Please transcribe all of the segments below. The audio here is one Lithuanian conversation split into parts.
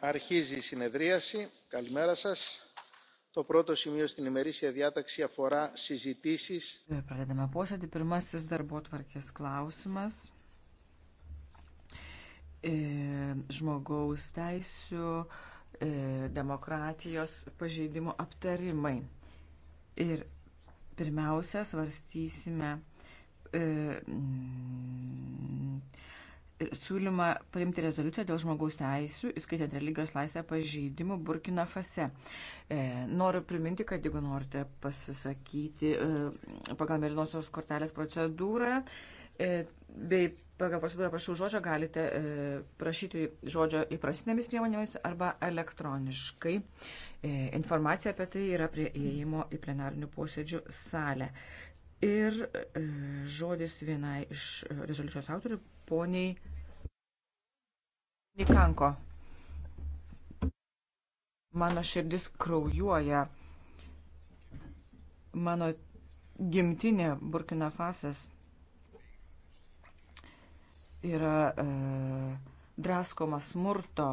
αρχίζει η συνεδρίαση. Καλημέρα σας. Το πρώτο σημείο στην ημερήσια διάταξη αφορά συζητήσεις. Pradedame posėdį. Pirmasis darbo tvarkės klausimas. Žmogaus teisių e, demokratijos pažeidimų aptarimai. Ir pirmiausia, svarstysime e, siūlymą paimti rezoliuciją dėl žmogaus teisų, įskaitant religijos laisvę pažeidimų Burkina Fase. E, noriu priminti, kad jeigu norite pasisakyti e, pagal mėlynosios kortelės procedūrą, e, bei pagal procedūrą prašau žodžio, galite e, prašyti žodžio įprastinėmis priemonėmis arba elektroniškai. E, informacija apie tai yra prie įėjimo į plenarinių posėdžių salę. Ir e, žodis vienai iš rezoliucijos autorių, poniai Nikanko. Mano širdis kraujuoja. Mano gimtinė Burkina Fasas yra e, draskoma smurto.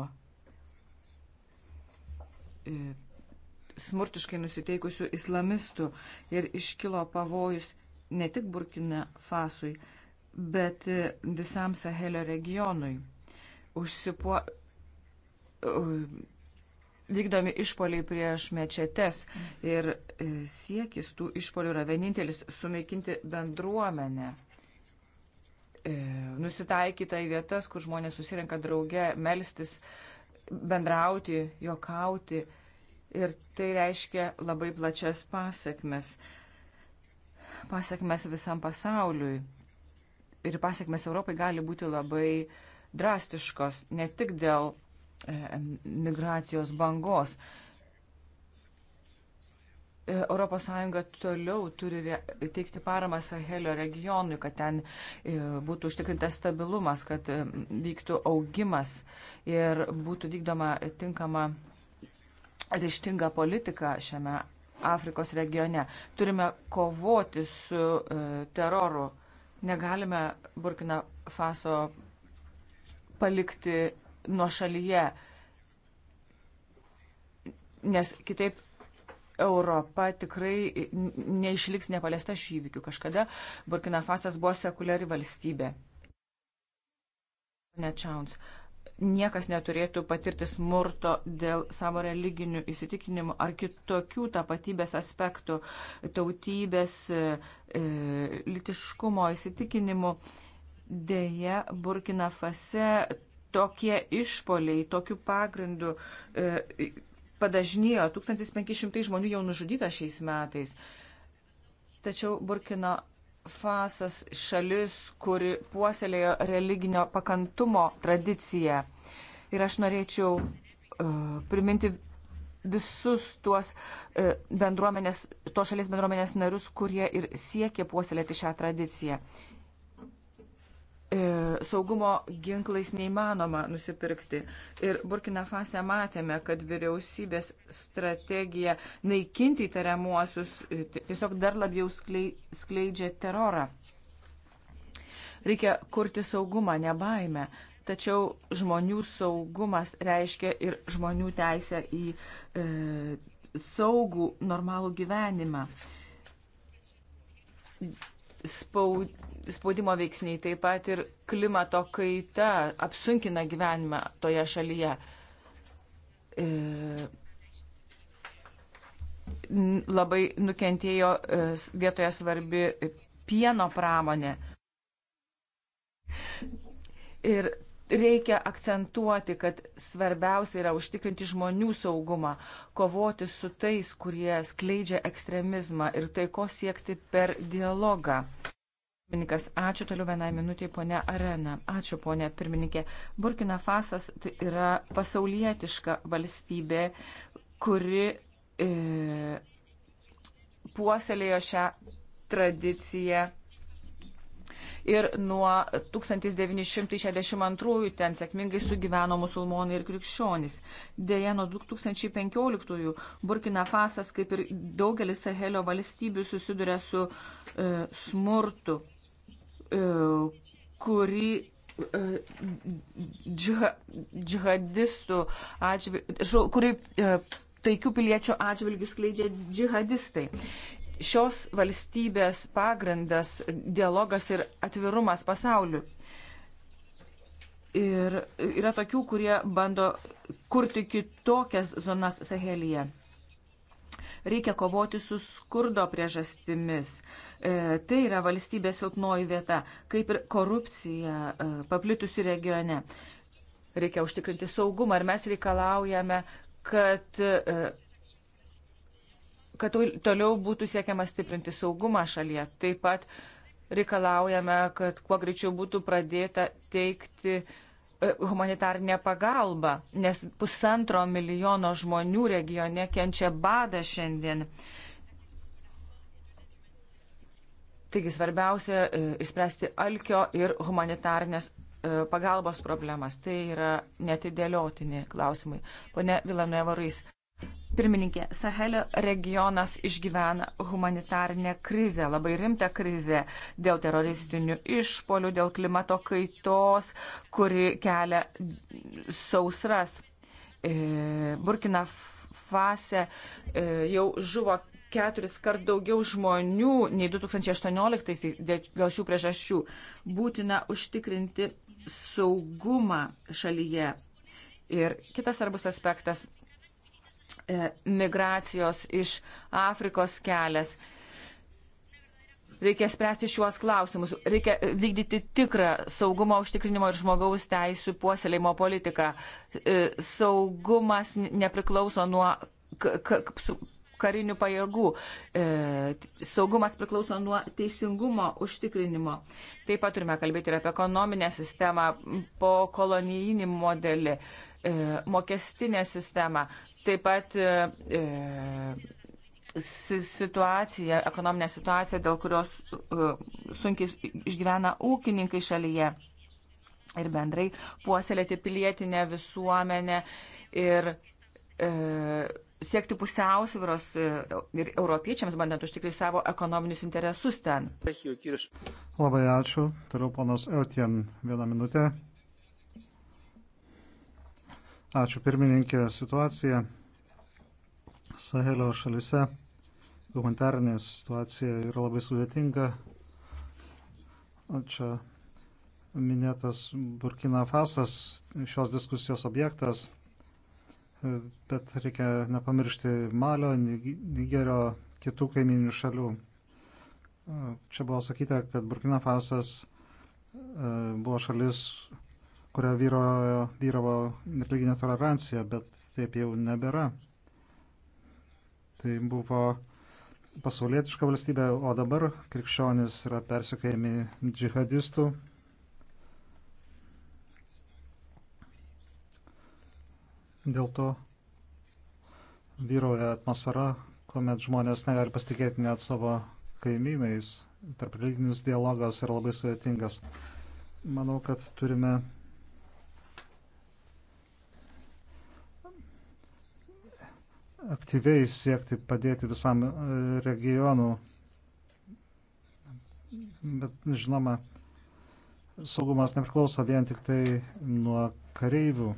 E, smurtiškai nusiteikusių islamistų ir iškilo pavojus ne tik Burkina Fasui, bet visam Sahelio regionui. Užsipuo... Vykdomi išpoliai prieš mečetes ir e, siekis tų išpolių yra vienintelis sunaikinti bendruomenę e, nusitaikyta į vietas, kur žmonės susirenka drauge, melstis, bendrauti, jokauti ir tai reiškia labai plačias pasiekmes. Pasiekmes visam pasauliui. Ir pasiekmes Europai gali būti labai drastiškos, ne tik dėl e, migracijos bangos. ES toliau turi teikti paramą Sahelio regionui, kad ten e, būtų užtikrintas stabilumas, kad e, vyktų augimas ir būtų vykdoma tinkama ryštingą politiką šiame Afrikos regione. Turime kovoti su e, teroru. Negalime Burkina Faso palikti nuo šalyje, nes kitaip Europa tikrai neišliks nepaliesta šių įvykių. Kažkada Burkina Fasas buvo sekuliari valstybė. Ne Čiauns niekas neturėtų patirti smurto dėl savo religinių įsitikinimų ar kitokių tapatybės aspektų, tautybės, e, e, litiškumo įsitikinimų. Deja, Burkina Fase tokie išpoliai, tokiu pagrindu e, padažnėjo. 1500 žmonių jau nužudyta šiais metais. Tačiau Burkina Fasas šalis, kuri puoselėjo religinio pakantumo tradiciją. Ir aš norėčiau uh, priminti visus tuos uh, bendruomenės, to šalies bendruomenės narius, kurie ir siekia puoselėti šią tradiciją. E, saugumo ginklais neįmanoma nusipirkti. Ir Burkina Fase matėme, kad vyriausybės strategija naikinti įtariamuosius e, tiesiog dar labiau skleidžia terorą. Reikia kurti saugumą, ne baimę. Tačiau žmonių saugumas reiškia ir žmonių teisę į e, saugų, normalų gyvenimą. Spaud, spaudimo veiksniai, taip pat ir klimato kaita apsunkina gyvenimą toje šalyje. E, labai nukentėjo e, vietoje svarbi pieno pramonė. Ir reikia akcentuoti, kad svarbiausia yra užtikrinti žmonių saugumą, kovoti su tais, kurie skleidžia ekstremizmą ir taiko siekti per dialogą. Pirmininkas, ačiū toliau vienai minutiai, ponia Arena. Ačiū, ponia pirmininkė. Burkina Fasas tai yra pasaulietiška valstybė, kuri e, puoselėjo šią tradiciją. Ir nuo 1962 ten sėkmingai sugyveno musulmonai ir krikščionys. Deja, nuo 2015 Burkina Fasas, kaip ir daugelis Sahelio valstybių, susiduria su e, smurtu E, kuri e, džha, džihadistų atžvilgių, kuri e, taikių piliečių atžvilgių skleidžia džihadistai. Šios valstybės pagrindas - dialogas ir atvirumas pasauliu. Ir yra tokių, kurie bando kurti kitokias zonas Sahelyje. Reikia kovoti su skurdo priežastimis. E, tai yra valstybės silpnoji vieta, kaip ir korupcija e, paplitusi regione. Reikia užtikrinti saugumą ir mes reikalaujame, kad. E, kad toliau būtų siekiama stiprinti saugumą šalyje. Taip pat reikalaujame, kad kuo greičiau būtų pradėta teikti uh, E, humanitarnė pagalba, nes pusantro milijono žmonių regione kenčia badą šiandien. Taigi svarbiausia e, išspręsti alkio ir humanitarnės e, pagalbos problemas. Tai yra netidėliotini klausimai. Pone Vilanueva Rais. Pirmininkė, Sahelio regionas išgyvena humanitarnę krizę, labai rimtą krizę dėl teroristinių išpolių, dėl klimato kaitos, kuri kelia sausras. E, Burkina Fase e, jau žuvo keturis kart daugiau žmonių nei 2018 dėl šių priežasčių. Būtina užtikrinti saugumą šalyje. Ir kitas svarbus aspektas E, migracijos iš Afrikos kelias. Reikia spręsti šiuos klausimus. Reikia vykdyti tikrą saugumo užtikrinimo ir žmogaus teisų puoselėjimo politiką. E, saugumas nepriklauso nuo karinių pajėgų. E, saugumas priklauso nuo teisingumo užtikrinimo. Taip pat turime kalbėti ir apie ekonominę sistemą, po kolonijinį modelį, mokestinę sistemą. Taip pat e, e situacija, ekonominė situacija, dėl kurios e, sunkiai išgyvena ūkininkai šalyje ir bendrai puoselėti pilietinę visuomenę ir e, siekti pusiausvyros e, ir europiečiams, bandant užtikrinti savo ekonominius interesus ten. Labai ačiū. Toliau ponas Eutien, vieną minutę. Ačiū pirmininkė. Situacija Sahelio šalise, humanitarinė situacija yra labai sudėtinga. Čia minėtas Burkina Fasas, šios diskusijos objektas, bet reikia nepamiršti Malio, Nigerio, kitų kaiminių šalių. Čia buvo sakyta, kad Burkina Fasas e, buvo šalis kurio vyrojo, vyravo religinė tolerancija, bet taip jau nebėra. Tai buvo pasaulietiška valstybė, o dabar krikščionis yra persikėjami džihadistų. Dėl to vyroja atmosfera, kuomet žmonės negali pasitikėti net savo kaimynais. Tarp religinis dialogas yra labai sudėtingas. Manau, kad turime aktyviai siekti padėti visam e, regionu. Bet žinoma, saugumas nepriklauso vien tik tai nuo kareivių.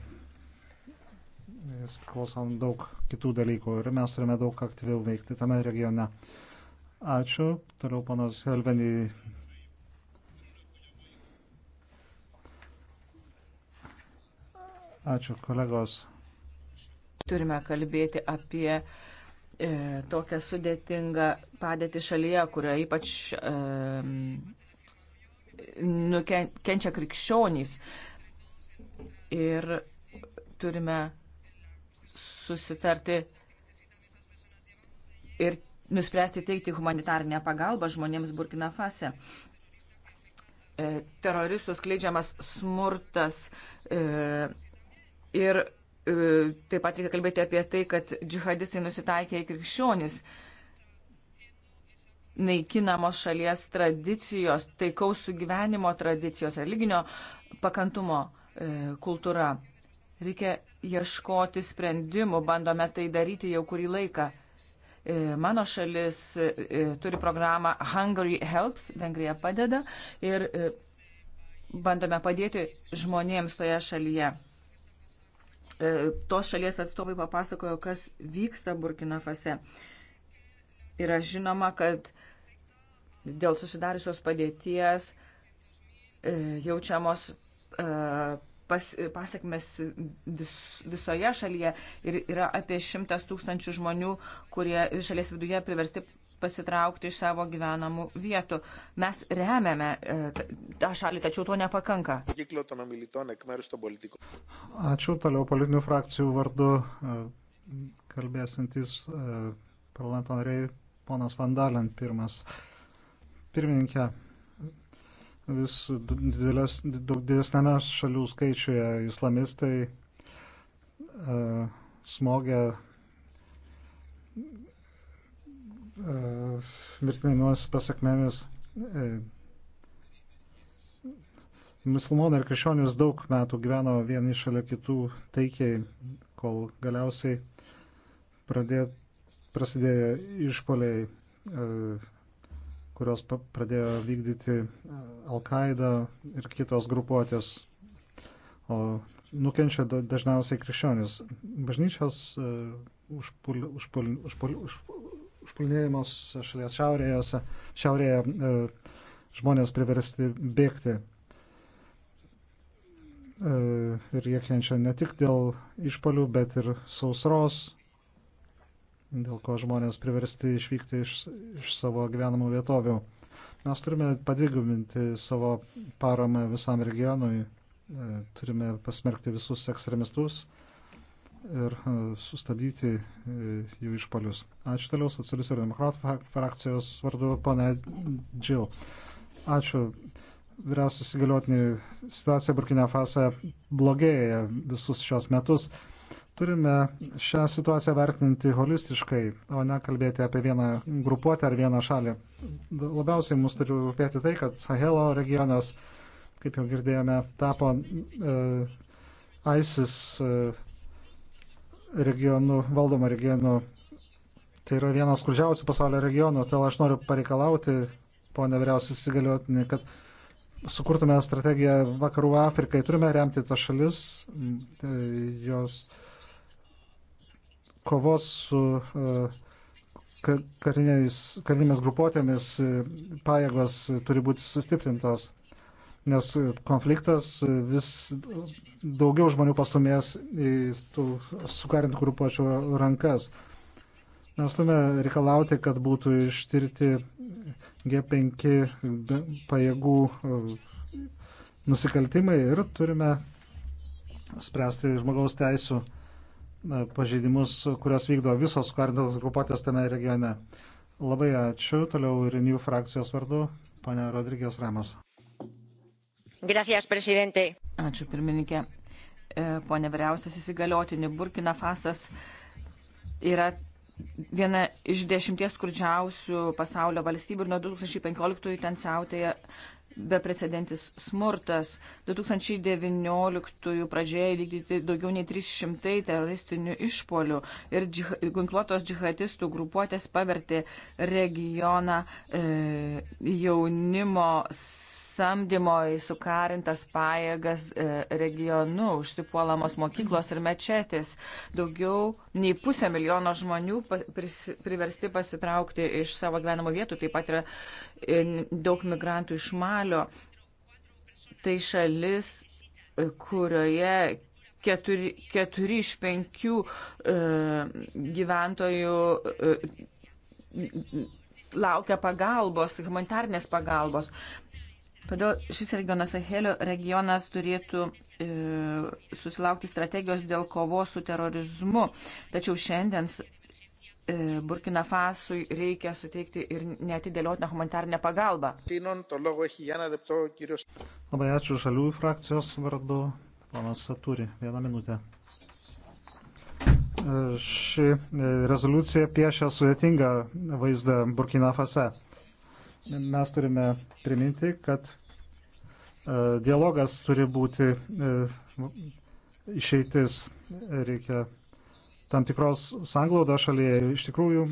Jis priklauso nuo daug kitų dalykų ir mes turime daug aktyviau veikti tame regione. Ačiū. Toliau panas Helvenį Ačiū kolegos turime kalbėti apie e, tokią sudėtingą padėtį šalyje, kurioje ypač e, nukenčia krikščionys. Ir turime susitarti ir nuspręsti teikti humanitarinę pagalbą žmonėms Burkina Fase. E, teroristų skleidžiamas smurtas e, ir E, taip pat reikia kalbėti apie tai, kad džihadistai nusitaikė į krikščionis naikinamos šalies tradicijos, taikaus sugyvenimo tradicijos, religinio pakantumo e, kultūra. Reikia ieškoti sprendimų, bandome tai daryti jau kurį laiką. E, mano šalis turi programą Hungary Helps, Vengrija padeda ir bandome padėti žmonėms toje šalyje. E, tos šalies atstovai papasakojo, kas vyksta Burkina Fase. Yra žinoma, kad dėl susidariusios padėties e, jaučiamos e, pas, pasiekmes vis, visoje šalyje ir yra apie šimtas tūkstančių žmonių, kurie šalies viduje priversti pasitraukti iš savo gyvenamų vietų. Mes remiame e, tą šalį, tačiau to nepakanka. Ačiū toliau politinių frakcijų vardu e, kalbėsintis e, parlamento nariai ponas Vandalin pirmas. Pirmininkė, vis didelės, daug didesnėme šalių skaičiuje islamistai uh, smogia mirtinėmis pasakmėmis. Musulmonai ir krikščionys daug metų gyveno vieni šalia kitų taikiai, kol galiausiai pradėjo, prasidėjo išpoliai, kurios pradėjo vykdyti Al-Qaeda ir kitos grupuotės. O nukenčia dažniausiai krikščionis. Bažnyčios užpul, užpul, užpul, užpul, užpulnėjimus šalies šiaurėje, šiaurėje žmonės priversti bėgti. E, ir jie kenčia ne tik dėl išpolių, bet ir sausros, dėl ko žmonės priversti išvykti iš, iš savo gyvenamų vietovių. Mes turime padvigubinti savo paramą visam regionui, e, turime pasmerkti visus ekstremistus, ir e, sustabdyti e, jų išpolius. Ačiū toliau socialistų ir demokratų frakcijos vardu, pana Džil. Ačiū. Vyriausias įgaliotinį situaciją Burkina Fase blogėja visus šios metus. Turime šią situaciją vertinti holistiškai, o ne kalbėti apie vieną grupuotę ar vieną šalį. Labiausiai mums turi rūpėti tai, kad Sahelo regionas, kaip jau girdėjome, tapo e, ISIS e, regionų, valdomą regionų. Tai yra vienas skurdžiausių pasaulio regionų, todėl aš noriu pareikalauti, ponė vyriausias įgaliotinė, kad sukurtume strategiją Vakarų Afrikai. Turime remti tas šalis, e, jos kovos su e, karinėmis, karinėmis grupuotėmis e, pajėgos turi būti sustiprintos nes konfliktas vis daugiau žmonių pastumės į tų sukarintų grupuočių rankas. Mes turime reikalauti, kad būtų ištirti G5 pajėgų e, nusikaltimai ir turime spręsti žmogaus teisų e, pažeidimus, kurias vykdo visos karintos grupuotės tame regione. Labai ačiū. Toliau Renew frakcijos vardu, pane Rodrygės Ramos. Gracias, prezidente. Ačiū, pirmininkė. E, pone vyriausias įsigaliotini, Burkina Fasas yra viena iš dešimties skurdžiausių pasaulio valstybių ir nuo 2015 ten siautėja beprecedentis smurtas. 2019 pradžioje įvykdyti daugiau nei 300 teroristinių išpolių ir džih, ginkluotos džihadistų grupuotės pavertė regioną e, jaunimo samdymo į sukarintas pajėgas e, regionu užsipuolamos mokyklos ir mečetės. Daugiau nei pusę milijono žmonių priversti pasitraukti iš savo gyvenamo vietų, taip pat yra e, daug migrantų iš Malio. Tai šalis, e, kurioje keturi, keturi iš penkių e, gyventojų e, laukia pagalbos, humanitarnės pagalbos. Todėl šis regionas, Sahelio regionas, turėtų e, susilaukti strategijos dėl kovos su terorizmu. Tačiau šiandien e, Burkina Fasui reikia suteikti ir netidėliotiną humanitarinę pagalbą. Labai ačiū Žaliųjų frakcijos vardu. Ponas Saturi, vieną minutę. E, ši e, rezoliucija piešia sudėtingą vaizdą Burkina Fase mes turime priminti, kad e, dialogas turi būti e, išeitis, reikia tam tikros sanglaudos šalyje. Iš tikrųjų,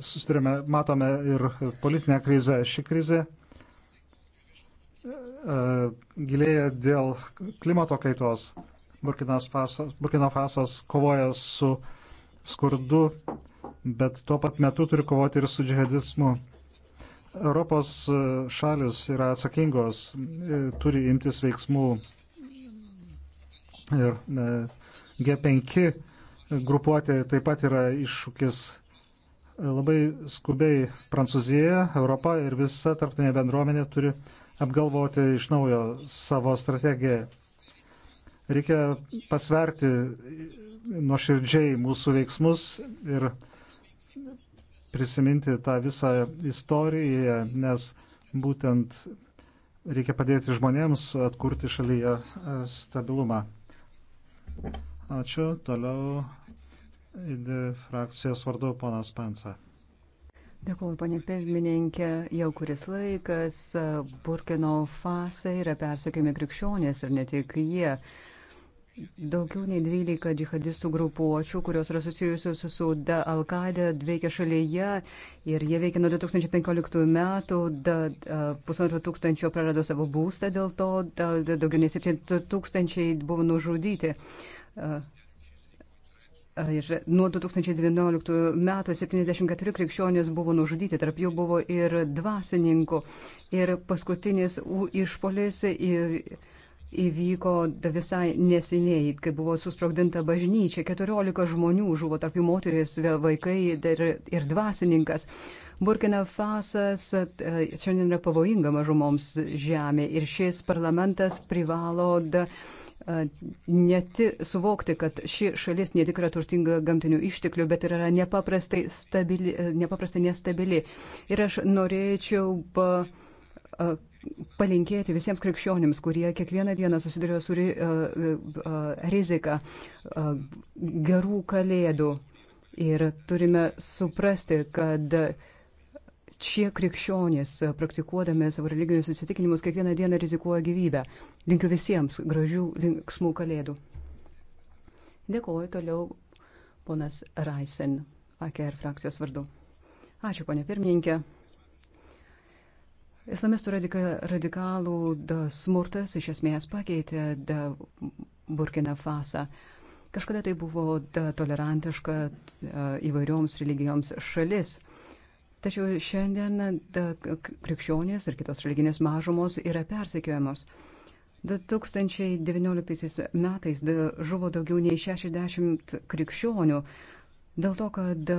susidurime, matome ir politinę krizę. Ši krizė e, gilėja dėl klimato kaitos. Fasos, Burkina Fasas kovoja su skurdu, bet tuo pat metu turi kovoti ir su džihadizmu. Europos e, šalis yra atsakingos, e, turi imtis veiksmų ir e, G5 grupuotė taip pat yra iššūkis labai skubiai Prancūzija, Europa ir visa tarptinė bendruomenė turi apgalvoti iš naujo savo strategiją. Reikia pasverti nuoširdžiai mūsų veiksmus ir prisiminti tą visą istoriją, nes būtent reikia padėti žmonėms atkurti šalyje e, stabilumą. Ačiū. Toliau frakcijos vardu ponas Pensa. Dėkuoju, panė pirmininkė. Jau kuris laikas e, Burkino Fase yra persekiami krikščionės ir ne tik jie. Daugiau nei 12 džihadistų grupuočių, kurios yra susijusios su Al-Qaeda, veikia šalyje ir jie veikia nuo 2015 metų, da, da, pusantro tūkstančio prarado savo būstą dėl to, da, da, daugiau nei 7 tūkstančiai buvo nužudyti. Ir nuo 2012 metų 74 krikščionės buvo nužudyti, tarp jų buvo ir dvasininkų. Ir paskutinis išpolis. Ir, įvyko visai neseniai, kai buvo susprogdinta bažnyčia. 14 žmonių žuvo, tarp jų moteris, vaikai ir, ir dvasininkas. Burkina Fasas e, šiandien yra pavojinga mažumoms žemė ir šis parlamentas privalo da, e, neti, suvokti, kad ši šalis ne tik yra turtinga gamtinių išteklių, bet ir yra nepaprastai, stabili, e, nepaprastai nestabili. Ir aš norėčiau pa, palinkėti visiems krikščionims, kurie kiekvieną dieną susiduria su rizika gerų kalėdų. Ir turime suprasti, kad šie krikščionys, praktikuodami savo religinius įsitikinimus, kiekvieną dieną rizikuoja gyvybę. Linkiu visiems gražių, linksmų kalėdų. Dėkuoju toliau ponas Raisen, AKR frakcijos vardu. Ačiū, ponė pirmininkė. Islamistų radika, radikalų da, smurtas iš esmės pakeitė da, Burkina Fasą. Kažkada tai buvo da, tolerantiška da, įvairioms religijoms šalis. Tačiau šiandien da, krikščionės ir kitos religinės mažumos yra persekiojamos. 2019 metais da, žuvo daugiau nei 60 krikščionių Dėl to, kad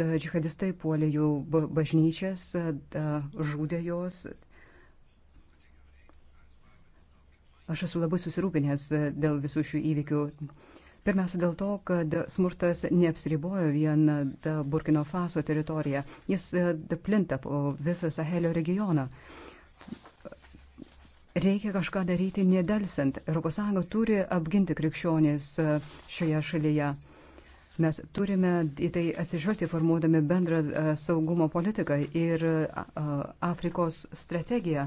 džihadistai puolė jų bažnyčias, žudė jos. Aš esu labai susirūpinęs e, dėl visų šių įvykių. Pirmiausia dėl to, kad smurtas neapsiribojo vien Burkino Faso teritoriją. Jis e, plinta po visą Sahelio regioną. Reikia kažką daryti nedelsant. ES turi apginti krikščionis e, šioje šalyje. Mes turime į tai atsižvelgti formuodami bendrą e, saugumo politiką ir Afrikos strategiją.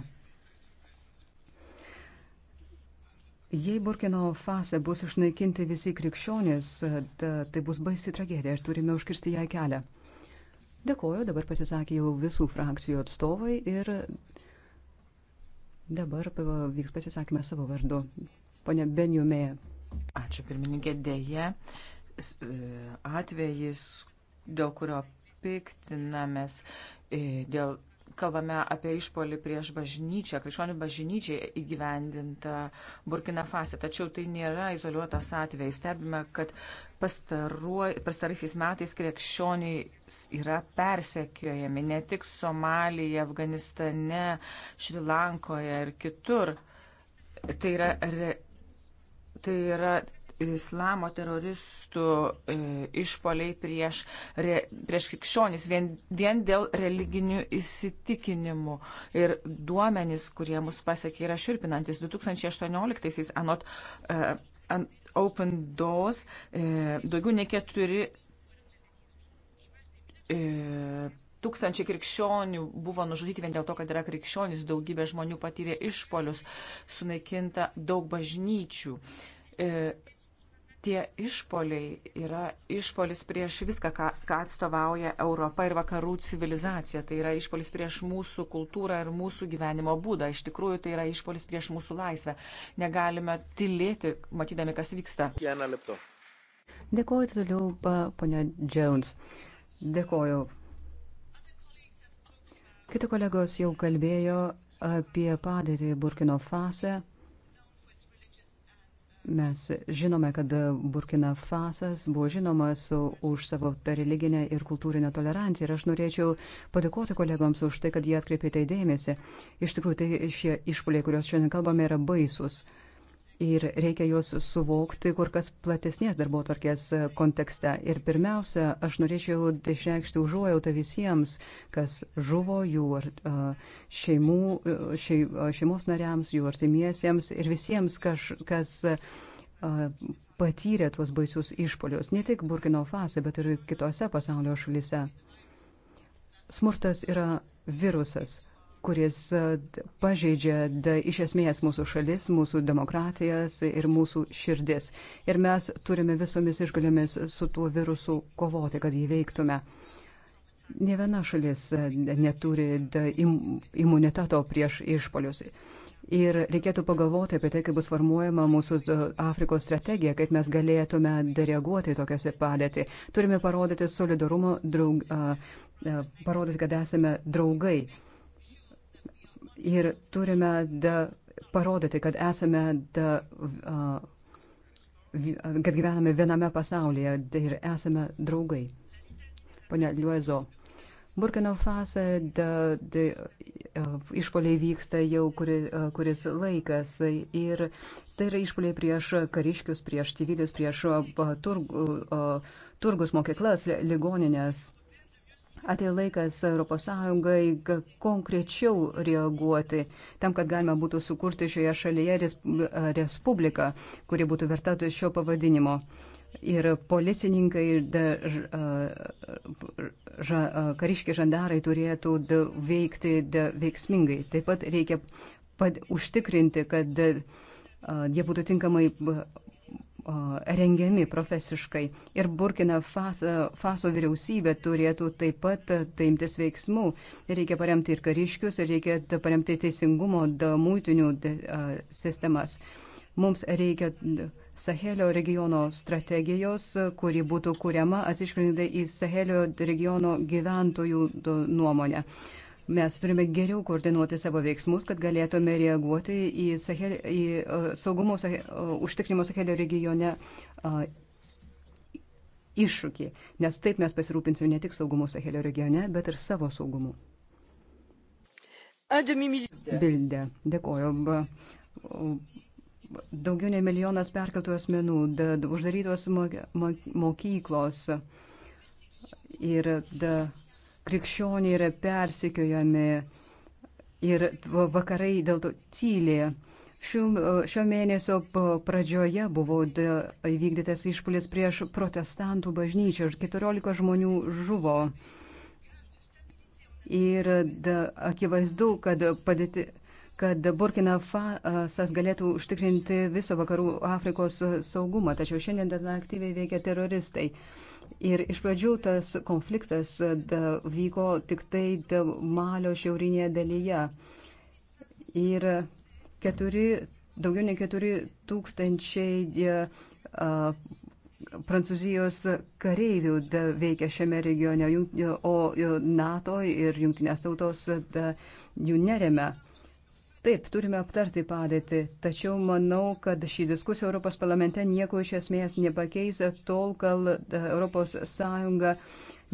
Jei Burkino fase bus išnaikinti visi krikščionės, e, tai bus baisi tragedija ir turime užkirsti ją kelią. Dėkoju, dabar pasisakė jau visų frakcijų atstovai ir dabar vyks pasisakymas savo vardu. Pone Benjumėje. Ačiū pirmininkė dėje. E, atvejis, dėl kurio piktinamės, e, dėl, kalbame apie išpolį prieš bažnyčią, krikščionių bažnyčiai įgyvendintą Burkina Fase. Tačiau tai nėra izoliuotas atvejis. Stebime, kad pastaraisiais metais krikščioniai yra persekiojami ne tik Somalija, Afganistane, Šrilankoje ir kitur. Tai yra, tai yra islamo teroristų e, išpoliai prieš, re, prieš krikščionis vien, vien dėl religinių įsitikinimų. Ir duomenys, kurie mus pasiekė, yra širpinantis. 2018-aisiais anot e, an, Open Doors e, daugiau nei keturi. E, tūkstančiai krikščionių buvo nužudyti vien dėl to, kad yra krikščionys, daugybė žmonių patyrė išpolius, sunaikinta daug bažnyčių. E, tie išpoliai yra išpolis prieš viską, ką, ką atstovauja Europa ir vakarų civilizacija. Tai yra išpolis prieš mūsų kultūrą ir mūsų gyvenimo būdą. Iš tikrųjų, tai yra išpolis prieš mūsų laisvę. Negalime tylėti, matydami, kas vyksta. Dėkuoju toliau, ponia Jones. Dėkuoju. Kiti kolegos jau kalbėjo apie padėtį Burkino Fase. Mes žinome, kad Burkina Fasas buvo žinomas už savo religinę ir kultūrinę toleranciją ir aš norėčiau padėkoti kolegoms už tai, kad jie atkreipė tai dėmesį. Iš tikrųjų, tai šie išpuliai, kuriuos šiandien kalbame, yra baisus ir reikia juos suvokti kur kas platesnės darbo tvarkės kontekste. Ir pirmiausia, aš norėčiau išreikšti užuojautą visiems, kas žuvo jų ar šeimų, še, šeimos nariams, jų artimiesiems ir visiems, kas, kas patyrė tuos baisius išpolius, ne tik Burkino Fase, bet ir kitose pasaulio šalyse. Smurtas yra virusas kuris e, pažeidžia iš esmės mūsų šalis, mūsų demokratijas ir mūsų širdis. Ir mes turime visomis išgalėmis su tuo virusu kovoti, kad jį veiktume. Ne viena šalis e, neturi imuniteto prieš išpolius. Ir reikėtų pagalvoti apie tai, kaip bus formuojama mūsų Afrikos strategija, kaip mes galėtume reaguoti į tokias padėtį. Turime parodyti solidarumo, draug, parodyti, kad esame draugai ir turime da, parodyti, kad esame da, a, kad gyvename viename pasaulyje da, ir esame draugai. Pone Liuezo, Burkina Fase da, da, išpoliai vyksta jau kuri, kuris laikas ir tai yra išpoliai prieš kariškius, prieš civilius, prieš turg, turgus, mokyklas, ligoninės atėjo laikas ES konkrečiau reaguoti, tam, kad galima būtų sukurti šioje šalyje respubliką, kuri būtų verta šio pavadinimo. Ir policininkai, ir ža, kariški žandarai turėtų da, veikti da, veiksmingai. Taip pat reikia pad, užtikrinti, kad da, jie būtų tinkamai rengiami profesiškai. Ir Burkina Faso, Faso vyriausybė turėtų taip pat taimtis veiksmų. Reikia paremti ir kariškius, ir reikia paremti teisingumo, mūtinių sistemas. Mums reikia Sahelio regiono strategijos, kuri būtų kuriama atsižvelgiant į Sahelio regiono gyventojų nuomonę. Mes turime geriau koordinuoti savo veiksmus, kad galėtume reaguoti į, sahel, į uh, saugumo sahel, uh, e, užtikrimo Sahelio regione uh, iššūkį, nes taip mes pasirūpinsim ne tik saugumu Sahelio regione, bet ir savo saugumu. Bildė, dėkoju. Daugiau nei milijonas perkeltų asmenų, da, uždarytos mokyklos ir da, krikščioniai yra persikiojami ir vakarai dėl to tylė. Šių, šio mėnesio pradžioje buvo įvykdytas išpulis prieš protestantų bažnyčią ir 14 žmonių žuvo. Ir da, akivaizdu, kad padėti kad Burkina Fasas galėtų užtikrinti viso vakarų Afrikos saugumą, tačiau šiandien ten aktyviai veikia teroristai. Uh, Ir iš pradžių tas konfliktas e, da, vyko tik tai da, Malio šiaurinėje dalyje. Ir keturi, daugiau nei keturi tūkstančiai e, a, Prancūzijos kareivių da, veikia šiame regione, o NATO ir jungtinės tautos da, jų neremia. Taip, turime aptarti padėtį, tačiau manau, kad ši diskusija Europos parlamente nieko iš esmės nepakeis tol, kol ES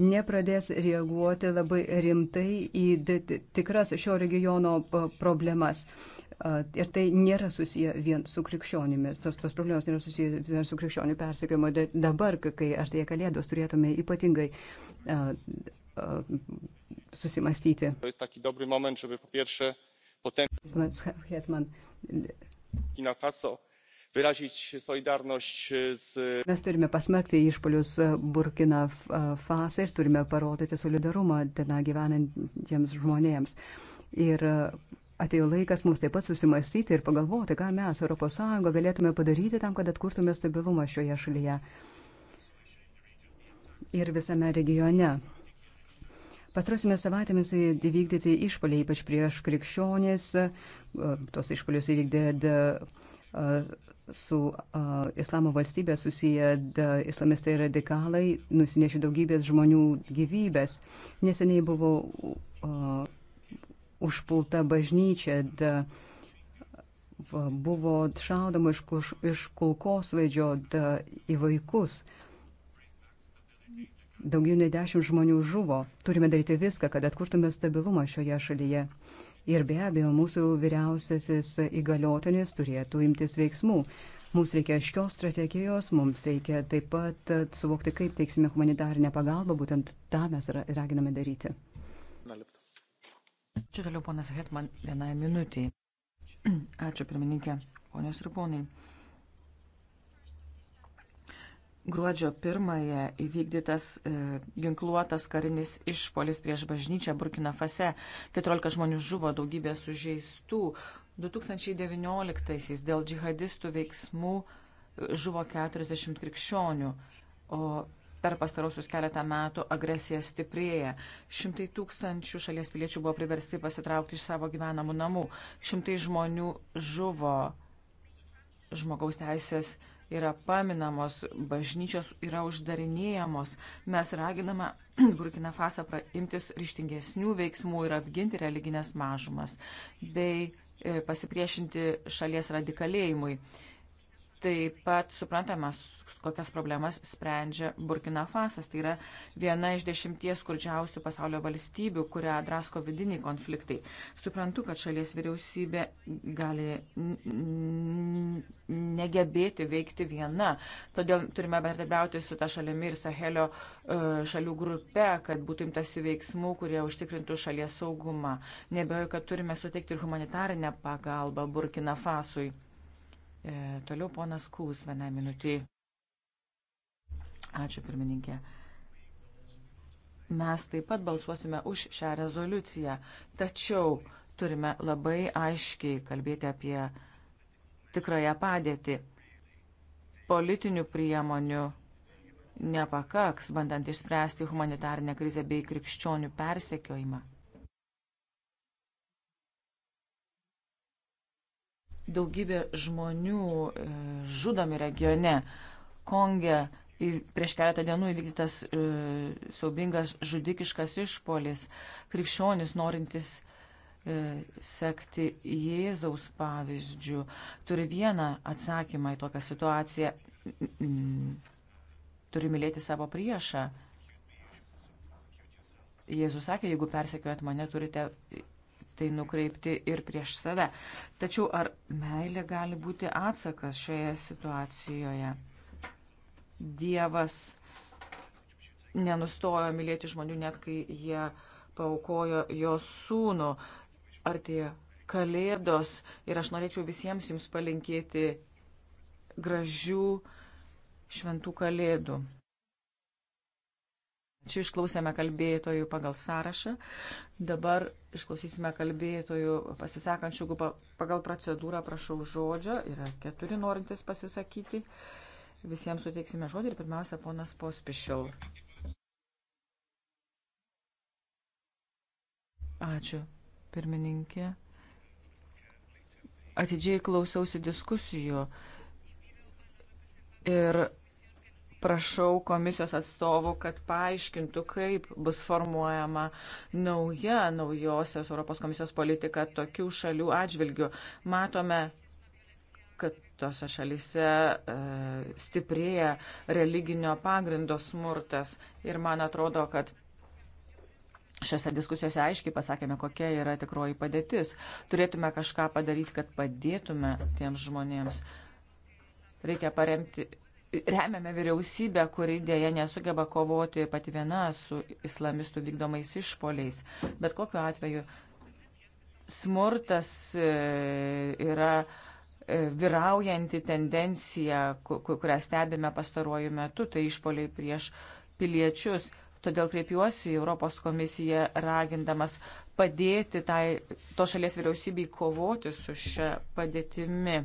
nepradės reaguoti labai rimtai į tikras šio regiono e, problemas. E, ir tai nėra susiję vien su krikščionimis. Tos, tos problemos nėra susiję vien su krikščionių persekiojimu. Dabar, kai artėja kalėdos, turėtume ypatingai uh, uh, susimastyti. To jest taki dobry moment, żeby po pierwsze potencjał burkina faso wyrazić solidarność z. Mes turime pasmerkti išpolius Burkina e, Fase ir turime parodyti solidarumą ten gyvenantiems žmonėms. Ir e, atėjo laikas mums taip pat susimastyti ir pagalvoti, ką mes, ES, galėtume padaryti tam, kad atkurtume stabilumą šioje šalyje ir visame regione. Pastarosiamis savaitėmis įvykdyti išpoliai, ypač prieš krikščionės, e, tos išpolius įvykdė e, su uh, islamo valstybė susiję uh, islamistai radikalai, nusinešė daugybės žmonių gyvybės. Neseniai buvo uh, užpulta bažnyčia, da, uh, buvo šaudama iš, iš kulkosvaidžio da, į vaikus. Uh, Daugiau nei dešimt žmonių žuvo. Turime daryti viską, kad atkurtume stabilumą šioje šalyje. Ir be abejo, mūsų vyriausiasis įgaliotinis turėtų imtis veiksmų. Mums reikia aiškios strategijos, mums reikia taip pat suvokti, kaip teiksime humanitarinę pagalbą, būtent tą mes raginame daryti. Čia toliau ponas Hetman vienai minutiai. Ačiū pirmininkė, ponios ir ponai gruodžio pirmąją įvykdytas e, ginkluotas karinis išpolis prieš bažnyčią Burkina Fase. 14 žmonių žuvo, daugybė sužeistų. 2019-aisiais dėl džihadistų veiksmų e, žuvo 40 krikščionių, o per pastarosius keletą metų agresija stiprėja. Šimtai tūkstančių šalies piliečių buvo priversti pasitraukti iš savo gyvenamų namų. Šimtai žmonių žuvo. Žmogaus teisės yra paminamos, bažnyčios yra uždarinėjamos. Mes raginame Burkina Fasą imtis ryštingesnių veiksmų ir apginti religinės mažumas bei e, pasipriešinti šalies radikalėjimui. Taip pat suprantamas, kokias problemas sprendžia Burkina Fasas. Tai yra viena iš dešimties skurdžiausių pasaulio valstybių, kurią drasko vidiniai konfliktai. Suprantu, kad šalies vyriausybė gali negebėti veikti viena. Todėl turime bendradarbiauti su ta šalimi ir Sahelio e, šalių grupe, kad būtų imtasi veiksmų, kurie užtikrintų šalies saugumą. Nebejoju, kad turime suteikti ir humanitarinę pagalbą Burkina Fasui E, toliau ponas Kūs vieną minutį. Ačiū pirmininkė. Mes taip pat balsuosime už šią rezoliuciją, tačiau turime labai aiškiai kalbėti apie tikrąją padėtį. Politinių priemonių nepakaks, bandant išspręsti humanitarnę krizę bei krikščionių persekiojimą. Daugybė žmonių e, žudomi regione. Konge prieš keletą dienų įvykdytas e, saubingas žudikiškas išpolis. Krikščionis norintis e, sekti Jėzaus pavyzdžių turi vieną atsakymą į tokią situaciją. Turi mylėti savo priešą. Jėzus sakė, jeigu persekiojat mane, turite tai nukreipti ir prieš save. Tačiau ar meilė gali būti atsakas šioje situacijoje? Dievas nenustojo mylėti žmonių, net kai jie paukojo jos sūnų. Ar tie kalėdos ir aš norėčiau visiems jums palinkėti gražių šventų kalėdų. Čia išklausėme kalbėtojų pagal sąrašą. Dabar išklausysime kalbėtojų pasisakančių pagal procedūrą. Prašau žodžio. Yra keturi norintys pasisakyti. Visiems suteiksime žodį ir pirmiausia, ponas Pospišil. Ačiū, pirmininkė. Atidžiai klausiausi diskusijų ir prašau komisijos atstovų, kad paaiškintų, kaip bus formuojama nauja naujosios Europos komisijos politika tokių šalių atžvilgių. Matome, kad tose šalise e, stiprėja religinio pagrindo smurtas ir man atrodo, kad Šiose diskusijose aiškiai pasakėme, kokia yra tikroji padėtis. Turėtume kažką padaryti, kad padėtume tiems žmonėms. Reikia paremti remiame vyriausybę, kuri dėja nesugeba kovoti pati viena su islamistų vykdomais išpoliais. Bet kokiu atveju smurtas e, yra e, vyraujanti tendencija, kurią stebime pastaruoju metu, tai išpoliai prieš piliečius. Todėl kreipiuosi į Europos komisiją ragindamas padėti tai, to šalies vyriausybei kovoti su šia padėtimi.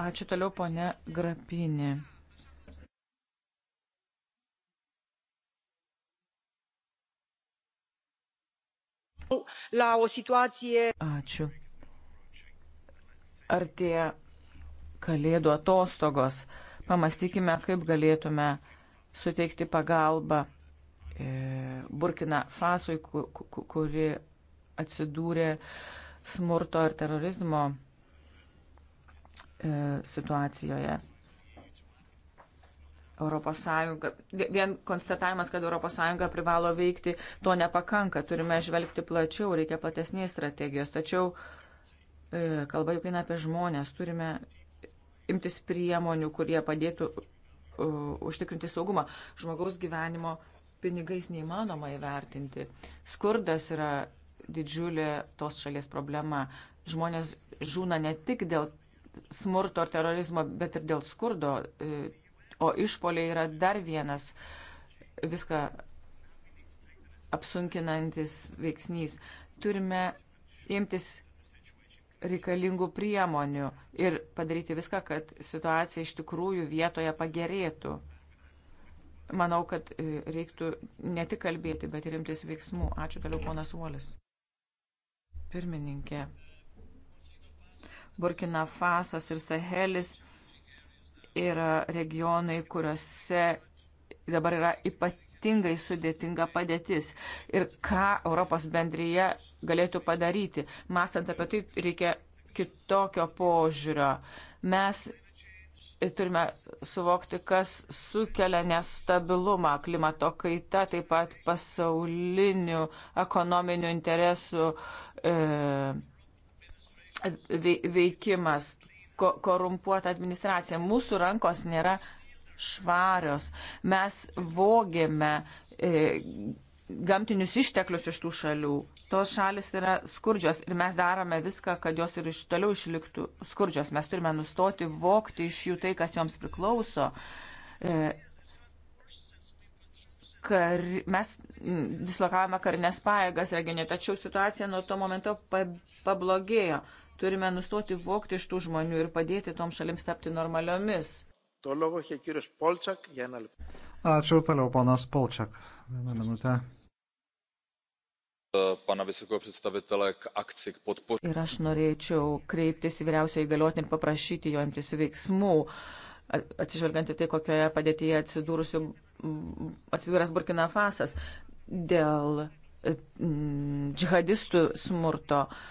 Ačiū toliau, ponė Grapinė. la o situație. Ačiū. Ar tie kalėdų atostogos? Pamastykime, kaip galėtume suteikti pagalbą e, Burkina Fasui, kuri atsidūrė smurto ir terorizmo E, situacijoje. Europos Sąjunga, vien konstatavimas, kad Europos Sąjunga privalo veikti, to nepakanka, turime žvelgti plačiau, reikia platesnės strategijos, tačiau e, kalba juk eina apie žmonės, turime imtis priemonių, kurie padėtų e, užtikrinti saugumą. Žmogaus gyvenimo pinigais neįmanoma įvertinti. Skurdas yra didžiulė tos šalies problema. Žmonės žūna ne tik dėl smurto ar terorizmo, bet ir dėl skurdo, e, o išpoliai yra dar vienas viską apsunkinantis veiksnys. Turime imtis reikalingų priemonių ir padaryti viską, kad situacija iš tikrųjų vietoje pagerėtų. Manau, kad e, reiktų ne tik kalbėti, bet ir imtis veiksmų. Ačiū toliau, ponas Uolis. Pirmininkė. Burkina Fasas ir Sahelis yra regionai, kuriuose dabar yra ypatingai sudėtinga padėtis. Ir ką Europos bendryje galėtų padaryti. Mąstant apie tai, reikia kitokio požiūrio. Mes turime suvokti, kas sukelia nestabilumą, klimato kaita, taip pat pasaulinių ekonominių interesų e, veikimas, korumpuota administracija. Mūsų rankos nėra švarios. Mes vogėme e, gamtinius išteklius iš tų šalių. Tos šalis yra skurdžios ir mes darome viską, kad jos ir iš toliau išliktų skurdžios. Mes turime nustoti vokti iš jų tai, kas joms priklauso. E, kar, mes dislokavome karinės pajėgas regione, tačiau situacija nuo to momento pablogėjo. Turime nustoti vokti iš tų žmonių ir padėti tom šalims tapti normaliomis. Ačiū toliau, ponas Polčak. Vieną minutę. E, pana visokio predstavitelė k akcijai podporu. Ir aš norėčiau kreiptis į vyriausią įgaliotinį ir paprašyti jo imtis veiksmų atsižvelgiant į tai, kokioje padėtyje atsidūręs Burkina Fasas dėl e, džihadistų smurto. Uh,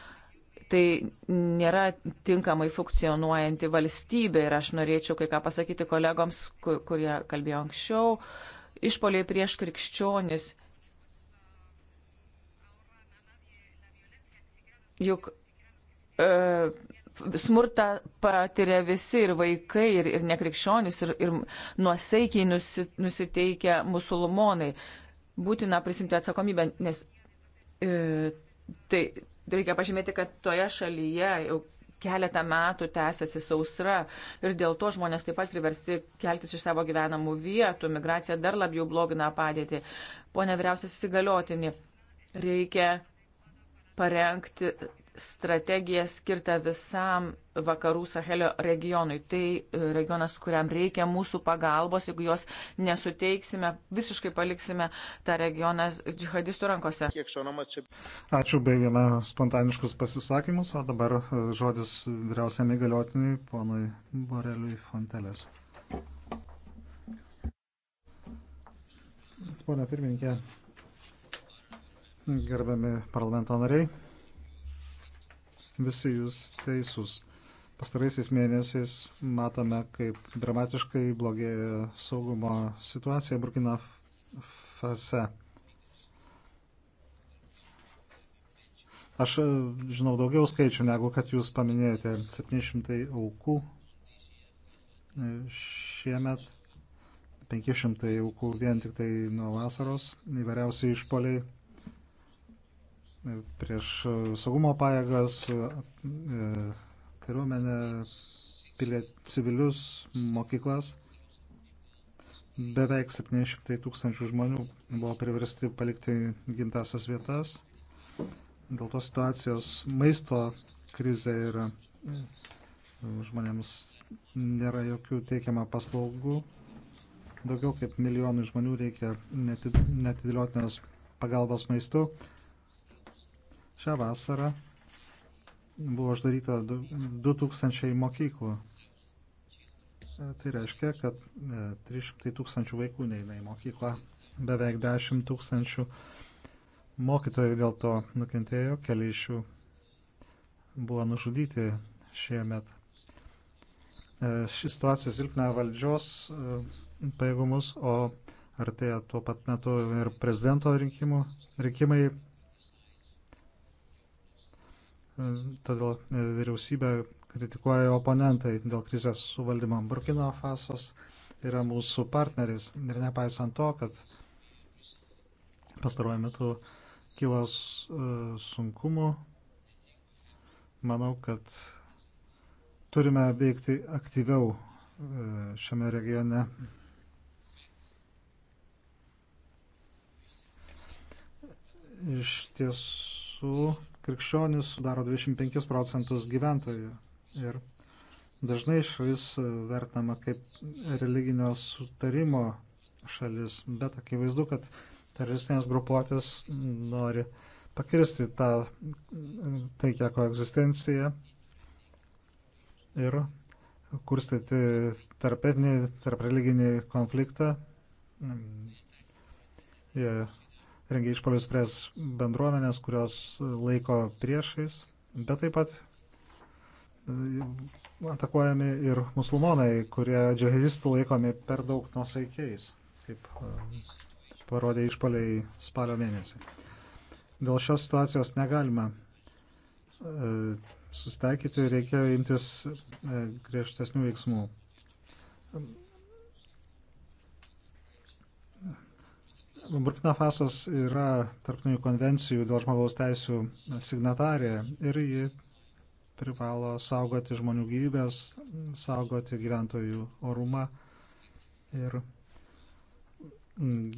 tai nėra tinkamai funkcionuojanti valstybė ir aš norėčiau kai ką pasakyti kolegoms, kur, kurie kalbėjo anksčiau. Išpoliai prieš krikščionis. Juk e, smurtą patiria visi ir vaikai, ir, ir nekrikščionis, ir, ir nuosaikiai nusi, nusiteikia musulmonai. Būtina prisimti atsakomybę, nes e, tai Reikia pažymėti, kad toje šalyje jau keletą metų tęsiasi sausra ir dėl to žmonės taip pat priversti keltis iš savo gyvenamų vietų. Migracija dar labiau blogina padėtį. Pone vyriausias įsigaliotinį, reikia parengti strategiją skirtą visam vakarų Sahelio regionui. Tai e, regionas, kuriam reikia mūsų pagalbos, jeigu jos nesuteiksime, visiškai paliksime tą regioną džihadistų rankose. Ačiū, baigėme spontaniškus pasisakymus, o dabar e, žodis vyriausiam įgaliotiniui, ponui Boreliui Fontelės. Pone pirmininkė, gerbiami parlamento nariai visi jūs teisūs. Pastaraisiais mėnesiais matome, kaip dramatiškai blogėja saugumo situacija Burkina Fase. Aš e, žinau daugiau skaičių, negu kad jūs paminėjote. 700 aukų e, šiemet, 500 aukų vien tik tai nuo vasaros, įvairiausiai išpoliai prieš saugumo pajėgas, kariuomenę, civilius, mokyklas. Beveik 700 tūkstančių žmonių buvo priversti palikti gimtasias vietas. Dėl to situacijos maisto krizė yra žmonėms nėra jokių teikiama paslaugų. Daugiau kaip milijonų žmonių reikia netidėliotinos pagalbos maistu. Šią vasarą buvo uždaryta 2000 mokyklų. E, tai reiškia, kad 300 e, tūkstančių vaikų neina į mokyklą, beveik 10 tūkstančių mokytojų dėl to nukentėjo, keli iš jų buvo nužudyti šiemet. E, ši situacija silpna valdžios pajėgumus, o artėja tuo pat metu ir prezidento rinkimų, rinkimai todėl e, vyriausybę kritikuoja oponentai dėl krizės suvaldymo. Burkino Fasos yra mūsų partneris ir nepaisant to, kad pastaruoju metu kilos e, sunkumų, manau, kad turime veikti aktyviau e, šiame regione. Iš tiesų, Krikščionis sudaro 25 procentus gyventojų ir dažnai šalis e, vertinama kaip religinio sutarimo šalis, bet akivaizdu, kad teroristinės grupuotės nori pakirsti tą e, taikę koegzistenciją ir kurstyti tarpetinį, tarp religinį konfliktą. Mm. Jie rengia išpolius prieš bendruomenės, kurios laiko priešais, bet taip pat e, atakuojami ir musulmonai, kurie džihadistų laikomi per daug nusaikiais, kaip e, parodė išpoliai spalio mėnesį. Dėl šios situacijos negalima e, sustaikyti, reikia imtis griežtesnių veiksmų. Burkina Fasas yra tarptautinių konvencijų dėl žmogaus teisų signatarė ir ji privalo saugoti žmonių gyvybės, saugoti gyventojų orumą ir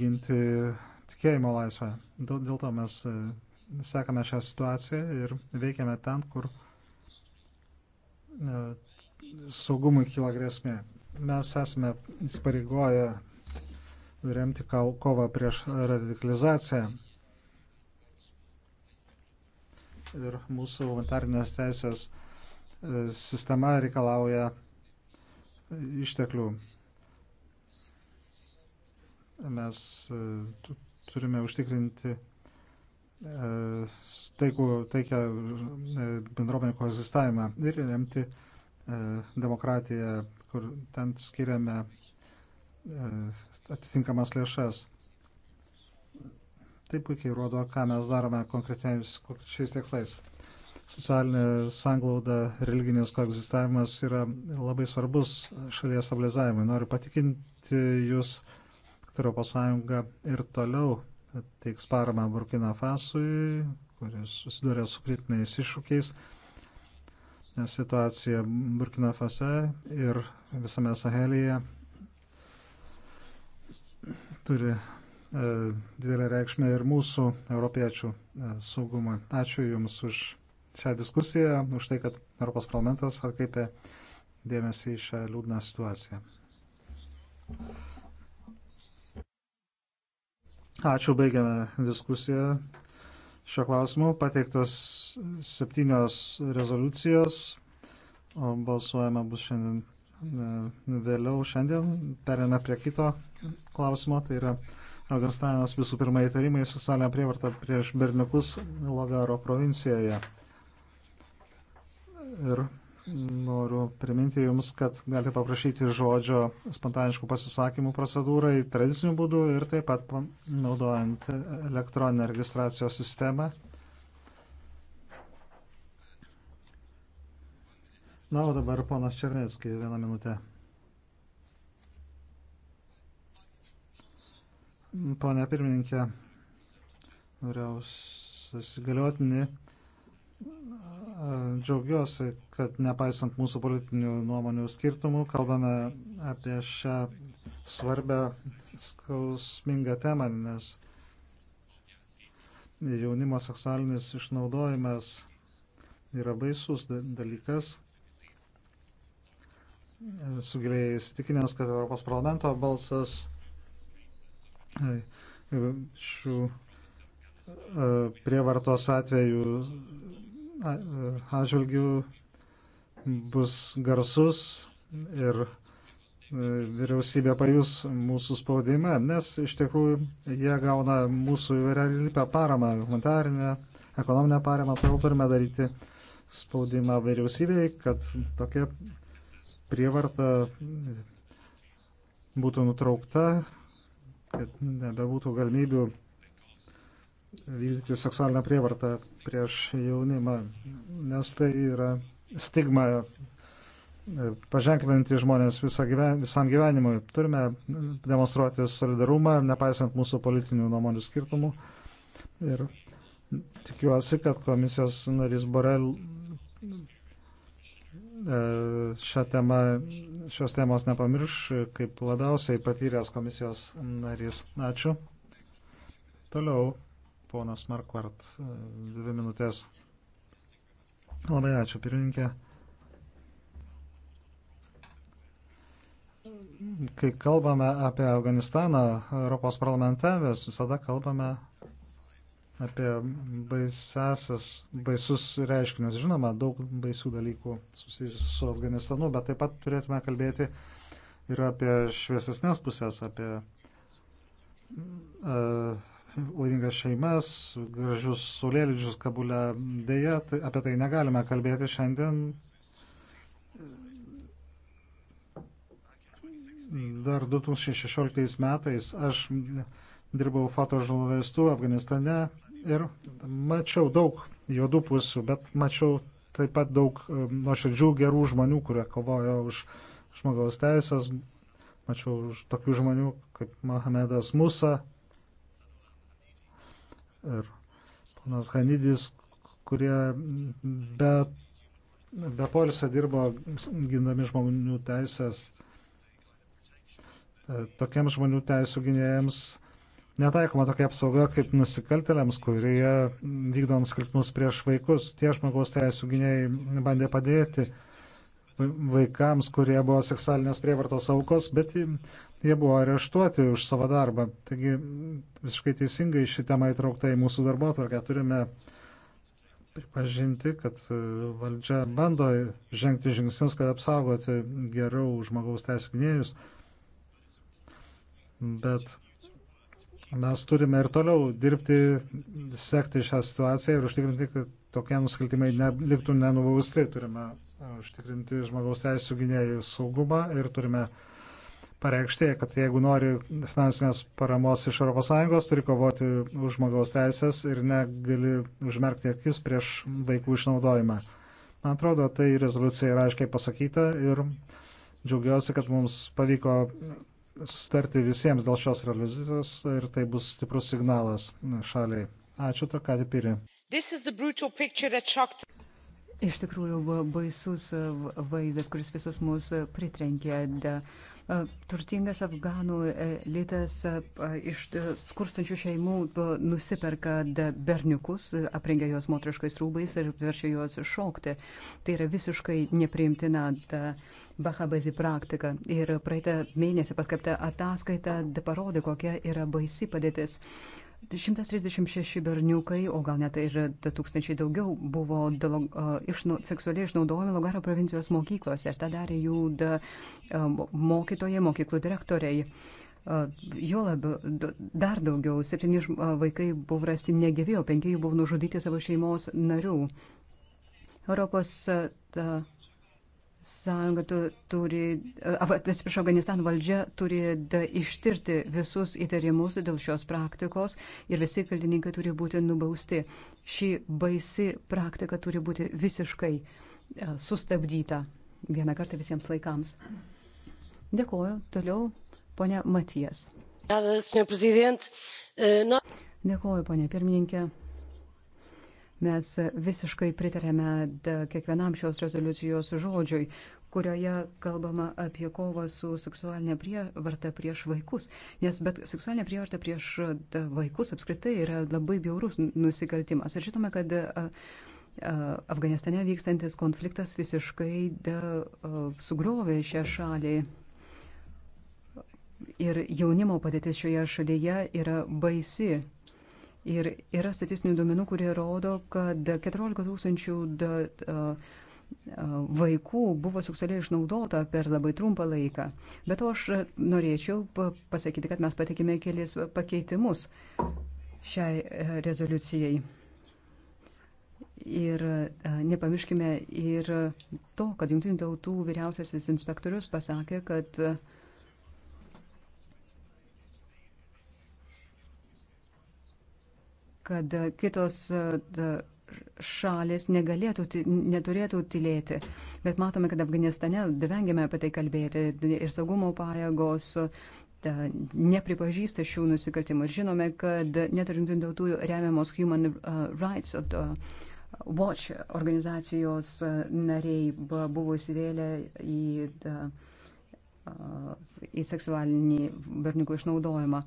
ginti tikėjimo laisvę. Dėl, dėl to mes e, sekame šią situaciją ir veikiame ten, kur e, saugumui kyla grėsmė. Mes esame įsipareigoję remti kovą prieš radikalizaciją. Ir mūsų humanitarinės teisės e, sistema reikalauja išteklių. Mes e, turime užtikrinti e, taikų, taikę bendruomenį koegzistavimą ir remti demokratiją, kur ten skiriame E, atitinkamas lėšas. Tai puikiai rodo, ką mes darome konkrečiais tikslais. Socialinė sanglauda, religinis koegzistavimas yra labai svarbus šalies stabilizavimui. Noriu patikinti Jūs, kad ES ir toliau teiks paramą Burkina Fasui, kuris susiduria su kritiniais iššūkiais situacija Burkina Fase ir visame Sahelyje turi e, didelę reikšmę ir mūsų europiečių e, saugumą. Ačiū Jums už šią diskusiją, už tai, kad Europos parlamentas atkreipė dėmesį į šią liūdną situaciją. Ačiū, baigiame diskusiją. Šio klausimu pateiktos septynios rezoliucijos, o balsuojama bus šiandien e, vėliau. Šiandien perėmė prie kito klausimo, tai yra Afganistanas visų pirma įtarimai socialinę prievartą prieš berniukus Logaro provincijoje. Ir noriu priminti Jums, kad galite paprašyti žodžio spontaniškų pasisakymų procedūrai tradiciniu būdu ir taip pat naudojant elektroninę registracijos sistemą. Na, o dabar ponas Černetskis, vieną minutę. Pone pirmininkė, vyriausias įgaliotinį, džiaugiuosi, kad nepaisant mūsų politinių nuomonių skirtumų, kalbame apie šią svarbę skausmingą temą, nes jaunimo seksualinis išnaudojimas yra baisus dalykas. Sugiliai įsitikinęs, kad Europos parlamento balsas šių e, prievartos atvejų e, atžvilgių bus garsus ir e, vyriausybė pajus mūsų spaudimą, nes iš tikrųjų jie gauna mūsų įvairialypę paramą, humanitarinę, ekonominę paramą, todėl turime daryti spaudimą vyriausybei, kad tokia prievarta būtų nutraukta kad nebebūtų galimybių vykdyti seksualinę prievartą prieš jaunimą, nes tai yra stigma e, paženklinti žmonės gyven, visam gyvenimui. Turime demonstruoti solidarumą, nepaisant mūsų politinių nuomonių skirtumų. Ir tikiuosi, kad komisijos narys Borel E, šią temą, šios temos nepamirš, kaip labiausiai patyręs komisijos narys. Ačiū. Toliau, ponas Markvart, e, dvi minutės. Labai ačiū, pirmininkė. Kai kalbame apie Afganistaną Europos parlamente, vis visada kalbame apie baisasas, baisus reiškinius. Žinoma, daug baisių dalykų susijusių su Afganistanu, bet taip pat turėtume kalbėti ir apie šviesesnės pusės, apie uh, laimingas šeimas, gražius saulėlydžius kabulę. Deja, tai, apie tai negalime kalbėti šiandien. Dar 2016 metais aš dirbau fotožurnalistu Afganistane Ir mačiau daug juodų pusių, bet mačiau taip pat daug e, nuoširdžių gerų žmonių, kurie kovojo už žmogaus teisės. Mačiau už tokių žmonių kaip Mohamedas Musa ir ponas Hanidis, kurie be, be polisio dirbo gindami žmonių teisės. E, tokiems žmonių teisų gynėjams netaikoma tokia apsauga kaip nusikaltėliams, kurie vykdo nusikaltimus prieš vaikus. Tie žmogaus teisų gyniai bandė padėti vaikams, kurie buvo seksualinės prievartos aukos, bet jie buvo areštuoti už savo darbą. Taigi visiškai teisingai ši tema įtraukta į mūsų darbo atvarkę. Turime pripažinti, kad e, valdžia bando žengti žingsnius, kad apsaugoti geriau žmogaus teisų gynėjus, bet mes turime ir toliau dirbti, sekti šią situaciją ir užtikrinti, kad tokie nusikaltimai liktų nenubausti. Turime e, užtikrinti žmogaus teisų gynėjų saugumą ir turime pareikšti, kad jeigu nori finansinės paramos iš ES, turi kovoti už žmogaus teisės ir negali užmerkti akis prieš vaikų išnaudojimą. Man atrodo, tai rezoliucija yra aiškiai pasakyta ir džiaugiuosi, kad mums pavyko sustarti visiems dėl šios realizacijos ir tai bus stiprus signalas šaliai. Ačiū to, ką Piri. Iš tikrųjų buvo baisus uh, vaizdas, kuris visus mus uh, pritrenkė. E, turtingas afganų elitas e, iš skurstančių šeimų e, nusiperka berniukus, aprengia juos motriškais rūbais ir verčia juos šokti. Tai yra visiškai nepriimtina Bahabazi praktika. Ir praeitą mėnesį paskapta ataskaita parodė, kokia yra baisi padėtis. 136 berniukai, o gal net ir 2000 daugiau, buvo dalo, uh, išnu, seksualiai išnaudojami Logaro provincijos mokyklose ir tą darė jų da, uh, mokytojai, mokyklų direktoriai. Uh, jo labiau, dar daugiau, septyni uh, vaikai buvo rasti negyvi, o penki jų buvo nužudyti savo šeimos narių. Europos uh, sąjunga tu, turi, atsiprašau, Afganistano valdžia turi da, ištirti visus įtarimus dėl šios praktikos ir visi kaltininkai turi būti nubausti. Ši baisi praktika turi būti visiškai sustabdyta vieną kartą visiems laikams. Dėkuoju. Toliau ponia Matijas. Eh, Dėkuoju, ponia pirmininkė. Mes visiškai pritarėme kiekvienam šios rezoliucijos žodžiui, kurioje kalbama apie kovą su seksualinė prievarta prieš vaikus. Nes bet seksualinė prievarta prieš vaikus apskritai yra labai bjaurus nusikaltimas. Ir žinome, kad Afganistane vykstantis konfliktas visiškai da, sugriovė šią šalį. Ir jaunimo padėtis šioje šalyje yra baisi. Ir yra statistinių duomenų, kurie rodo, kad 14 tūkstančių vaikų buvo seksualiai išnaudota per labai trumpą laiką. Bet aš norėčiau pasakyti, kad mes patikime kelis pakeitimus šiai e, rezoliucijai. Ir e, nepamirškime ir to, kad Junktinių tautų vyriausiasis inspektorius pasakė, kad uh, kad e, kitos e, šalis negalėtų, neturėtų tylėti. Bet matome, kad Afganistane vengiame apie tai kalbėti ir saugumo pajėgos e, nepripažįsta šių nusikaltimų. Ir žinome, kad net ir jungtinių tautų remiamos Human Rights Watch organizacijos nariai buvo įsivėlę į, į seksualinį berniukų išnaudojimą.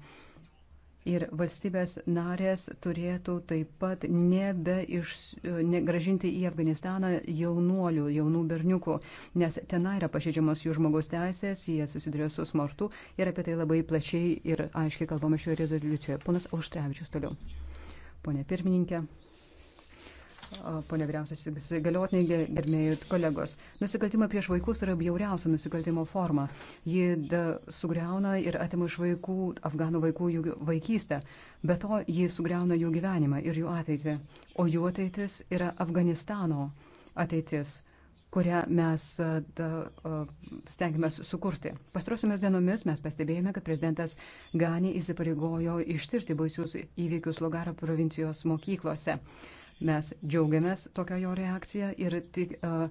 Ir valstybės narės turėtų taip pat nebeiš, negražinti į Afganistaną jaunuolių, jaunų berniukų, nes tenai yra pažeidžiamos jų žmogaus teisės, jie susiduria su smurtu ir apie tai labai plačiai ir aiškiai kalbama šioje rezoliucijoje. Ponas Auštrevičius toliau. Pone pirmininkė. Pone vyriausiasis galiotinė, gerbėjai kolegos, nusikaltimai prieš vaikus yra bjauriausia nusikaltimo forma. Ji sugriauna ir atima iš vaikų, afganų vaikų jų vaikystę. Be to, ji sugriauna jų gyvenimą ir jų ateitį. O jų ateitis yra Afganistano ateitis kurią mes stengiamės sukurti. Pastarosiomis dienomis mes pastebėjome, kad prezidentas Gani įsipareigojo ištirti baisius įvykius Logaro provincijos mokyklose. Mes džiaugiamės tokią jo reakciją ir tik uh,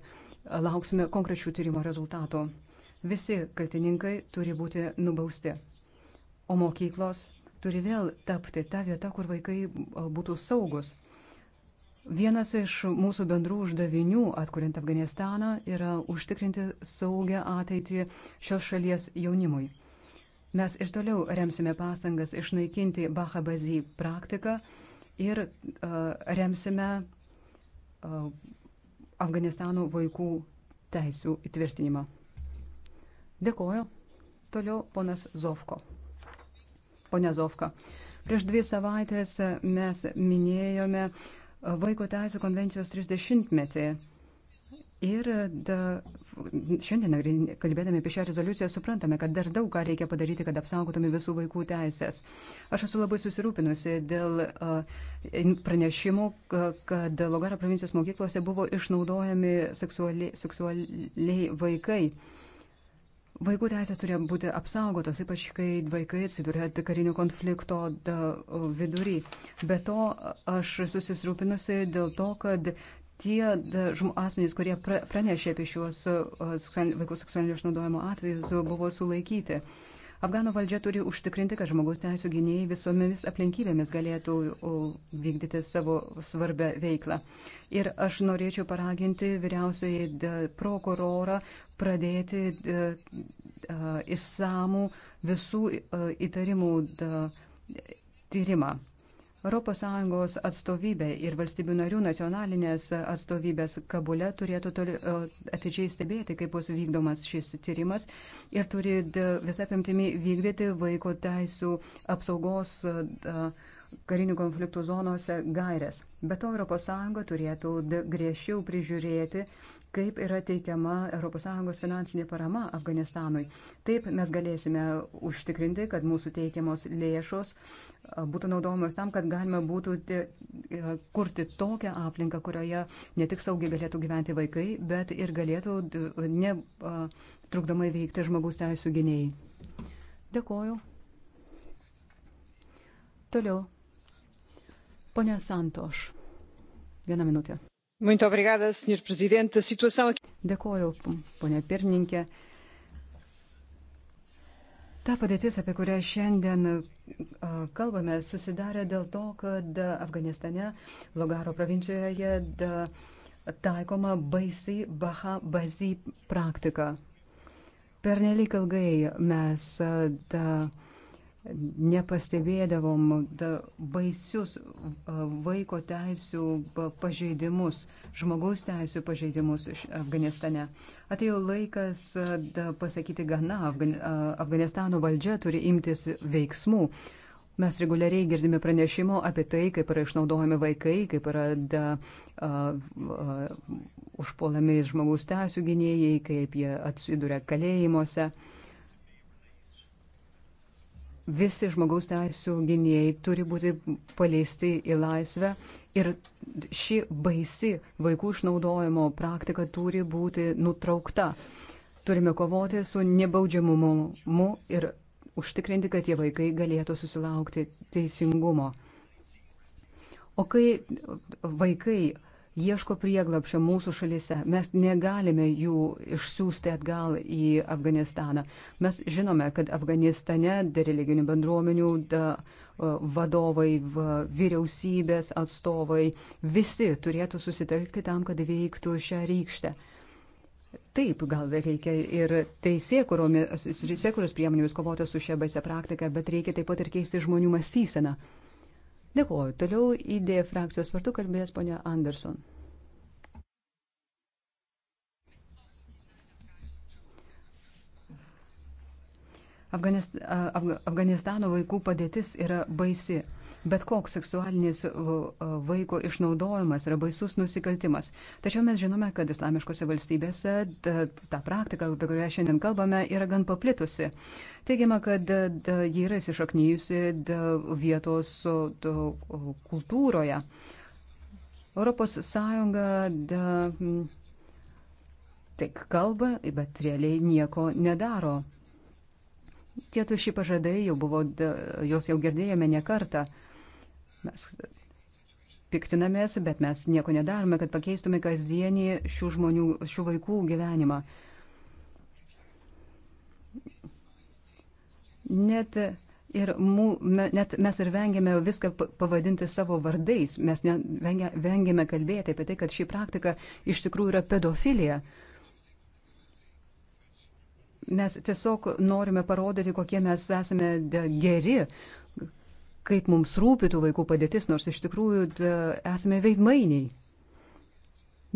lauksime konkrečių tyrimo rezultatų. Visi kaltininkai turi būti nubausti, o mokyklos turi vėl tapti tą vietą, kur vaikai būtų saugus. Vienas iš mūsų bendrų uždavinių atkuriant Afganistaną yra užtikrinti saugę ateitį šios šalies jaunimui. Mes ir toliau remsime pastangas išnaikinti Bahabazį praktiką ir remsime Afganistano vaikų teisų įtvirtinimą. Dėkoju. Toliau ponas Zovko. Pone Zovka, prieš dvi savaitės mes minėjome Vaiko teisų konvencijos 30-metį ir da, Šiandien, kalbėdami apie šią rezoliuciją, suprantame, kad dar daug ką reikia padaryti, kad apsaugotume visų vaikų teisės. Aš esu labai susirūpinusi dėl pranešimų, kad Logaro provincijos mokyklose buvo išnaudojami seksualiai, seksualiai vaikai. Vaikų teisės turėjo būti apsaugotos, ypač kai vaikai atsiduria karinio konflikto vidury. Be to, aš susirūpinusi dėl to, kad tie asmenys, kurie pranešė apie šiuos vaikų seksualinio išnaudojimo atvejus, buvo sulaikyti. Afgano valdžia turi užtikrinti, kad žmogaus teisų gynėjai visomis aplinkybėmis galėtų vykdyti savo svarbę veiklą. Ir aš norėčiau paraginti vyriausiai prokurorą pradėti išsamų visų įtarimų tyrimą. ES atstovybė ir valstybių narių nacionalinės atstovybės Kabule turėtų toli, atidžiai stebėti, kaip bus vykdomas šis tyrimas ir turi visą apimtimi vykdyti vaiko teisų apsaugos karinių konfliktų zonose gairias. Be to, ES turėtų griežčiau prižiūrėti kaip yra teikiama ES finansinė parama Afganistanui. Taip mes galėsime užtikrinti, kad mūsų teikiamos lėšos būtų naudojamos tam, kad galima būtų e, kurti tokią aplinką, kurioje ne tik saugiai galėtų gyventi vaikai, bet ir galėtų netrukdomai veikti žmogus teisų gynėjai. Dėkoju. Toliau. Pone Santoš. Vieną minutę. Dėkoju, ponė pirmininkė. Ta padėtis, apie kurią šiandien kalbame, susidarė dėl to, kad Afganistane, Logaro provincijoje, taikoma baisi Baha Bazi praktika. Per nelik ilgai mes da, ta nepastebėdavom baisius vaiko teisų pažeidimus, žmogaus teisų pažeidimus Afganistane. Atėjo laikas pasakyti gana, Afganistano valdžia turi imtis veiksmų. Mes reguliariai girdime pranešimo apie tai, kaip yra išnaudojami vaikai, kaip yra da, a, a, užpuolami žmogaus teisų gynėjai, kaip jie atsiduria kalėjimuose. A, visi žmogaus teisų gynėjai turi būti paleisti į laisvę ir ši baisi vaikų išnaudojimo praktika turi būti nutraukta. Turime kovoti su nebaudžiamumu ir užtikrinti, kad tie vaikai galėtų susilaukti teisingumo. O kai vaikai ieško prieglapšio mūsų šalyse. Mes negalime jų išsiųsti atgal į Afganistaną. Mes žinome, kad Afganistane religinių bendruomenių da, vadovai, vyriausybės atstovai, visi turėtų susitelkti tam, kad veiktų šią rykštę. Taip, gal reikia ir teisėkuros priemonių kovoti su šia baise praktika, bet reikia taip pat ir keisti žmonių mąstyseną. Dėkuoju. Toliau idėja frakcijos vardu kalbės ponia Anderson. Afganistano vaikų padėtis yra baisi. Bet koks seksualinis vaiko išnaudojimas yra baisus nusikaltimas. Tačiau mes žinome, kad islamiškose valstybėse ta praktika, apie kurią šiandien kalbame, yra gan paplitusi. Teigiama, kad ji yra įsišaknyjusi vietos kultūroje. Europos Sąjunga tik kalba, bet realiai nieko nedaro. Tie tuši pažadai jau buvo, jos jau girdėjome ne kartą. Mes piktinamės, bet mes nieko nedarome, kad pakeistume kasdienį šių žmonių, šių vaikų gyvenimą. Net ir, mū, net mes ir vengiame viską pavadinti savo vardais, mes ne, vengia, vengiame kalbėti apie tai, kad ši praktika iš tikrųjų yra pedofilija. Mes tiesiog norime parodyti, kokie mes esame geri, kaip mums rūpytų vaikų padėtis, nors iš tikrųjų da, esame veidmainiai.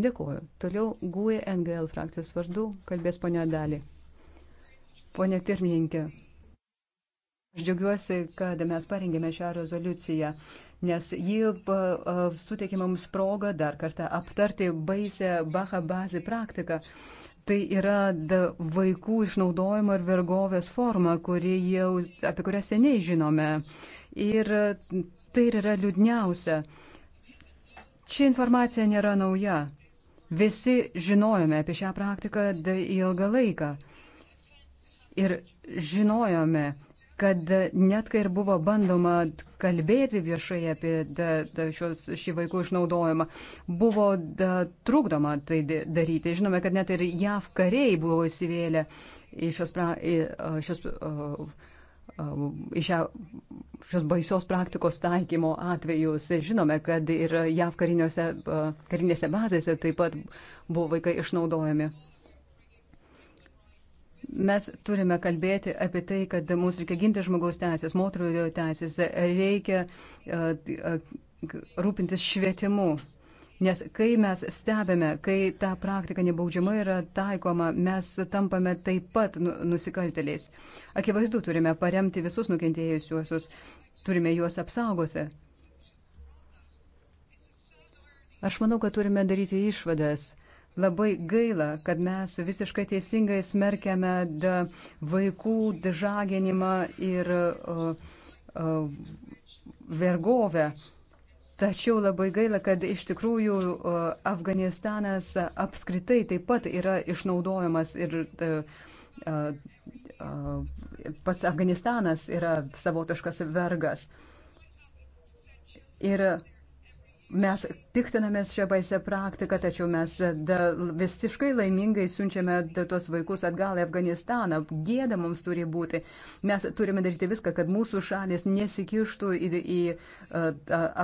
Dėkuoju. Toliau GUE NGL frakcijos vardu kalbės ponia Dali. Pone pirmininkė, aš džiaugiuosi, kad mes parengėme šią rezoliuciją nes ji suteikė mums progą dar kartą aptarti baisę Baha bazį praktiką. Tai yra vaikų išnaudojimo ir vergovės forma, kuri jau, apie kurią seniai žinome. Ir e, tai ir yra liūdniausia. Ši informacija nėra nauja. Visi žinojome apie šią praktiką ilgą laiką. Ir žinojome, kad net kai ir buvo bandoma kalbėti viešai apie da, da, šios, šį vaikų išnaudojimą, buvo da, trukdoma tai daryti. Žinome, kad net ir JAV kariai buvo įsivėlę į šios, pra, į, šios uh, Um, šios baisios praktikos taikymo atvejus. Žinome, kad ir JAV kariniuose, uh, karinėse bazėse taip pat buvo vaikai išnaudojami. Mes turime kalbėti apie tai, kad mums reikia ginti žmogaus teisės, moterų teisės, reikia uh, uh, rūpintis švietimu. Nes kai mes stebime, kai ta praktika nebaudžiama yra taikoma, mes tampame taip pat nu, nusikalteliais. Akivaizdu, turime paremti visus nukentėjusiuosius, turime juos apsaugoti. Aš manau, kad turime daryti išvadas. Labai gaila, kad mes visiškai teisingai smerkiame vaikų dažaginimą ir uh, uh, vergovę. Uh, Tačiau labai gaila, kad iš tikrųjų Afganistanas apskritai taip pat yra išnaudojamas ir e, pas Afganistanas yra savotiškas vergas. Ir Mes piktinamės šią baisę praktiką, tačiau mes da, visiškai laimingai siunčiame da, tuos vaikus atgal į Afganistaną. Gėda mums turi būti. Mes turime daryti viską, kad mūsų šalis nesikištų į, į,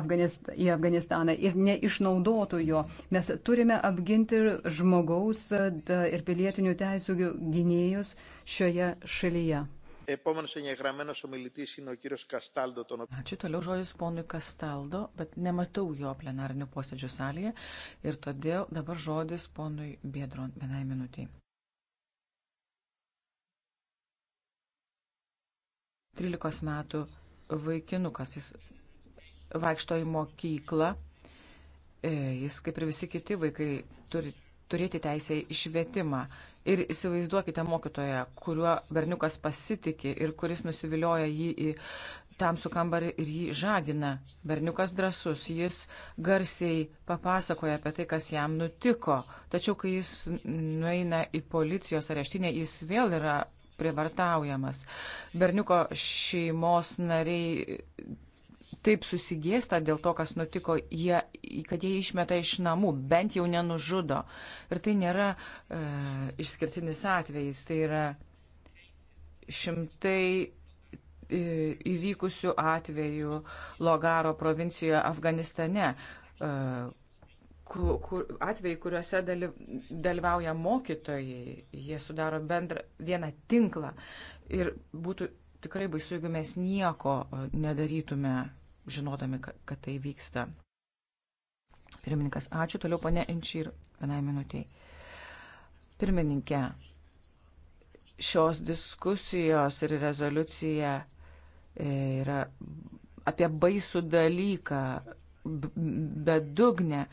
Afganist, į Afganistaną ir neišnaudotų jo. Mes turime apginti žmogaus da, ir pilietinių teisų gynėjus šioje šalyje. Ačiū toliau žodis ponui Kastaldo, bet nematau jo plenarinių posėdžių salėje ir todėl dabar žodis ponui Biedron vienai minutiai. 13 metų vaikinukas, jis vaikšto į mokyklą, e, jis kaip ir visi kiti vaikai turi turėti teisę į švietimą Ir įsivaizduokite mokytoją, kuriuo berniukas pasitikė ir kuris nusivilioja jį į tamsų kambarį ir jį žagina. Berniukas drasus, jis garsiai papasakoja apie tai, kas jam nutiko. Tačiau, kai jis nueina į policijos areštinę, jis vėl yra prievartaujamas. Berniuko šeimos nariai taip susigėsta dėl to, kas nutiko, jie, kad jie išmeta iš namų, bent jau nenužudo. Ir tai nėra e, išskirtinis atvejis, tai yra šimtai e, įvykusių atvejų Logaro provincijoje Afganistane. E, kur, kur, atvejai, kuriuose dalyvauja mokytojai, jie sudaro bendrą vieną tinklą. Ir būtų tikrai baisu, jeigu mes nieko e, nedarytume žinodami, kad tai vyksta. Pirmininkas, ačiū. Toliau ponė Enčyr, vienai minutiai. Pirmininkė, šios diskusijos ir rezoliucija e, yra apie baisų dalyką, bedugnę.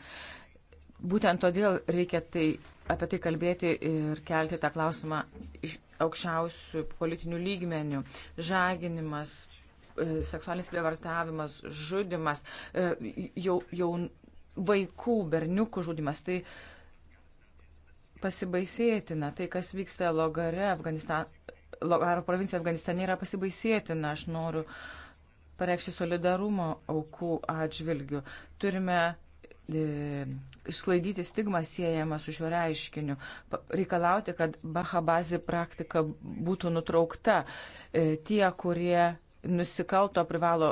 Būtent todėl reikia tai, apie tai kalbėti ir kelti tą klausimą iš aukščiausių politinių lygmenių. Žaginimas, E, seksualinis prievartavimas, žudimas, e, jau, jau vaikų, berniukų žudimas. Tai pasibaisėtina, tai kas vyksta Logare, Afganistan, Logaro provincijoje Afganistane yra pasibaisėtina. Aš noriu pareikšti solidarumo aukų atžvilgių. Turime e, išsklaidyti stigmą siejamą su šiuo reiškiniu, reikalauti, kad Bahabazi praktika būtų nutraukta. Tie, kurie nusikalto privalo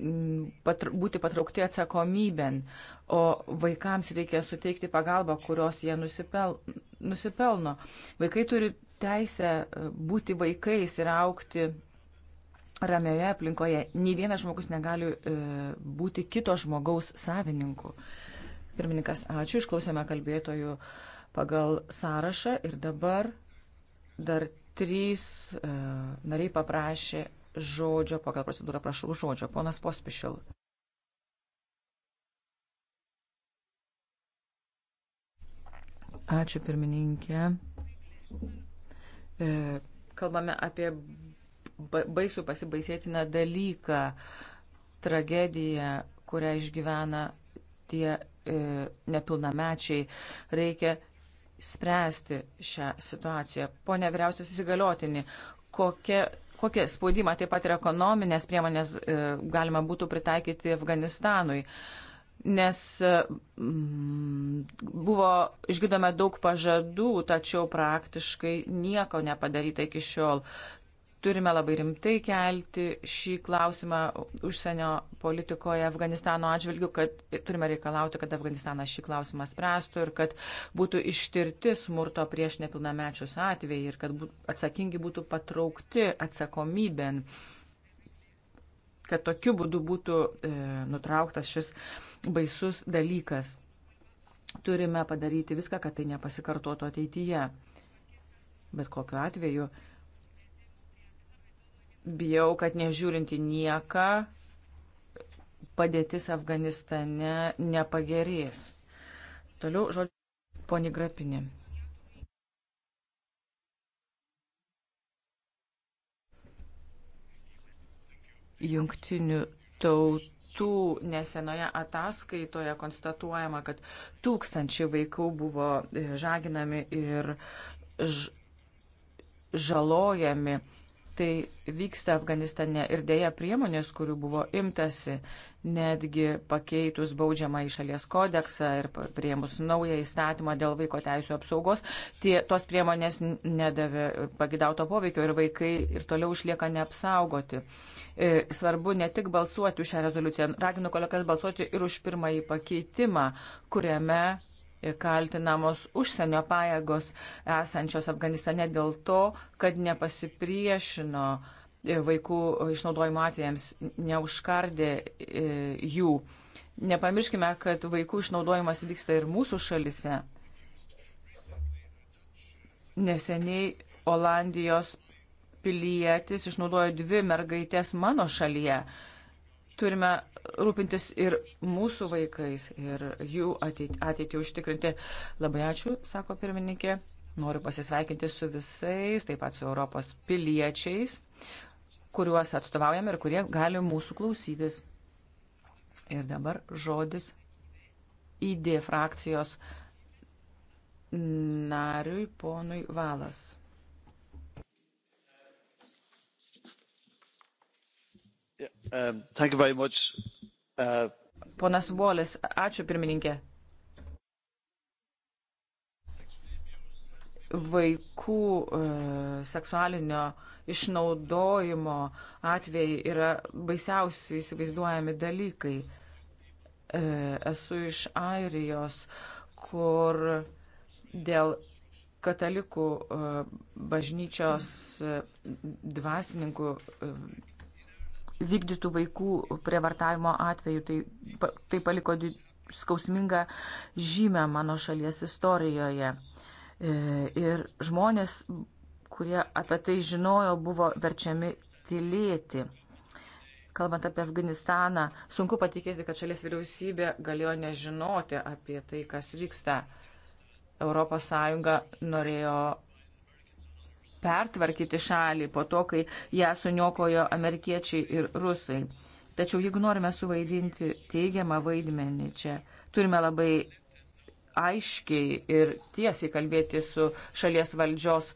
mm, patr būti patraukti atsakomybėn, o vaikams reikia suteikti pagalbą, kurios jie nusipel nusipelno. Vaikai turi teisę e, būti vaikais ir aukti ramioje aplinkoje. Nį vienas žmogus negali e, būti kito žmogaus savininku. Pirmininkas, ačiū, išklausėme kalbėtojų pagal sąrašą ir dabar dar trys e, nariai paprašė žodžio, pagal procedūrą prašau žodžio. Ponas Pospišil. Ačiū pirmininkė. E, kalbame apie baisų pasibaisėtiną dalyką, tragediją, kurią išgyvena tie e, nepilnamečiai. Reikia spręsti šią situaciją. Pone vyriausias įsigaliotinį, kokia kokią spaudimą taip pat ir ekonominės priemonės e, galima būtų pritaikyti Afganistanui. Nes e, buvo išgidome daug pažadų, tačiau praktiškai nieko nepadaryta iki šiol turime labai rimtai kelti šį klausimą užsienio politikoje Afganistano atžvilgiu, kad turime reikalauti, kad Afganistanas šį klausimą spręstų ir kad būtų ištirti smurto prieš nepilnamečius atvejai ir kad būt, atsakingi būtų patraukti atsakomybėn kad tokiu būdu būtų e, nutrauktas šis baisus dalykas. Turime padaryti viską, kad tai nepasikartotų ateityje. Bet kokiu atveju Bijau, kad nežiūrinti nieką, padėtis Afganistane nepagerės. Toliau žodžiu, poni Grapinė. Jungtinių tautų metų nesenoje ataskaitoje konstatuojama, kad tūkstančiai vaikų buvo e, žaginami ir žalojami tai vyksta Afganistane ir dėja priemonės, kurių buvo imtasi, netgi pakeitus baudžiamą į šalies kodeksą ir prieimus naują įstatymą dėl vaiko teisų apsaugos, tie, tos priemonės nedavė pagidauto poveikio ir vaikai ir toliau išlieka neapsaugoti. E, svarbu ne tik balsuoti už šią rezoliuciją, raginu kolegas balsuoti ir už pirmąjį pakeitimą, kuriame kaltinamos užsienio pajėgos esančios Afganistane dėl to, kad nepasipriešino e, vaikų išnaudojimo atvejams, neužkardė e, jų. Nepamirškime, kad vaikų išnaudojimas vyksta ir mūsų šalise. Neseniai Olandijos pilietis išnaudojo dvi mergaitės mano šalyje turime rūpintis ir mūsų vaikais, ir jų ateitį užtikrinti. Labai ačiū, sako pirmininkė. Noriu pasisveikinti su visais, taip pat su Europos piliečiais, kuriuos atstovaujame ir kurie gali mūsų klausytis. Ir dabar žodis ID frakcijos nariui ponui Valas. Um, uh... Ponas Volis, ačiū pirmininkė. Vaikų uh, seksualinio išnaudojimo atvejai yra baisiausiai įsivaizduojami dalykai. Uh, esu iš Airijos, kur dėl katalikų uh, bažnyčios uh, dvasininkų uh, vykdytų vaikų prievartavimo atveju. Tai, tai paliko skausmingą žymę mano šalies istorijoje. E, ir žmonės, kurie apie tai žinojo, buvo verčiami tylėti. Kalbant apie Afganistaną, sunku patikėti, kad šalies vyriausybė galėjo nežinoti apie tai, kas vyksta. ES norėjo pertvarkyti šalį po to, kai ją suniokojo amerikiečiai ir rusai. Tačiau jeigu norime suvaidinti teigiamą vaidmenį čia, turime labai aiškiai ir tiesiai kalbėti su šalies valdžios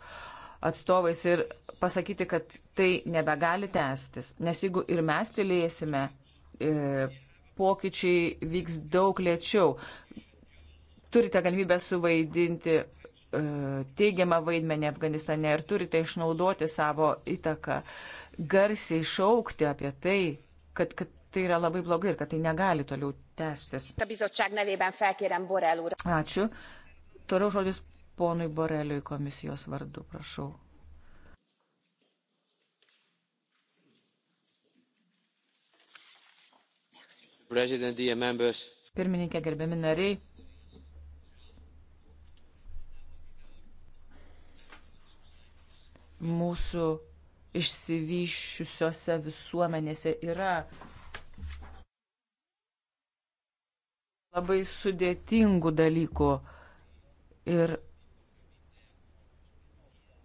atstovais ir pasakyti, kad tai nebegali tęstis. Nes jeigu ir mes tylėsime, e, pokyčiai vyks daug lėčiau. Turite galimybę suvaidinti E, teigiamą vaidmenį Afganistane ir turite išnaudoti savo įtaką, garsiai šaukti apie tai, kad, kad tai yra labai blogai ir kad tai negali toliau tęstis. Ačiū. Toliau žodis ponui Boreliui komisijos vardu, prašau. Pirmininkė, gerbiami nariai, mūsų išsivyščiusiose visuomenėse yra labai sudėtingų dalykų. Ir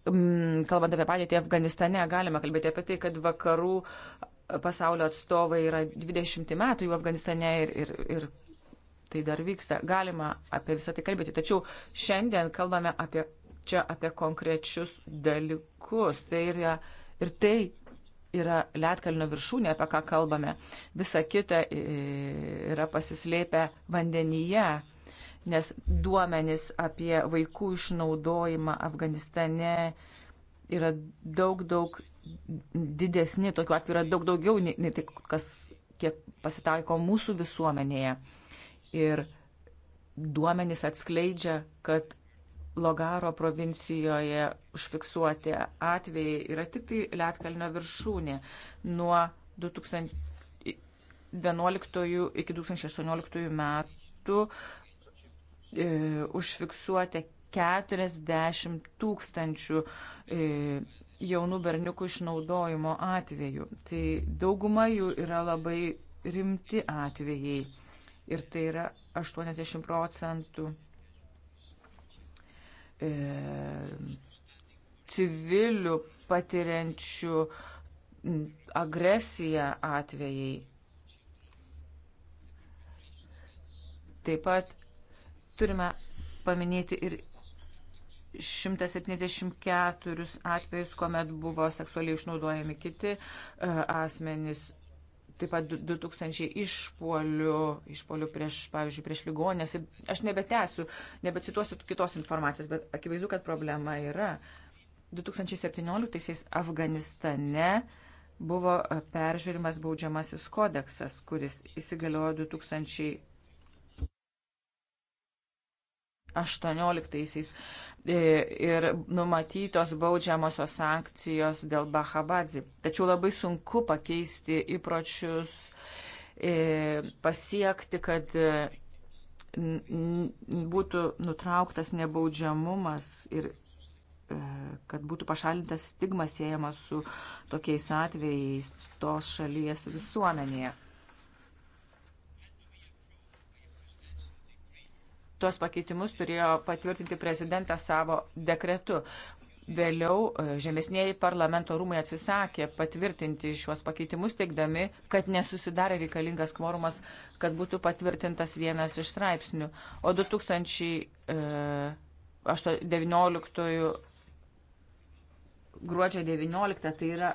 mm, kalbant apie padėtį Afganistane, galime kalbėti apie tai, kad vakarų pasaulio atstovai yra 20 metų jau Afganistane ir, ir, ir tai dar vyksta. Galima apie visą tai kalbėti. Tačiau šiandien kalbame apie čia apie konkrečius dalykus. Tai yra, ir tai yra Lietkalnio viršūnė, apie ką kalbame. Visa kita e, yra pasislėpę vandenyje, nes duomenys apie vaikų išnaudojimą Afganistane yra daug, daug didesni, tokiu atveju yra daug daugiau, nei, nei tai, kas, kiek pasitaiko mūsų visuomenėje. Ir duomenys atskleidžia, kad Logaro provincijoje užfiksuoti atvejai yra tik tai Lietkalnio viršūnė. Nuo 2011 iki 2018 metų e, užfiksuoti 40 tūkstančių e, jaunų berniukų išnaudojimo atvejų. Tai dauguma jų yra labai rimti atvejai ir tai yra 80 procentų e, civilių patiriančių agresiją atvejai. Taip pat turime paminėti ir 174 atvejus, kuomet buvo seksualiai išnaudojami kiti e, asmenys taip pat 2000 išpolių, išpolių prieš, pavyzdžiui, prieš ligonės. Aš nebetęsiu, nebecituosiu kitos informacijos, bet akivaizdu, kad problema yra. 2017-aisiais Afganistane buvo peržiūrimas baudžiamasis kodeksas, kuris įsigaliojo 2000 2018-aisiais e, ir numatytos baudžiamosios sankcijos dėl Bahabadzi. Tačiau labai sunku pakeisti įpročius, e, pasiekti, kad e, būtų nutrauktas nebaudžiamumas ir kad būtų pašalintas stigmas siejamas su tokiais atvejais tos šalies visuomenėje. Tuos pakeitimus turėjo patvirtinti prezidentas savo dekretu. Vėliau e, žemesnėji parlamento rūmai atsisakė patvirtinti šiuos pakeitimus, teikdami, kad nesusidarė reikalingas kvorumas, kad būtų patvirtintas vienas iš straipsnių. O 2019 e, gruodžio 19, tai yra,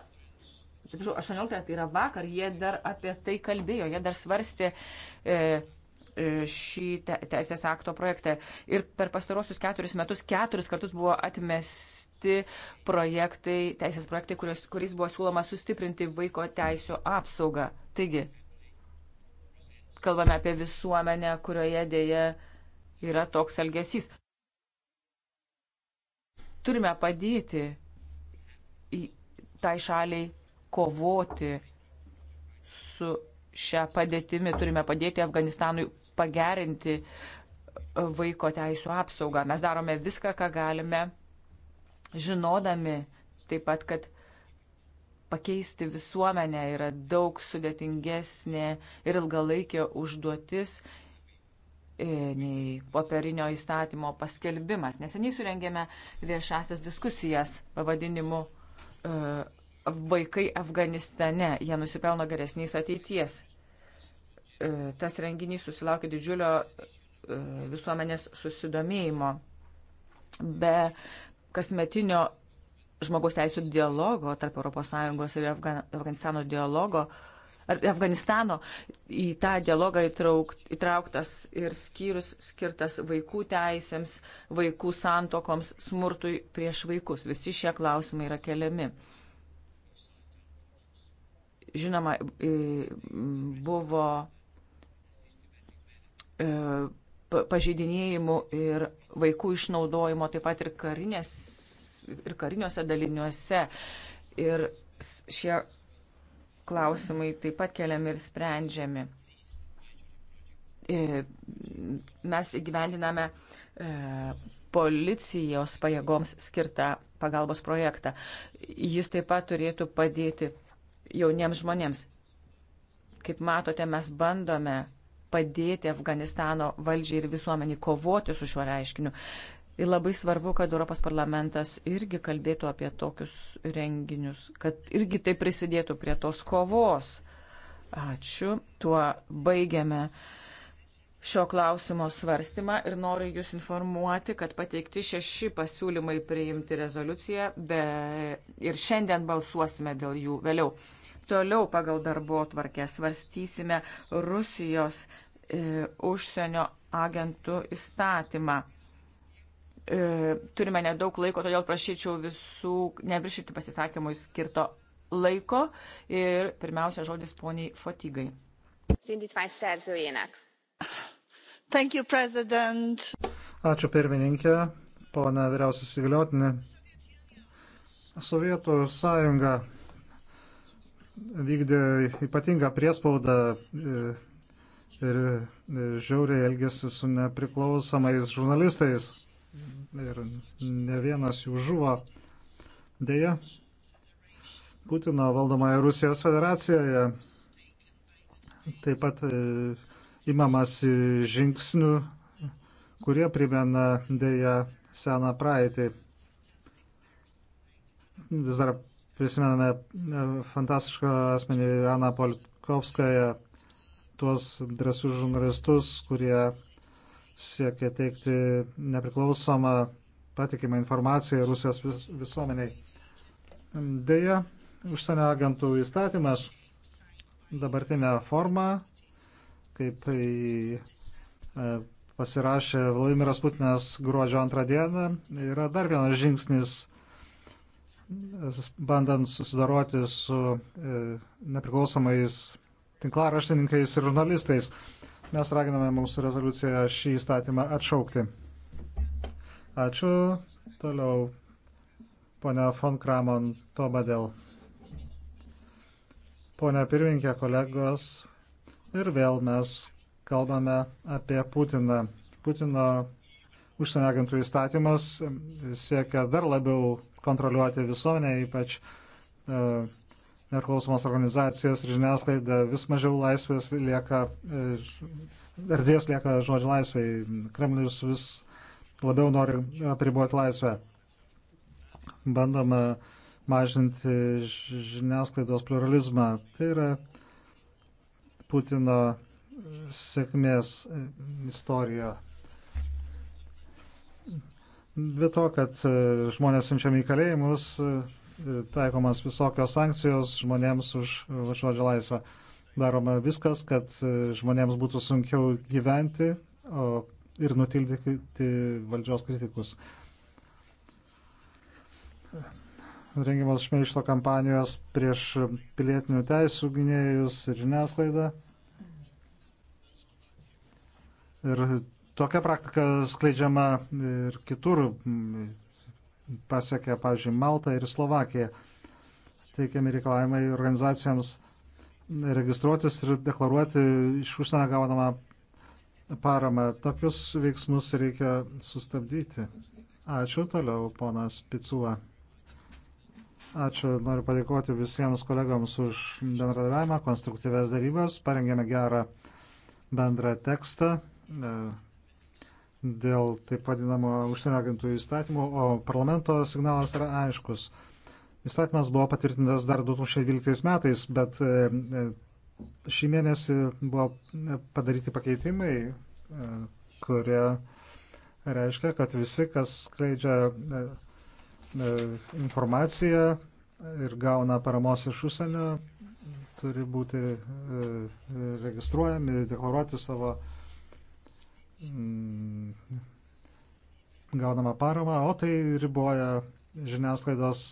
atsiprašau, 18, tai yra vakar, jie dar apie tai kalbėjo, jie dar svarstė e, E, šį te, teisės akto projektą. Ir per pastarosius keturis metus keturis kartus buvo atmesti projektai, teisės projektai, kurios, kuriais buvo siūloma sustiprinti vaiko teisų apsaugą. Taigi, kalbame apie visuomenę, kurioje dėja yra toks elgesys. Turime padėti tai šaliai kovoti su šią padėtimi, turime padėti Afganistanui pagerinti vaiko teisų apsaugą. Mes darome viską, ką galime, žinodami taip pat, kad pakeisti visuomenę yra daug sudėtingesnė ir ilgalaikė užduotis e, nei popierinio įstatymo paskelbimas. Neseniai surengėme viešasias diskusijas pavadinimu e, Vaikai Afganistane. Jie nusipelno geresnės ateities. E, tas renginys susilaukė didžiulio e, visuomenės susidomėjimo. Be kasmetinio žmogaus teisų dialogo tarp ES ir Afganistano dialogo, ar Afganistano į tą dialogą įtraukt, įtrauktas ir skyrius skirtas vaikų teisėms, vaikų santokoms, smurtui prieš vaikus. Visi šie klausimai yra keliami. Žinoma, buvo E, pažeidinėjimų ir vaikų išnaudojimo, taip pat ir, karinės, ir kariniuose daliniuose. Ir šie klausimai taip pat keliami ir sprendžiami. E, mes įgyvendiname e, policijos pajėgoms skirtą pagalbos projektą. Jis taip pat turėtų padėti jauniems žmonėms. Kaip matote, mes bandome padėti Afganistano valdžiai ir visuomenį kovoti su šiuo reiškiniu. Ir labai svarbu, kad Europos parlamentas irgi kalbėtų apie tokius renginius, kad irgi tai prisidėtų prie tos kovos. Ačiū. Tuo baigiame šio klausimo svarstymą ir noriu Jūs informuoti, kad pateikti šeši pasiūlymai priimti rezoliuciją be... ir šiandien balsuosime dėl jų vėliau. Toliau pagal darbo tvarkę svarstysime Rusijos e, užsienio agentų įstatymą. E, turime nedaug laiko, todėl prašyčiau visų neviršyti pasisakymui skirto laiko ir pirmiausia žodis poniai Fotygai. You, Ačiū pirmininkė, pona vyriausias įgaliotinė. Sovietų sąjunga vykdė ypatingą priespaudą e, ir e, žiauriai elgėsi su nepriklausomais žurnalistais ir ne vienas jų žuvo. Deja, Putino valdomoje Rusijos federacijoje taip pat e, imamas žingsnių, kurie primena deja seną praeitį. Vis dar Prisimename e, fantastišką asmenį Aną Polkovskąją, tuos drąsius žurnalistus, kurie siekia teikti nepriklausomą patikimą informaciją Rusijos visuomeniai. Deja, užsienio agentų įstatymas dabartinę formą, kaip į tai, e, pasirašė Vladimiras Putinas gruodžio antrą dieną, yra dar vienas žingsnis bandant susidaroti su e, nepriklausomais tinklaraštininkais ir žurnalistais. Mes raginame mūsų rezoliuciją šį įstatymą atšaukti. Ačiū. Toliau. Pone von Kramon Tobadel. Pone pirmininkė, kolegos. Ir vėl mes kalbame apie Putiną. Putino užsienio agentų įstatymas siekia dar labiau kontroliuoti visuomenę, ypač e, nepriklausomos organizacijos ir žiniasklaida, vis mažiau laisvės lieka, e, erdvės lieka žodžio laisvai. Kremlius vis labiau nori apriboti laisvę. Bandoma mažinti žiniasklaidos pluralizmą. Tai yra Putino sėkmės istorija. Be to, kad e, žmonės siunčiami į kalėjimus, e, taikomas visokios sankcijos žmonėms už žodžio laisvę. Daroma viskas, kad e, žmonėms būtų sunkiau gyventi o, ir nutildyti valdžios kritikus. Rengimas šmeišto kampanijos prieš pilietinių teisų gynėjus ir žiniasklaidą. Ir Tokia praktika skleidžiama ir kitur, pasiekia, pavyzdžiui, Malta ir Slovakija. Teikiami reikalavimai organizacijoms registruotis ir deklaruoti iš užsienio gaunamą paramą. Tokius veiksmus reikia sustabdyti. Ačiū toliau, ponas Picula. Ačiū, noriu padėkoti visiems kolegams už bendradavimą, konstruktyves darybas. Parengėme gerą bendrą tekstą dėl taip vadinamo užsienio agentų įstatymo, o parlamento signalas yra aiškus. Įstatymas buvo patvirtintas dar 2012 metais, bet e, šį mėnesį buvo e, padaryti pakeitimai, e, kurie reiškia, kad visi, kas skleidžia informaciją ir gauna paramos iš užsienio, turi būti registruojami, deklaruoti savo Mm. gaunama parama, o tai riboja žiniasklaidos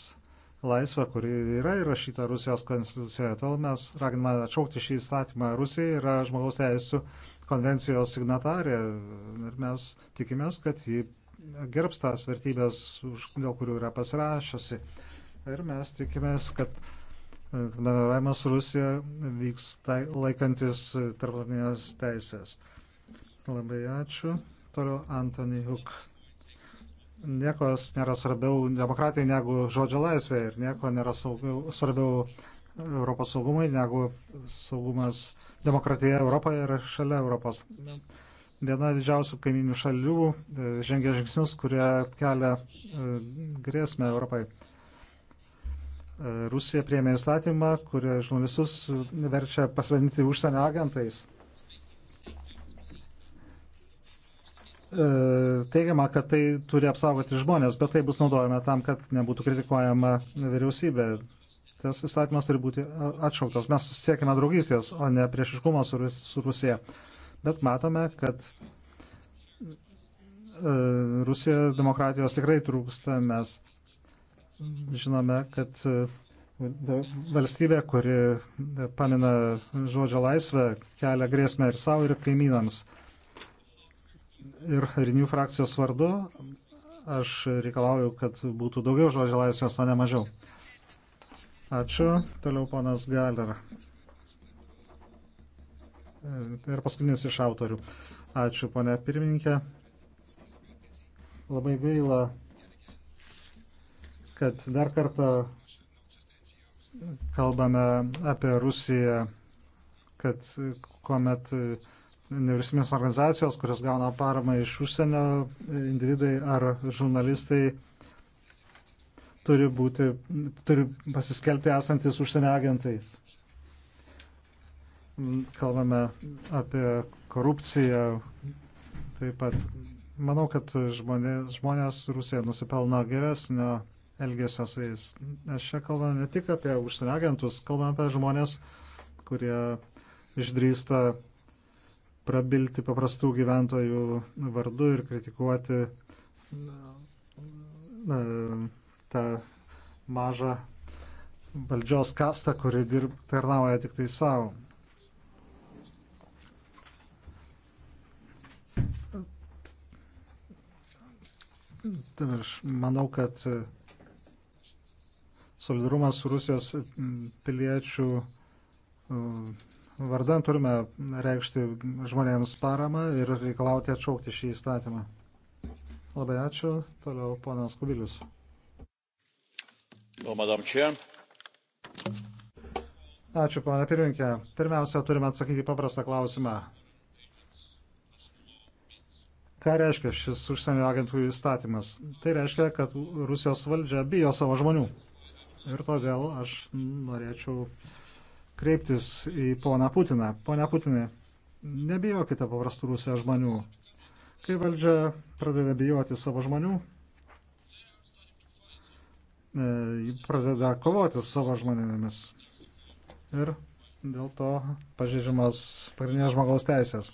laisvę, kuri yra įrašyta Rusijos konstitucijoje. Tol mes raginame atšaukti šį įstatymą. Rusija yra žmogaus teisų konvencijos signatarė ir mes tikimės, kad ji gerbs tas vertybės, dėl kurių yra pasirašusi. Ir mes tikimės, kad bendravimas su Rusija vyks tai, laikantis tarptautinės teisės. Labai ačiū. Toliau Antony Huk. Niekos nėra svarbiau demokratijai negu žodžio laisvė ir nieko nėra saugiau, svarbiau e, Europos saugumui negu saugumas demokratija Europoje ir šalia Europos. Viena didžiausių kaiminių šalių e, žengia žingsnius, kurie kelia e, grėsmę Europai. Rusija priemė įstatymą, kurie žurnalistus verčia pasivadinti užsienio agentais. E, teigiama, kad tai turi apsaugoti žmonės, bet tai bus naudojama tam, kad nebūtų kritikuojama vyriausybė. Tas įstatymas turi būti atšauktas. Mes siekime draugystės, o ne priešiškumo su, su Rusija. Bet matome, kad e, Rusija demokratijos tikrai trūksta. Mes žinome, kad e, valstybė, kuri pamina žodžio laisvę, kelia grėsmę ir savo, ir kaimynams. E, ir Rinių frakcijos vardu aš reikalauju, kad būtų daugiau žodžio laisvės, o ne mažiau. Ačiū. Toliau ponas Galer. Ir tai paskutinis iš autorių. Ačiū, ponė pirmininkė. Labai gaila, kad dar kartą kalbame apie Rusiją, kad kuomet uh, nevyriausybinės organizacijos, kurios gauna paramą iš užsienio, individai ar žurnalistai turi, būti, turi pasiskelbti esantis užsienio agentais. Kalbame apie korupciją. Taip pat manau, kad žmonės, žmonės Rusija nusipelno geresnio elgesio su jais. Aš čia kalbame ne tik apie užsienio agentus, kalbame apie žmonės, kurie išdrįsta prabilti paprastų gyventojų vardu ir kritikuoti na, tą mažą valdžios kastą, kuri dirb, tarnauja tik tai savo. Taip, aš manau, kad solidarumas su Rusijos piliečių vardan turime reikšti žmonėms paramą ir reikalauti atšaukti šį įstatymą. Labai ačiū. Toliau ponas Kubilius. O, madam čia. Ačiū, pana pirminkė. Pirmiausia, turime atsakyti paprastą klausimą. Ką reiškia šis užsienio agentųjų įstatymas? Tai reiškia, kad Rusijos valdžia bijo savo žmonių. Ir todėl aš norėčiau uh, kreiptis į poną Putiną. Pone Putinai, nebijokite paprastų Rusijos žmonių. Kai valdžia pradeda bijoti savo žmonių, e, pradeda kovoti su savo žmonėmis. Ir dėl to pažeidžiamas pagrindinės žmogaus teisės.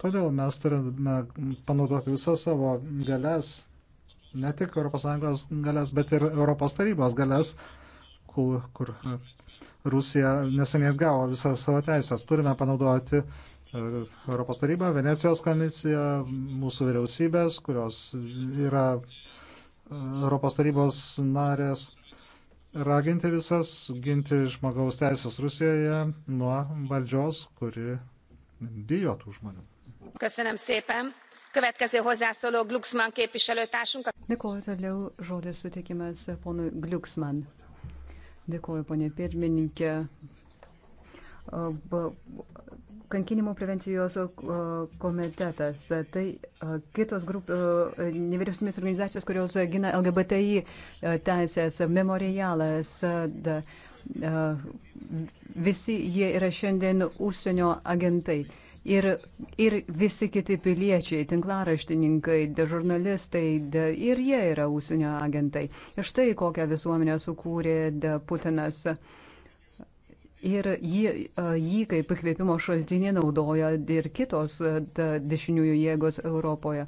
Todėl mes turime panaudoti visas savo galės, ne tik ES galės, bet ir ES galės, kur, kur Rusija neseniai atgavo visas savo teisės. Turime panaudoti e, Europos tarybą, Venecijos komisiją, mūsų vyriausybės, kurios yra e, Europos tarybos narės, raginti visas, ginti žmogaus teisės Rusijoje nuo valdžios, kuri bijo tų žmonių. Köszönöm szépen. Következő hozzászóló Glucksmann képviselőtársunk. Dėkuoju toliau žodis sutikimas ponui Glucksmann. Dėkuoju, ponė pirmininkė. Kankinimų prevencijos komitetas, tai kitos grupės, nevyriausybės organizacijos, kurios gina LGBTI teisės, memorialas, da, visi jie yra šiandien užsienio agentai ir, ir visi kiti piliečiai, tinklaraštininkai, de žurnalistai de, ir jie yra ūsinio agentai. Ir štai kokią visuomenę sukūrė de Putinas. Ir jį, jį kaip įkvėpimo šaltinį naudoja ir kitos de, dešiniųjų jėgos Europoje.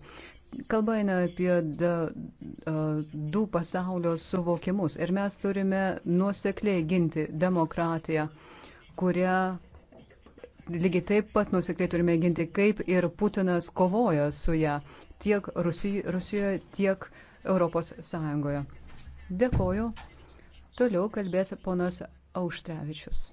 Kalba eina apie da, du pasaulio suvokimus ir mes turime nuosekliai ginti demokratiją, kurią lygiai taip pat nusikliai turime ginti, kaip ir Putinas kovojo su ją tiek Rusijoje, tiek Europos Sąjungoje. Dėkoju. Toliau kalbės ponas Auštrevičius.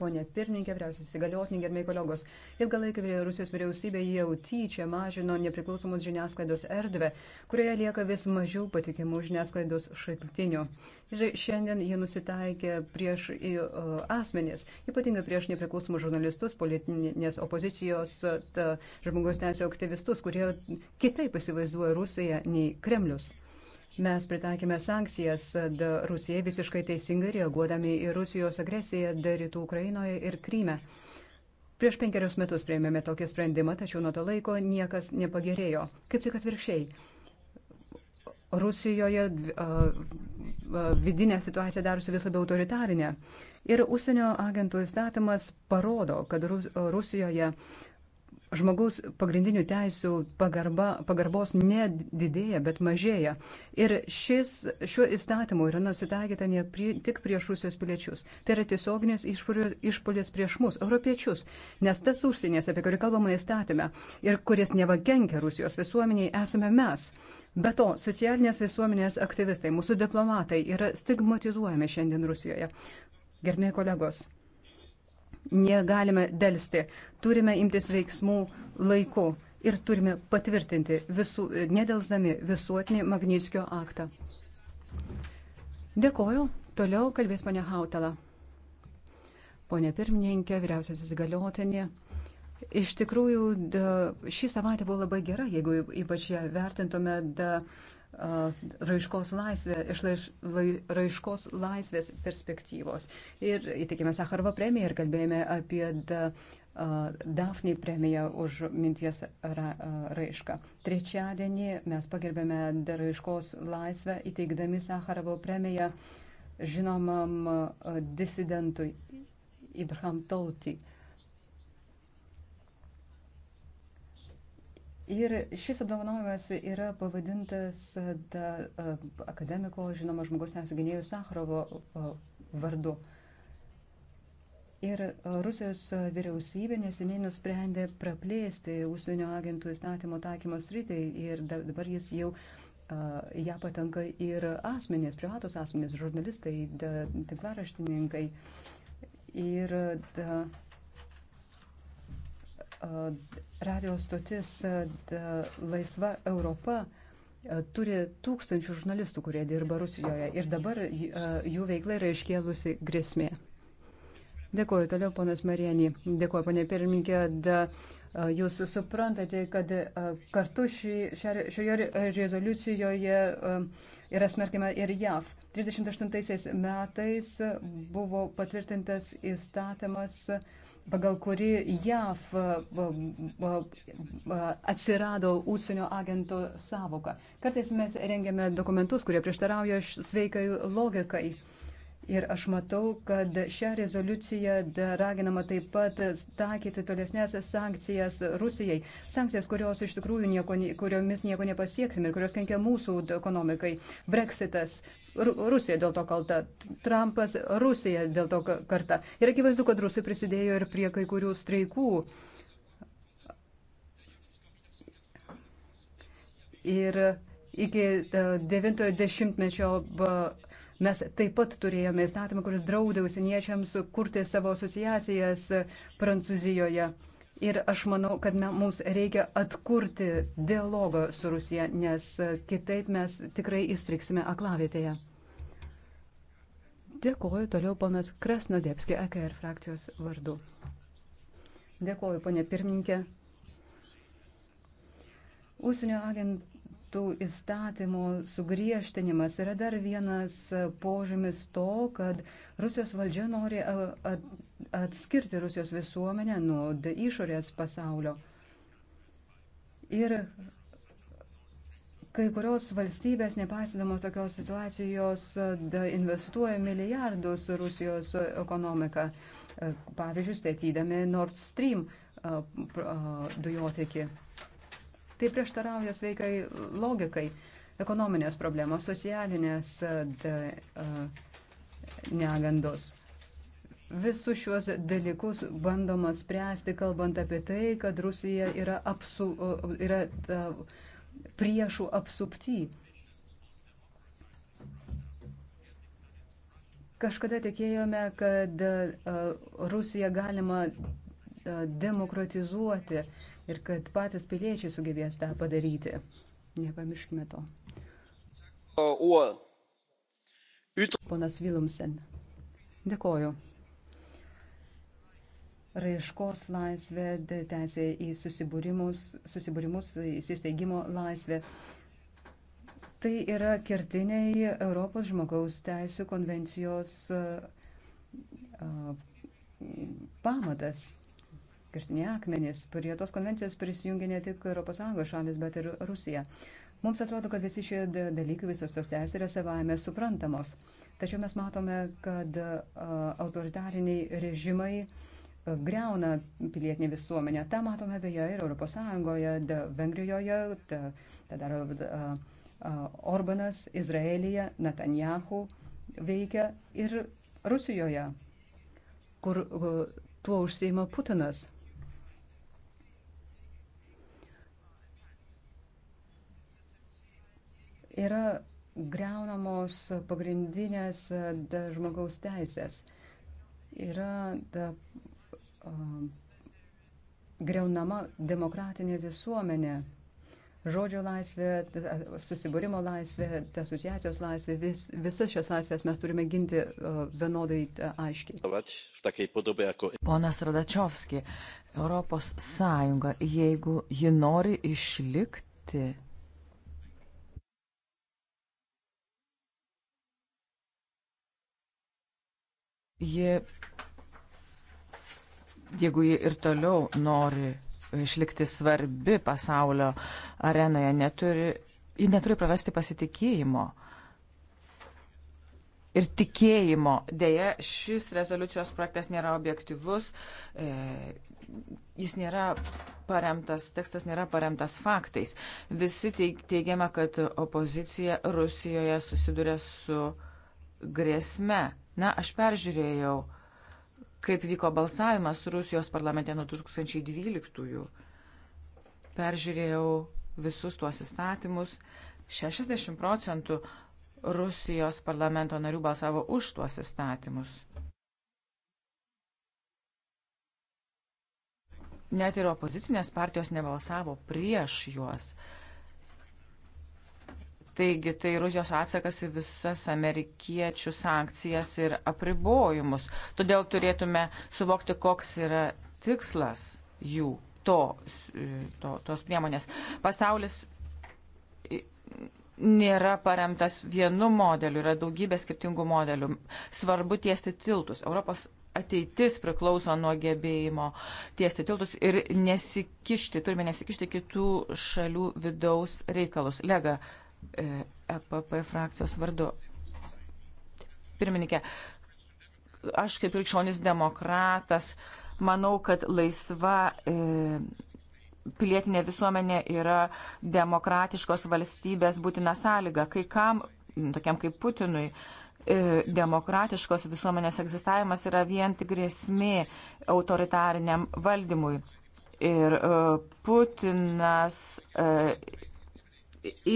Pone pirmininkė, vyriausias įgaliotinė, gerbėjai kolegos, ilgą laiką Rusijos vyriausybė jau tyčia mažino nepriklausomos žiniasklaidos erdvę, kurioje lieka vis mažiau patikimų žiniasklaidos šaltinių. Ir šiandien jie nusitaikė prieš į, uh, asmenės, ypatingai prieš nepriklausomus žurnalistus, politinės opozicijos, žmogaus teisės aktyvistus, kurie kitaip įsivaizduoja Rusiją nei Kremlius. Mes pritaikėme sankcijas Rusijai visiškai teisingai reaguodami į Rusijos agresiją rytų Ukrainoje ir Kryme. Prieš penkerius metus prieimėme tokį sprendimą, tačiau nuo to laiko niekas nepagerėjo. Kaip tik atvirkščiai. Rusijoje vidinė situacija darosi vis labiau autoritarinė. Ir užsienio agentų įstatymas parodo, kad Rusijoje uh, žmogaus pagrindinių teisų pagarba, pagarbos nedidėja, bet mažėja. Ir šis, šiuo įstatymu yra nusitaikyta ne prie, tik prieš Rusijos piliečius. Tai yra tiesioginės išpolės prieš mus, europiečius. Nes tas užsienės, apie kurį kalbama įstatymę ir kuris nevakenkia Rusijos visuomeniai, esame mes. Be to, socialinės visuomenės aktyvistai, mūsų diplomatai yra stigmatizuojami šiandien Rusijoje. Gerbėjai kolegos, Negalime dėlsti. Turime imtis veiksmų laiku ir turime patvirtinti, visu, nedelsdami visuotinį Magnitskio aktą. Dėkoju. Toliau kalbės ponia Hautala. Pone pirmininkė, vyriausiasis galiotinė. Iš tikrųjų, da, šį savaitę buvo labai gera, jeigu ypač ją vertintume da, raiškos, laisvė, išlaiš, lai, raiškos laisvės perspektyvos. Ir įtikėme Sakarvo premiją ir kalbėjome apie da, Dafnį premiją už minties ra, raišką. Trečiadienį mes pagerbėme raiškos laisvę įteikdami Sakarvo premiją žinomam disidentui Ibrahim Tauti. Ir šis apdovanojimas yra pavadintas da, akademiko, žinoma, žmogus nesuginėjų Sakrovo vardu. Ir Rusijos vyriausybė neseniai nusprendė praplėsti užsienio agentų įstatymo taikymo sritį ir dabar jis jau ją patenka ir asmenės, privatos asmenės, žurnalistai, tinklaraštininkai. Ir da, radio stotis Laisva Europa turi tūkstančių žurnalistų, kurie dirba Rusijoje ir dabar jų veikla yra iškėlusi grėsmė. Dėkuoju toliau, ponas Marienį. Dėkuoju, ponė pirmininkė. Jūs suprantate, kad kartu ši, šioje rezoliucijoje yra smerkima ir JAV. 38 metais buvo patvirtintas įstatymas pagal kurį JAV atsirado ūsienio agento savoka. Kartais mes rengiame dokumentus, kurie prieštarauja sveikai logikai. Ir aš matau, kad šią rezoliuciją raginama taip pat taikyti tolesnės sankcijas Rusijai. Sankcijas, kurios iš tikrųjų nieko, kuriomis nieko nepasieksime ir kurios kenkia mūsų ekonomikai. Brexitas, Rusija dėl to kalta, Trumpas Rusija dėl to karta. Ir akivaizdu, kad rusai prisidėjo ir prie kai kurių streikų. Ir iki 90-mečio e, mes taip pat turėjome įstatymą, kuris draudė užsieniečiams kurti savo asociacijas Prancūzijoje. Ir aš manau, kad mums reikia atkurti dialogą su Rusija, nes kitaip mes tikrai įstriksime aklavietėje. Dėkoju toliau ponas Krasnodepski, EKR frakcijos vardu. Dėkoju, ponė pirmininkė. Užsienio agent, tų įstatymų sugriežtinimas yra dar vienas požymis to, kad Rusijos valdžia nori atskirti Rusijos visuomenę nuo išorės pasaulio. Ir kai kurios valstybės, nepasidamos tokios situacijos, investuoja milijardus Rusijos ekonomiką, e, pavyzdžiui, statydami Nord Stream dujotikį. Tai prieštarauja sveikai logikai. Ekonominės problemos, socialinės de, negandos. Visus šiuos dalykus bandoma spręsti, kalbant apie tai, kad Rusija yra, apsu, yra ta, priešų apsupti. Kažkada tikėjome, kad e, Rusiją galima e, demokratizuoti, ir kad patys piliečiai sugebės tą padaryti. Nepamirškime to. Ponas Vilumsen. Dėkoju. Raiškos laisvė, teisė į susibūrimus, susibūrimus įsisteigimo laisvė. Tai yra kertiniai Europos žmogaus teisų konvencijos pamatas kirstiniai akmenys. Prie tos konvencijos prisijungia ne tik ES šalis, bet ir Rusija. Mums atrodo, kad visi šie dalykai, visos tos teisės yra savame suprantamos. Tačiau mes matome, kad autoritariniai režimai greuna pilietinė visuomenė. Ta matome beje ir ES, Vengrijoje, tą daro Orbanas, Izraelija, Netanjahu veikia ir Rusijoje, kur tuo užsieima Putinas. yra greunamos pagrindinės da, žmogaus teisės, yra da, a, greunama demokratinė visuomenė, žodžio laisvė, da, susibūrimo laisvė, asociacijos laisvė, vis, visas šios laisvės mes turime ginti a, vienodai a, aiškiai. Ponas Radačiovski, Europos Sąjunga, jeigu ji nori išlikti, ji, jeigu ji ir toliau nori išlikti svarbi pasaulio arenoje, neturi, ji neturi prarasti pasitikėjimo. Ir tikėjimo. Deja, šis rezoliucijos projektas nėra objektivus, e, jis nėra paremtas, tekstas nėra paremtas faktais. Visi teigiama, kad opozicija Rusijoje susiduria su grėsme Na, aš peržiūrėjau, kaip vyko balsavimas Rusijos parlamente nuo 2012-ųjų. Peržiūrėjau visus tuos įstatymus. 60 procentų Rusijos parlamento narių balsavo už tuos įstatymus. Net ir opozicinės partijos nebalsavo prieš juos. Taigi tai Rusijos atsakas į visas amerikiečių sankcijas ir apribojimus. Todėl turėtume suvokti, koks yra tikslas jų, to, to, tos priemonės. Pasaulis nėra paremtas vienu modeliu, yra daugybė skirtingų modelių. Svarbu tiesti tiltus. Europos ateitis priklauso nuo gebėjimo tiesti tiltus ir nesikišti, turime nesikišti kitų šalių vidaus reikalus. Lega, EPP e frakcijos vardu. Pirmininkė, aš kaip krikščionis demokratas manau, kad laisva e, pilietinė visuomenė yra demokratiškos valstybės būtina sąlyga. Kai kam, tokiam kaip Putinui, e, demokratiškos visuomenės egzistavimas yra vien tik grėsmė autoritariniam valdymui. Ir e, Putinas. E,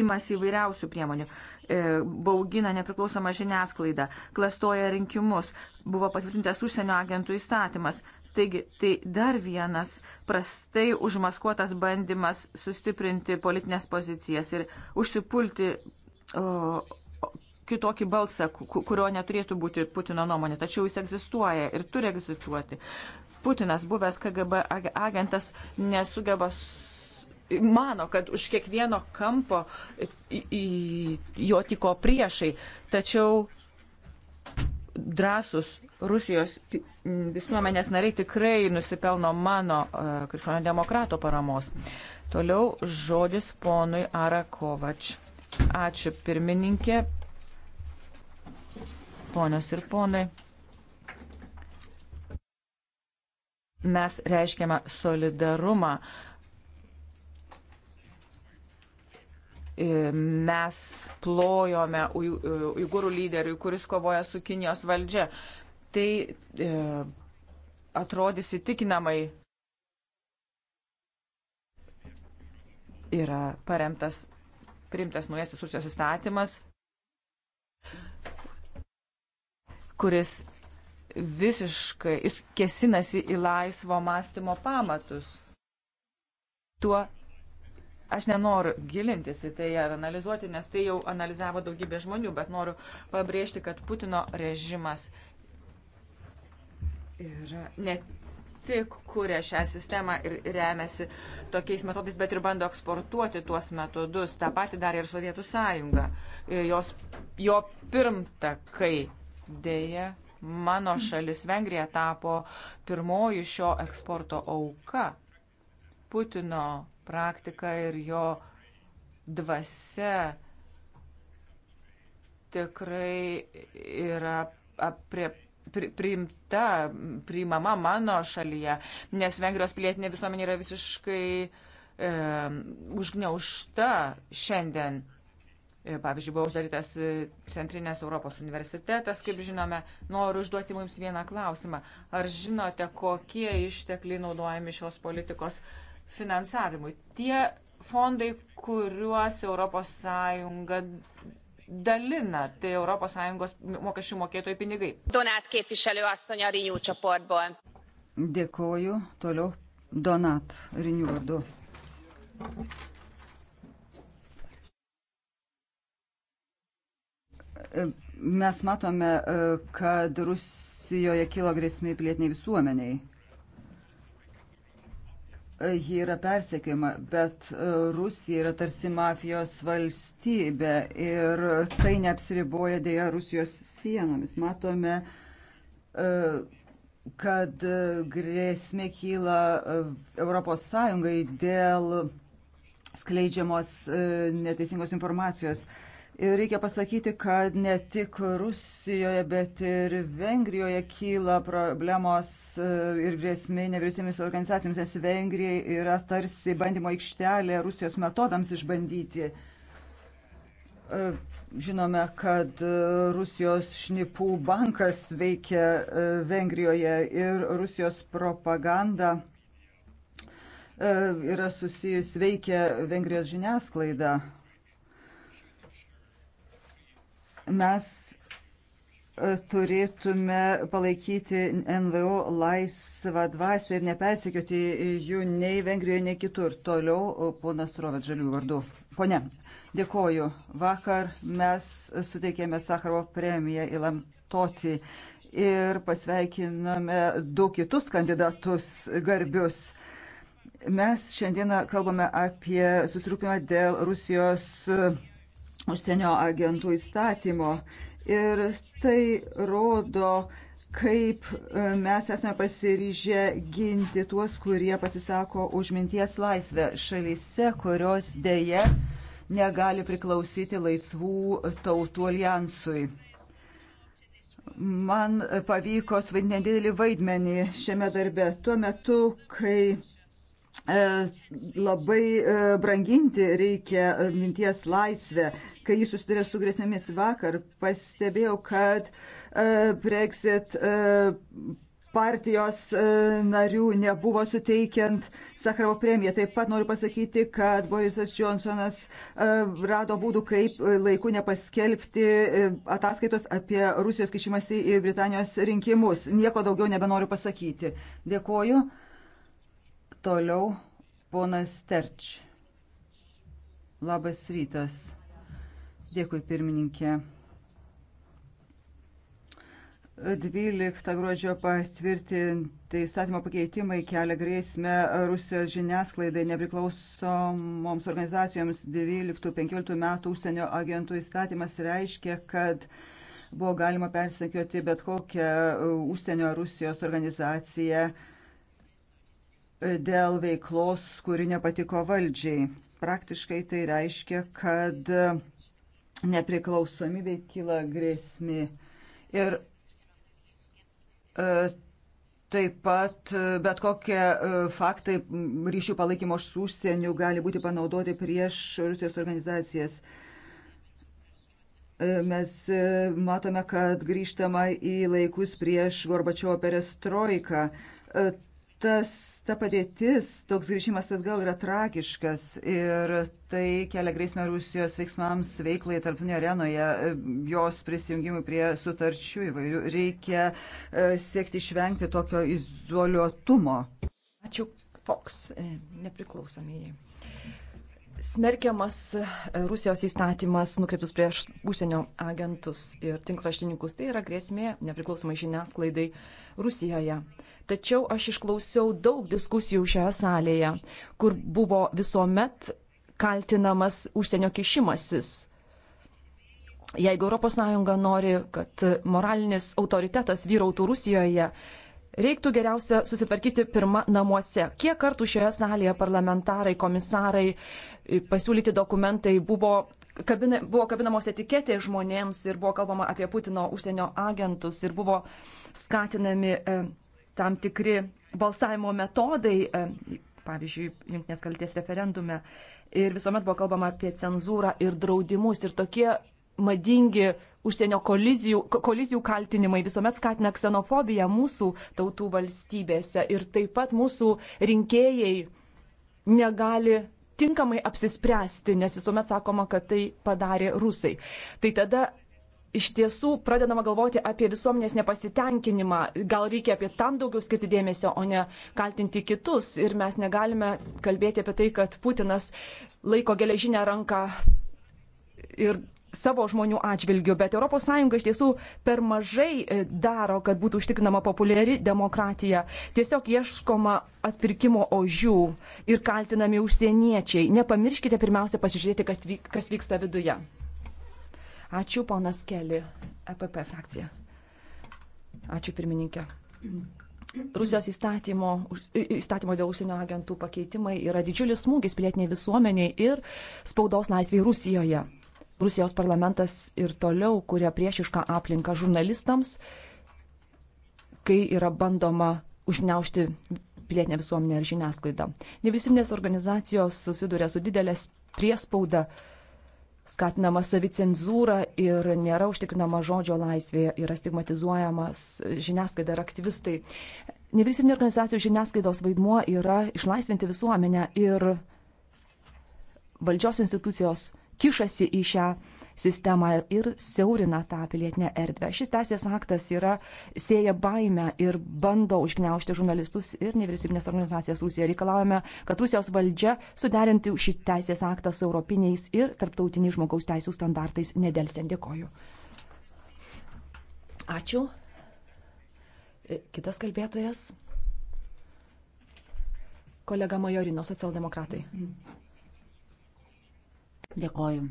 imasi įvairiausių priemonių. E, baugina nepriklausomą žiniasklaidą, klastoja rinkimus, buvo patvirtintas užsienio agentų įstatymas. Taigi tai dar vienas prastai užmaskuotas bandymas sustiprinti politinės pozicijas ir užsipulti o, kitokį balsą, kurio neturėtų būti Putino nuomonė, tačiau jis egzistuoja ir turi egzistuoti. Putinas, buvęs KGB agentas, nesugeba mano, kad už kiekvieno kampo jo tiko priešai. Tačiau drąsus Rusijos visuomenės nariai tikrai nusipelno mano e, krikščionio demokrato paramos. Toliau žodis ponui Arakovač. Ačiū pirmininkė, ponios ir ponai. Mes reiškiame solidarumą uh, mes plojome uigūrų lyderiui, kuris kovoja su Kinijos valdžia. Tai e, atrodys įtikinamai yra paremtas, priimtas naujasis Rusijos įstatymas, kuris visiškai kesinasi į laisvo mąstymo pamatus. Tuo Aš nenoriu gilintis į tai ar analizuoti, nes tai jau analizavo daugybė žmonių, bet noriu pabrėžti, kad Putino režimas yra ne tik kuria šią sistemą ir remiasi tokiais metodais, bet ir bando eksportuoti tuos metodus. Ta pati darė ir Sovietų sąjunga. E, jos, jo pirmtakai dėja mano šalis Vengrija tapo pirmoji šio eksporto auka. Putino praktika ir jo dvasia tikrai yra aprie, pri, priimta, priimama mano šalyje, nes Vengrijos pilietinė visuomenė yra visiškai e, užgneušta šiandien. Pavyzdžiui, buvo uždarytas e, Centrinės Europos universitetas, kaip žinome, noriu užduoti mums vieną klausimą. Ar žinote, kokie ištekliai naudojami šios politikos finansavimui. Tie fondai, kuriuos ES dalina, tai ES mokesčių mokėtojų pinigai. Donat képviselő asszony a Rinyú csoportból. Dėkoju. Toliau Donat Rinyú vardu. Mes matome, kad Rusijoje kilo grėsmė pilietiniai visuomeniai ji yra persekiojama, bet e, Rusija yra tarsi mafijos valstybė ir tai neapsiriboja dėja Rusijos sienomis. Matome, e, kad e, grėsmė kyla ES dėl skleidžiamos neteisingos informacijos. Ir reikia pasakyti, kad ne tik Rusijoje, bet ir Vengrijoje kyla problemos e, ir grėsmė nevyriausybėmis organizacijoms, nes Vengrija yra tarsi bandymo aikštelė Rusijos metodams išbandyti. E, žinome, kad e, Rusijos šnipų bankas veikia Vengrijoje ir Rusijos propaganda yra susijus veikia Vengrijos žiniasklaida Mes e, turėtume palaikyti NVO laisvą dvasę ir nepersikioti jų nei Vengrijoje, nei kitur. Toliau e, ponas Rovet Žalių vardu. Pone, dėkoju. Vakar mes suteikėme Sakarovo premiją Ilam Toti ir pasveikiname du kitus kandidatus garbius. Mes šiandieną kalbame apie susirūpimą dėl Rusijos užsienio agentų įstatymo. Ir tai rodo, kaip e, mes esame pasiryžę ginti tuos, kurie pasisako už minties laisvę šalyse, kurios dėje negali priklausyti laisvų tautų alijansui. Man pavyko suvaidinti didelį vaidmenį šiame darbe. Tuo metu, kai E, labai e, branginti reikia minties laisvę, kai jis susiduria su grėsmėmis vakar. Pastebėjau, kad e, Brexit partijos narių nebuvo suteikiant Sakravo premiją. Taip pat noriu pasakyti, kad Borisas Johnsonas rado būdų, kaip laiku nepaskelbti ataskaitos apie Rusijos kišimasi į Britanijos rinkimus. Nieko daugiau nebenoriu pasakyti. Dėkoju. Toliau ponas Terč. Labas rytas. Dėkui pirmininkė. 12 gruodžio patvirtinti įstatymo pakeitimai kelia grėsmę Rusijos žiniasklaidai nepriklausomoms organizacijoms 12-15 metų užsienio agentų įstatymas reiškia, kad buvo galima persekioti bet kokią užsienio Rusijos organizaciją dėl veiklos, kuri nepatiko valdžiai. Praktiškai tai reiškia, kad nepriklausomybė kyla grėsmė. Ir e, taip pat e, bet kokie e, faktai ryšių palaikymo su užsieniu gali būti panaudoti prieš Rusijos organizacijas. Mes matome, kad grįžtama į laikus prieš Gorbačiovo perestroiką tas, ta padėtis, toks grįžimas atgal yra tragiškas ir tai kelia grėsmę Rusijos veiksmams veiklai tarptautinėje arenoje, jos prisijungimui prie sutarčių įvairių. Reikia e, siekti išvengti tokio izoliuotumo. Ačiū, Fox, e, nepriklausomieji smerkiamas e, Rusijos įstatymas nukreiptus prieš užsienio agentus ir tinklaštininkus. Tai yra grėsmė nepriklausomai žiniasklaidai Rusijoje. Tačiau aš išklausiau daug diskusijų šioje salėje, kur buvo visuomet kaltinamas užsienio kišimasis. Jeigu ES nori, kad moralinis autoritetas vyrautų Rusijoje, reiktų geriausia susitvarkyti pirmą namuose. Kiek kartų šioje salėje parlamentarai, komisarai, pasiūlyti dokumentai buvo, kabina, buvo kabinamos etiketės žmonėms ir buvo kalbama apie Putino užsienio agentus ir buvo skatinami e, tam tikri balsavimo metodai, e, pavyzdžiui, Junktinės kalties referendume. Ir visuomet buvo kalbama apie cenzūrą ir draudimus ir tokie madingi užsienio kolizijų, kolizijų kaltinimai visuomet skatina ksenofobiją mūsų tautų valstybėse ir taip pat mūsų rinkėjai negali tinkamai apsispręsti, nes visuomet sakoma, kad tai padarė rusai. Tai tada iš tiesų pradedama galvoti apie visuomenės nepasitenkinimą, gal reikia apie tam daugiau skirti dėmesio, o ne kaltinti kitus. Ir mes negalime kalbėti apie tai, kad Putinas laiko geležinę ranką ir savo žmonių atžvilgių, bet ES iš tiesų per mažai e, daro, kad būtų užtikrinama populiari demokratija. Tiesiog ieškoma atpirkimo ožių ir kaltinami užsieniečiai. Nepamirškite pirmiausia pasižiūrėti, kas, vyk, kas vyksta viduje. Ačiū, ponas Keli, EPP frakcija. Ačiū, pirmininkė. Rusijos įstatymo, įstatymo dėl užsienio agentų pakeitimai yra didžiulis smūgis pilietiniai visuomeniai ir spaudos laisviai Rusijoje. Rusijos parlamentas ir toliau kuria priešišką aplinką žurnalistams, kai yra bandoma užneušti pilietinę visuomenę ir žiniasklaidą. Nevyriausybinės organizacijos susiduria su didelės priespauda, skatinama savicenzūra ir nėra užtikrinama žodžio laisvė, yra stigmatizuojamas žiniasklaida ir aktyvistai. Nevyriausybinė organizacijų žiniasklaidos vaidmuo yra išlaisvinti visuomenę ir valdžios institucijos kišasi į šią sistemą ir, ir siaurina tą pilietinę erdvę. Šis teisės aktas yra sėja baimę ir bando užgneušti žurnalistus ir nevyriausybinės organizacijas Rusijoje. Reikalavome, kad Rusijos valdžia suderinti šį teisės aktą su europiniais ir tarptautiniais žmogaus teisų standartais nedelsiant. Dėkoju. Ačiū. E, kitas kalbėtojas. Kolega Majorino, socialdemokratai. Mm -hmm. Dėkoju.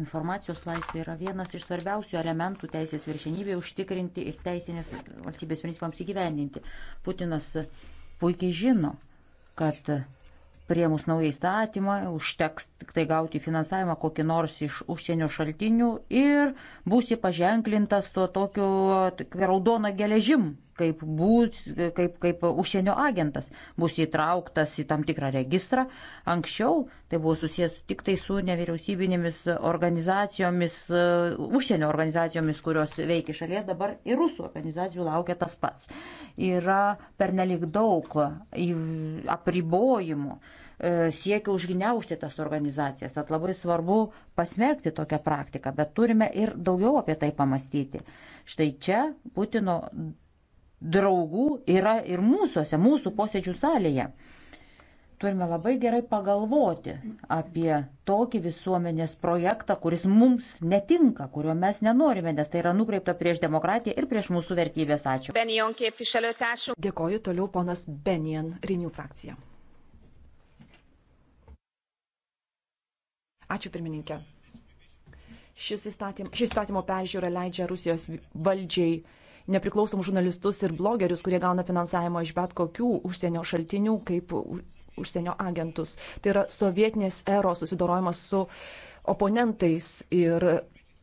Informacijos laisvė yra vienas iš svarbiausių elementų teisės viršenybėje užtikrinti ir teisinės valstybės principams įgyvendinti. Putinas puikiai žino, kad prie mūsų naują įstatymą užteks tik tai gauti finansavimą kokį nors iš užsienio šaltinių ir būsi paženklintas tuo tokiu raudoną geležim kaip, būt, kaip, kaip užsienio agentas bus įtrauktas į tam tikrą registrą. Anksčiau tai buvo susijęs tik tai su nevyriausybinėmis organizacijomis, užsienio organizacijomis, kurios veikia šalyje, dabar ir rusų organizacijų laukia tas pats. Yra pernelik daug apribojimų e, siekia užgneušti tas organizacijas. Tad labai svarbu pasmerkti tokią praktiką, bet turime ir daugiau apie tai pamastyti. Štai čia Putino draugų yra ir mūsųse, mūsų posėdžių salėje. Turime labai gerai pagalvoti apie tokį visuomenės projektą, kuris mums netinka, kurio mes nenorime, nes tai yra nukreipta prieš demokratiją ir prieš mūsų vertybės. Ačiū. Benion, Dėkoju toliau ponas Benien, Rinių frakcija. Ačiū pirmininkė. Šis įstatymo, šis įstatymo peržiūra leidžia Rusijos valdžiai nepriklausomus žurnalistus ir blogerius, kurie gauna finansavimo iš bet kokių užsienio šaltinių, kaip užsienio agentus. Tai yra sovietinės eros susidorojimas su oponentais ir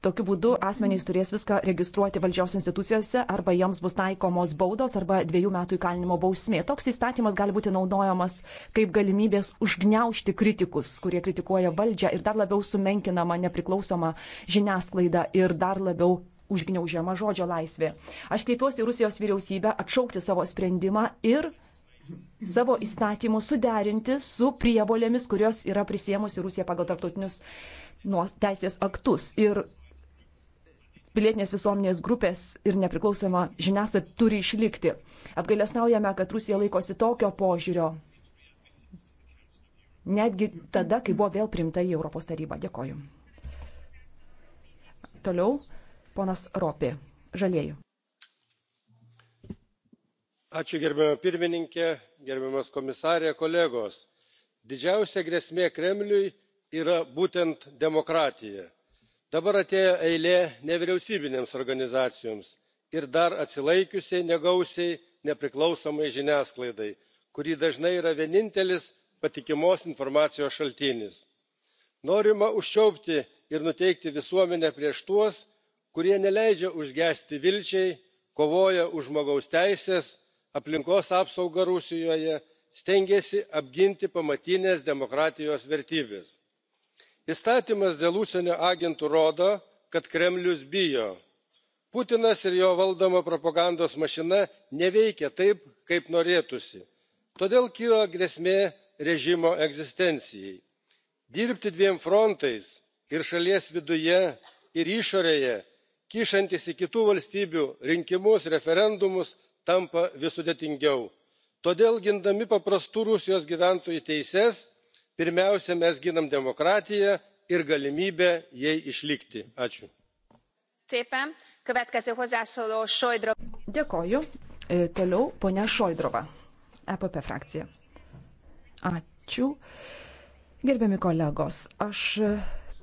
Tokiu būdu asmenys turės viską registruoti valdžios institucijose arba jiems bus taikomos baudos arba dviejų metų įkalinimo bausmė. Toks įstatymas gali būti naudojamas kaip galimybės užgneušti kritikus, kurie kritikuoja valdžią ir dar labiau sumenkinama nepriklausoma žiniasklaida ir dar labiau užgniaužiama žodžio laisvė. Aš kreipiuosi Rusijos vyriausybę atšaukti savo sprendimą ir savo įstatymus suderinti su prievolėmis, kurios yra prisėmusi Rusija pagal tarptautinius teisės aktus. Ir pilietinės visuomenės grupės ir nepriklausoma žiniasklaida turi išlikti. Apgailestaujame, kad Rusija laikosi tokio požiūrio. Netgi tada, kai buvo vėl primta į Europos tarybą. Dėkoju. Toliau Ponas Ropė, žalieji. Ačiū gerbiamą pirmininkę, gerbiamas komisarė, kolegos. Didžiausia grėsmė Kremliui yra būtent demokratija. Dabar atėjo eilė nevyriausybinėms organizacijoms ir dar atsilaikiusiai negausiai nepriklausomai žiniasklaidai kuri dažnai yra vienintelis patikimos informacijos šaltinis. norima užčiaupti ir nuteikti visuomenę prieš tuos kurie neleidžia užgesti vilčiai kovoja už žmogaus teises aplinkos apsaugą rusijoje stengiasi apginti pamatines demokratijos vertybes. įstatymas dėl užsienio agentų rodo kad kremlius bijo. putinas ir jo valdoma propagandos mašina neveikia taip kaip norėtųsi todėl kyla grėsmė režimo egzistencijai. dirbti dviem frontais ir šalies viduje ir išorėje kišantis į kitų valstybių rinkimus referendumus tampa vis sudėtingiau. todėl gindami paprastų rusijos gyventojų teises pirmiausia mes giname demokratiją ir galimybę jai išlikti. dėkoju. E, toliau ponia šojdrova epp frakcija. ačiū. gerbiami kolegos aš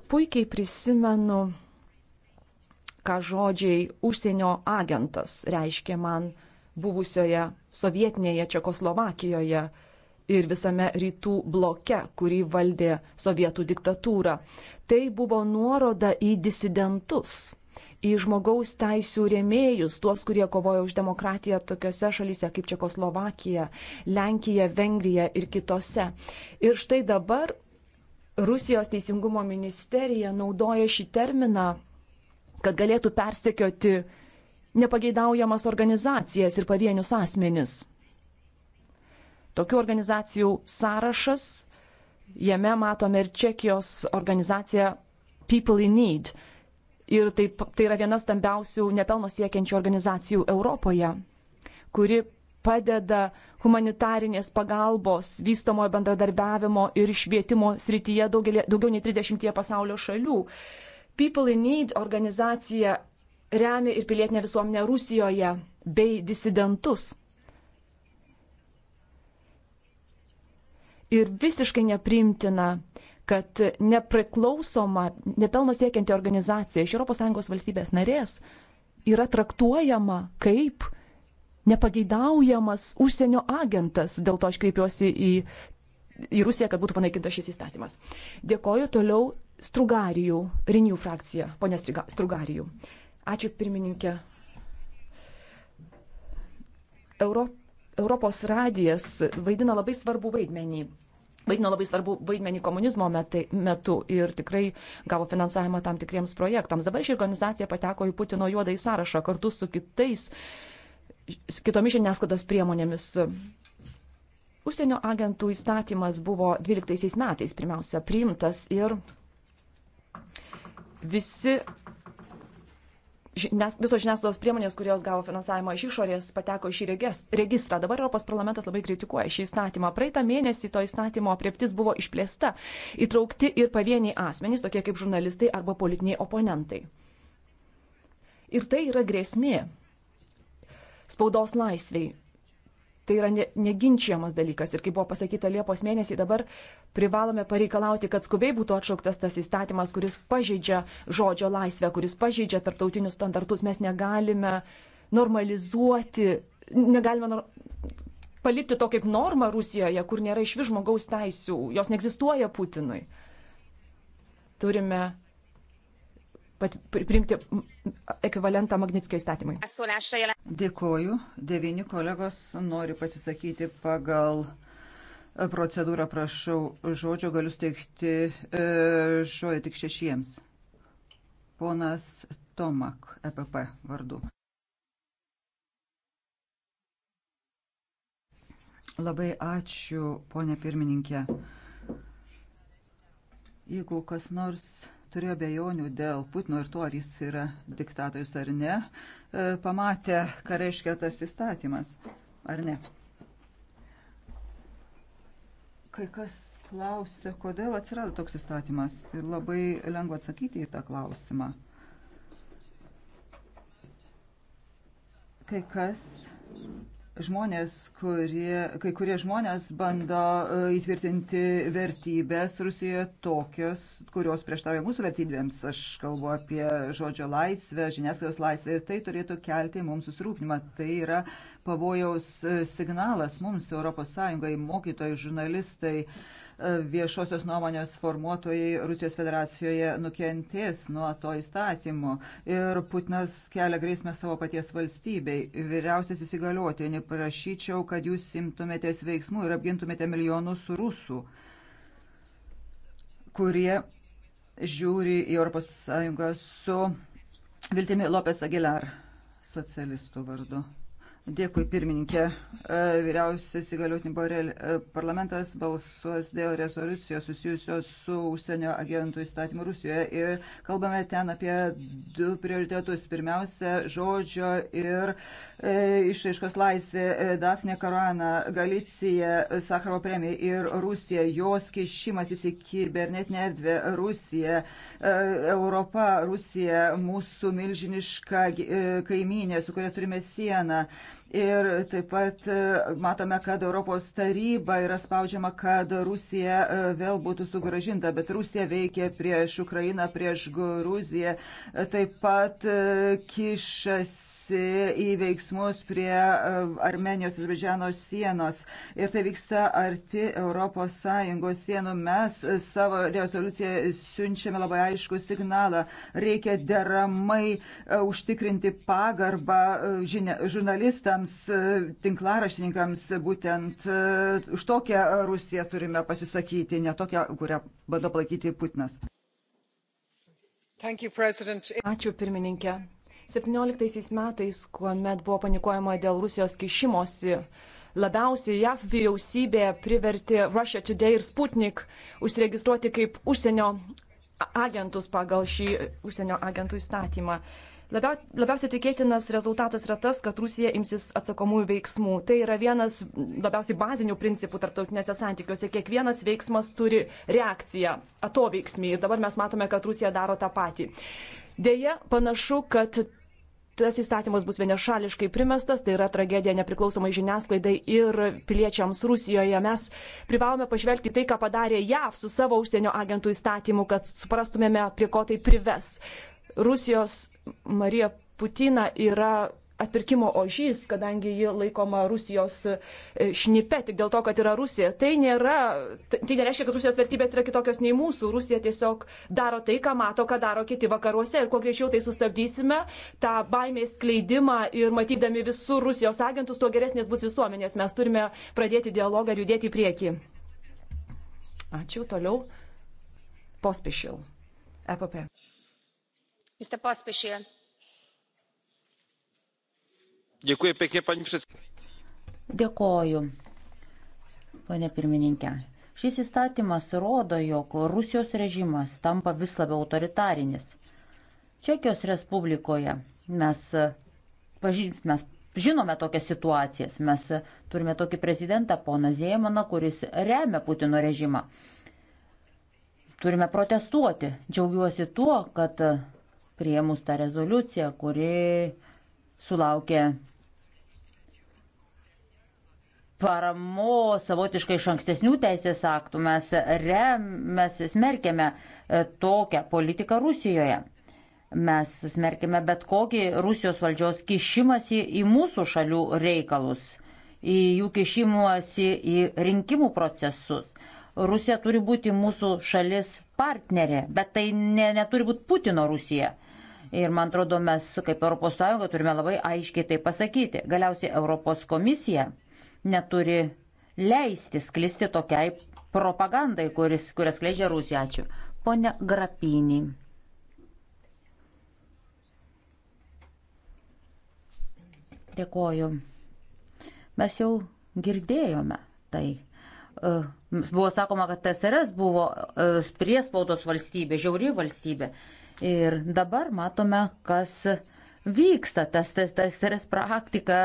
puikiai prisimenu ką žodžiai užsienio agentas reiškia man buvusioje sovietinėje Čekoslovakijoje ir visame rytų bloke, kurį valdė sovietų diktatūra. Tai buvo nuoroda į disidentus, į žmogaus teisų rėmėjus, tuos, kurie kovojo už demokratiją tokiuose šalyse kaip Čekoslovakija, Lenkija, Vengrija ir kitose. Ir štai dabar Rusijos teisingumo ministerija naudoja šį terminą kad galėtų persekioti nepageidaujamas organizacijas ir pavienius asmenis. Tokių organizacijų sąrašas, jame matome ir Čekijos organizaciją People in Need. Ir taip, tai yra viena stambiausių nepelno siekiančių organizacijų Europoje, kuri padeda humanitarinės pagalbos, vystomojo bendradarbiavimo ir švietimo srityje daugelį, daugiau nei 30 pasaulio šalių. People in Need organizacija remia ir pilietinę visuomenę Rusijoje bei disidentus. Ir visiškai nepriimtina, kad nepriklausoma, nepelno siekianti organizacija iš ES valstybės narės yra traktuojama kaip nepageidaujamas užsienio agentas. Dėl to aš kreipiuosi į, į Rusiją, kad būtų panaikintas šis įstatymas. Dėkoju toliau Strugarijų, Rinių frakcija, ponė Strugarijų. Ačiū pirmininkė. Euro, Europos radijas vaidina labai svarbų vaidmenį. Vaidino labai svarbu vaidmenį komunizmo metai, metu ir tikrai gavo finansavimą tam tikriems projektams. Dabar ši organizacija pateko į Putino juodą į sąrašą kartu su kitais, kitomis žiniasklaidos priemonėmis. Užsienio agentų įstatymas buvo 12 metais pirmiausia priimtas ir visi žinias, visos žiniasklaidos priemonės, kurios gavo finansavimą iš išorės, pateko į šį registrą. Dabar Europos parlamentas labai kritikuoja šį įstatymą. Praeitą mėnesį to įstatymo apriptis buvo išplėsta, įtraukti ir pavieniai asmenys, tokie kaip žurnalistai arba politiniai oponentai. Ir tai yra grėsmė spaudos laisviai, Tai yra ne, neginčiamas dalykas. Ir kaip buvo pasakyta Liepos mėnesį, dabar privalome pareikalauti, kad skubiai būtų atšauktas tas įstatymas, kuris pažeidžia žodžio laisvę, kuris pažeidžia tarptautinius standartus. Mes negalime normalizuoti, negalime nor palikti to kaip normą Rusijoje, kur nėra iš vis žmogaus teisių, jos neegzistuoja Putinui. Turime priimti ekvivalentą Magnitskio įstatymui. Dėkoju. Devini kolegos nori pasisakyti pagal e, procedūrą, prašau žodžio, galiu steigti e, žodį tik šešiems. Ponas Tomak, EPP vardu. Labai ačiū, ponė pirmininkė. Jeigu kas nors turėjo bejonių dėl Putino ir to, ar jis yra diktatorius ar ne, e, pamatė, ką reiškia tas įstatymas, ar ne. Kai kas klausia, kodėl atsirado toks įstatymas, ir tai labai lengva atsakyti į tą klausimą. Kai kas žmonės, kurie, kai kurie žmonės bando e, įtvirtinti vertybės Rusijoje tokios, kurios prieštarauja mūsų vertybėms. Aš kalbu apie žodžio laisvę, žiniasklaidos laisvę ir tai turėtų kelti mums susirūpinimą. Tai yra pavojaus e, signalas mums, ES, mokytojai, žurnalistai viešosios nuomonės formuotojai Rusijos federacijoje nukentės nuo to įstatymo ir Putinas kelia grėsmę savo paties valstybei. Vyriausias įsigaliotinį prašyčiau, kad jūs simtumėtės veiksmų ir apgintumėte milijonus rusų, kurie žiūri į ES su Viltimi Lopes Aguilar socialistų vardu. Dėkui pirmininkė. E, Vyriausias įgaliotinį Borel parlamentas balsuos dėl rezoliucijos susijusios su užsienio agentų įstatymu Rusijoje ir kalbame ten apie du prioritetus. Pirmiausia, žodžio ir e, išraiškos laisvė e, Dafne Karana, Galicija, Sakaro premija ir Rusija, jos kišimas į kibernetinę erdvę, Rusija, e, Europa, Rusija, mūsų milžiniška e, kaimynė, su kuria turime sieną. E, Ir taip pat e, matome, kad Europos taryba yra spaudžiama, kad Rusija e, vėl būtų sugražinta, bet Rusija veikia prieš Ukrainą, prieš Gruziją. E, taip pat kišas į veiksmus prie e, Armenijos ir Bežiano sienos. Ir tai vyksta arti ES sienų. Mes e, savo rezoliuciją siunčiame labai aišku signalą. Reikia deramai e, užtikrinti pagarbą žinia, žurnalistams, tinklaraštininkams. Būtent už tokią Rusiją turime pasisakyti, ne tokią, kurią bando palaikyti Putinas. You, Ačiū pirmininkė. 17 metais, kuomet buvo panikuojama dėl Rusijos kišimosi, labiausiai JAV vyriausybė privertė Russia Today ir Sputnik užsiregistruoti kaip užsienio agentus pagal šį užsienio agentų įstatymą. Labiau, labiausiai tikėtinas rezultatas yra tas, kad Rusija imsis atsakomųjų veiksmų. Tai yra vienas labiausiai bazinių principų tarptautinėse santykiuose. Kiekvienas veiksmas turi reakciją, atoveiksmį. Ir dabar mes matome, kad Rusija daro tą patį. Deja, panašu, kad tas įstatymas bus vienašališkai primestas, tai yra tragedija nepriklausomai žiniasklaidai ir piliečiams Rusijoje. Mes privalome pažvelgti tai, ką padarė JAV su savo užsienio agentų įstatymu, kad suprastumėme, prie ko tai prives. Rusijos Marija Putina yra atpirkimo ožys, kadangi ji laikoma Rusijos e, šnipe tik dėl to, kad yra Rusija. Tai, nėra, tai nereiškia, kad Rusijos vertybės yra kitokios nei mūsų. Rusija tiesiog daro tai, ką mato, ką daro kiti vakaruose ir kuo greičiau tai sustabdysime, tą baimės kleidimą ir matydami visur Rusijos agentus, tuo geresnės bus visuomenės. Mes turime pradėti dialogą ir judėti į priekį. Ačiū, toliau. Pospišil. EPP. Mr. Pospišil paní předsedající. Dėkoju, ponė pirmininkė. Šis įstatymas rodo, jog Rusijos režimas tampa vis labiau autoritarinis. Čekijos Respublikoje mes, paži, mes žinome tokias situacijas. Mes turime tokį prezidentą, poną Zėmaną, kuris remia Putino režimą. Turime protestuoti. Džiaugiuosi tuo, kad prieimus tą rezoliuciją, kuri sulaukė paramo savotiškai iš ankstesnių teisės aktų mes, rem, mes smerkėme e, tokią politiką Rusijoje. Mes smerkėme bet kokį Rusijos valdžios kišimasi į mūsų šalių reikalus, į jų kišimasi į rinkimų procesus. Rusija turi būti mūsų šalis partnerė, bet tai ne, neturi būti Putino Rusija. Ir man atrodo, mes kaip ES turime labai aiškiai tai pasakyti. Galiausiai ES komisija neturi leisti sklisti tokiai propagandai, kuris, kurias kleidžia Rusija. Ačiū. Pone Grapinį. Dėkoju. Mes jau girdėjome tai. E, buvo sakoma, kad TSRS buvo e, priespaudos valstybė, žiauri valstybė. Ir dabar matome, kas vyksta, tas, tas, tas stres praktika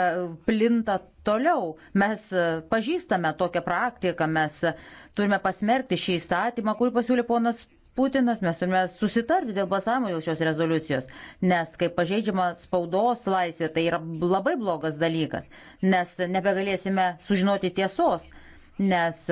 plinta toliau. Mes e, pažįstame tokią praktiką, mes e, turime pasmerkti šį įstatymą, kurį pasiūlė ponas Putinas, mes turime susitarti dėl balsavimo dėl šios rezoliucijos, nes kai pažeidžiama spaudos laisvė, tai yra labai blogas dalykas, nes nebegalėsime sužinoti tiesos, nes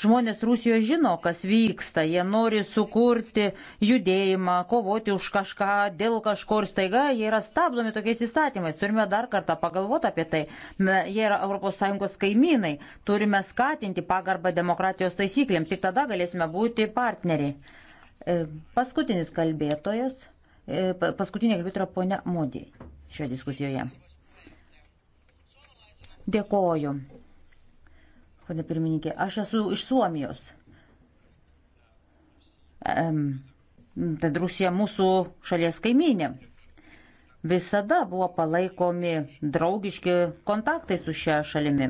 Žmonės Rusijoje žino, kas vyksta, jie nori sukurti judėjimą, kovoti už kažką, dėl kažko ir staiga jie yra stabdomi tokiais įstatymais. Turime dar kartą pagalvoti apie tai. Jie yra ES kaimynai, turime skatinti pagarbą demokratijos taisyklėms, tik tada galėsime būti partneriai. E, paskutinis kalbėtojas, e, paskutinė kalbėtoja yra ponia Modi šioje diskusijoje. Dėkoju. Pane pirmininkė, aš esu iš Suomijos. Um, tad Rusija mūsų šalies kaiminė. Visada buvo palaikomi draugiški kontaktai su šia šalimi.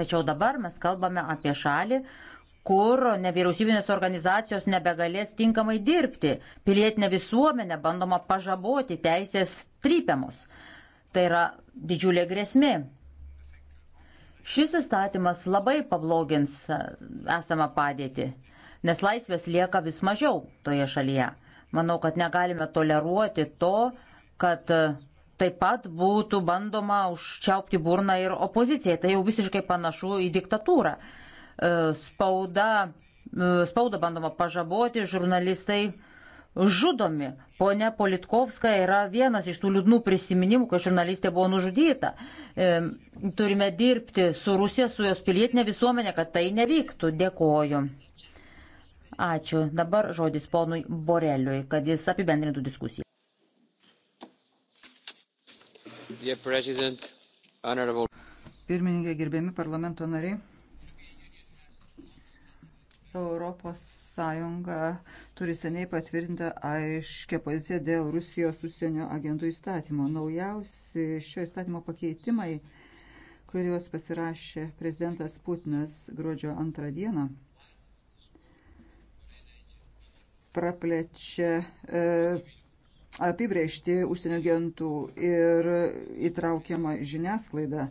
Tačiau dabar mes kalbame apie šalį, kur nevyriausybinės organizacijos nebegalės tinkamai dirbti. Pilietinė visuomenė bandoma pažaboti teisės trypiamus. Tai yra didžiulė grėsmė. Šis įstatymas labai pablogins e, esamą padėtį, nes laisvės lieka vis mažiau toje šalyje. Manau, kad negalime toleruoti to, kad e, taip pat būtų bandoma užčiaupti burną ir opozicijai. Tai jau visiškai panašu į diktatūrą. E, spauda, spauda bandoma pažaboti, žurnalistai žudomi. Pone Politkovska yra vienas iš tų liūdnų prisiminimų, kad žurnalistė buvo nužudyta. E, turime dirbti su Rusija, su jos pilietinė visuomenė, kad tai nevyktų. Dėkoju. Ačiū. Dabar žodis ponui Boreliui, kad jis apibendrintų diskusiją. Pirmininkė, gerbiami parlamento nariai. ES turi seniai patvirtintą aiškę poziciją dėl Rusijos užsienio agentų įstatymo. Naujausi šio įstatymo pakeitimai, kuriuos pasirašė prezidentas Putinas gruodžio antrą dieną, praplečia e, apibrėžti užsienio agentų ir įtraukiamą žiniasklaidą.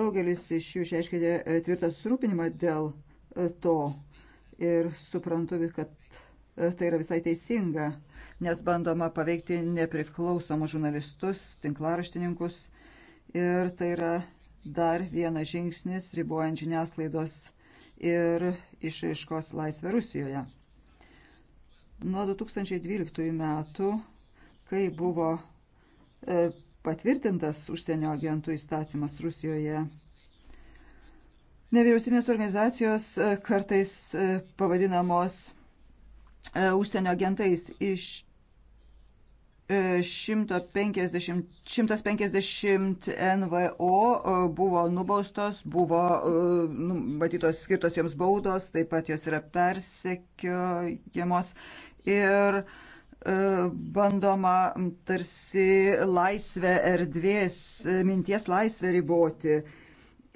Daugelis iš jų išreiškė e, tvirtą surūpinimą dėl e, to ir suprantu, kad e, tai yra visai teisinga, nes bandoma paveikti nepriklausomus žurnalistus, tinklaraštininkus ir tai yra dar vienas žingsnis ribojant žiniasklaidos ir išaiškos laisvę Rusijoje. Nuo 2012 metų, kai buvo e, patvirtintas užsienio agentų įstatymas Rusijoje, Nevyriausybinės organizacijos e, kartais e, pavadinamos e, užsienio agentais iš 150, 150 NVO buvo nubaustos, buvo nu, matytos skirtos joms baudos, taip pat jos yra persekiojamos ir bandoma tarsi laisvę erdvės, minties laisvę riboti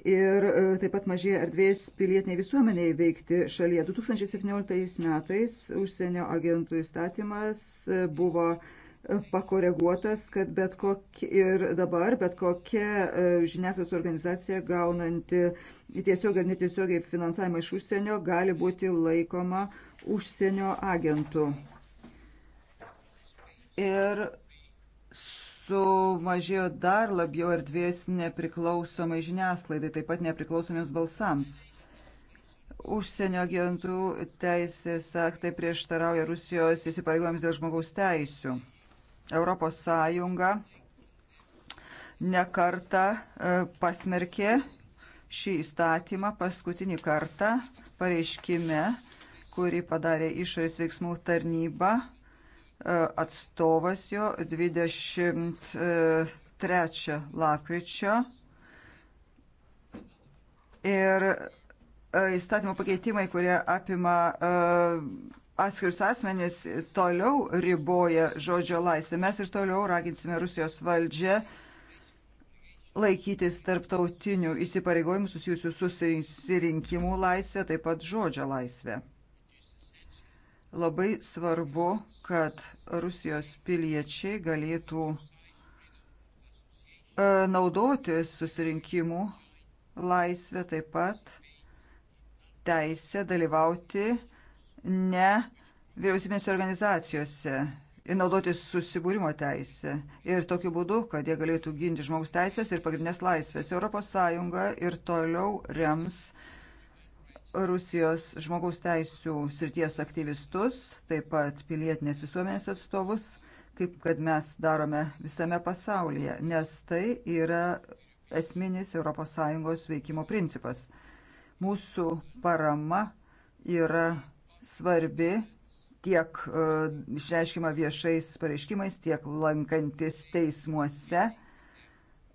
ir e, taip pat mažėja erdvės pilietiniai visuomeniai veikti šalyje. 2017 metais užsienio agentų įstatymas e, buvo e, pakoreguotas, kad bet kokia ir dabar bet kokia žiniasklaidos organizacija gaunanti tiesiog ar netiesiogiai finansavimą iš užsienio gali būti laikoma užsienio agentų. Ir sumažėjo dar labiau erdvės nepriklausomai žiniasklaidai, taip pat nepriklausomiems balsams. Užsienio agentų teisės aktai prieštarauja Rusijos įsipareigojams dėl žmogaus teisių. Europos Sąjunga nekarta e, pasmerkė šį įstatymą paskutinį kartą pareiškime, kurį padarė išorės veiksmų tarnyba atstovas jo 23 lapkričio. Ir e, įstatymo pakeitimai, kurie apima e, atskirius asmenys, toliau riboja žodžio laisvę. Mes ir toliau raginsime Rusijos valdžią laikytis tarptautinių įsipareigojimų susijusių su susirinkimų laisvė, taip pat žodžio laisvė. Labai svarbu, kad Rusijos piliečiai galėtų e, naudotis susirinkimų laisvę taip pat teisę dalyvauti ne vyriausybinėse organizacijose ir naudotis susibūrimo teisę. Ir tokiu būdu, kad jie galėtų ginti žmogaus teisės ir pagrindinės laisvės. ES ir toliau rems Rusijos žmogaus teisų srities aktyvistus, taip pat pilietinės visuomenės atstovus, kaip kad mes darome visame pasaulyje, nes tai yra esminis ES veikimo principas. Mūsų parama yra svarbi tiek e, išreiškima viešais pareiškimais, tiek lankantis teismuose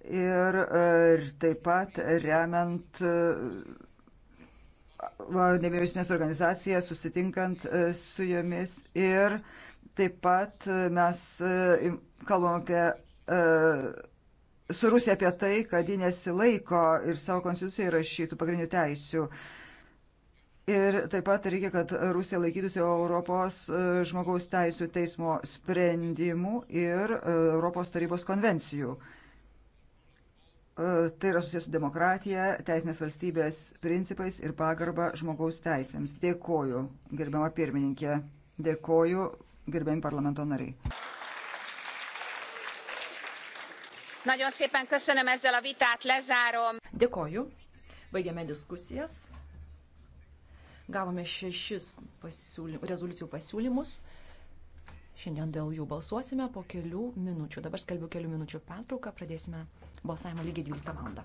ir, ir e, taip pat remiant e, nevyriausybinės organizacijas, susitinkant e, su jomis ir taip pat e, mes e, kalbam apie su Rusija apie tai, kad ji nesilaiko ir savo konstituciją įrašytų pagrindinių teisių. Ir taip pat reikia, kad Rusija laikytųsi Europos žmogaus teisų teismo sprendimų ir Europos tarybos konvencijų. E, tai yra susijęs su demokratija, teisinės valstybės principais ir pagarba žmogaus teisėms. Dėkoju, gerbiama pirmininkė. Dėkoju, gerbiami parlamento nariai. Dėkoju. Baigiame diskusijas. Gavome šešis pasiūly... rezoliucijų pasiūlymus. Šiandien dėl jų balsuosime po kelių minučių. Dabar skelbiu kelių minučių pertrauką, pradėsime balsavimą lygiai 12 val.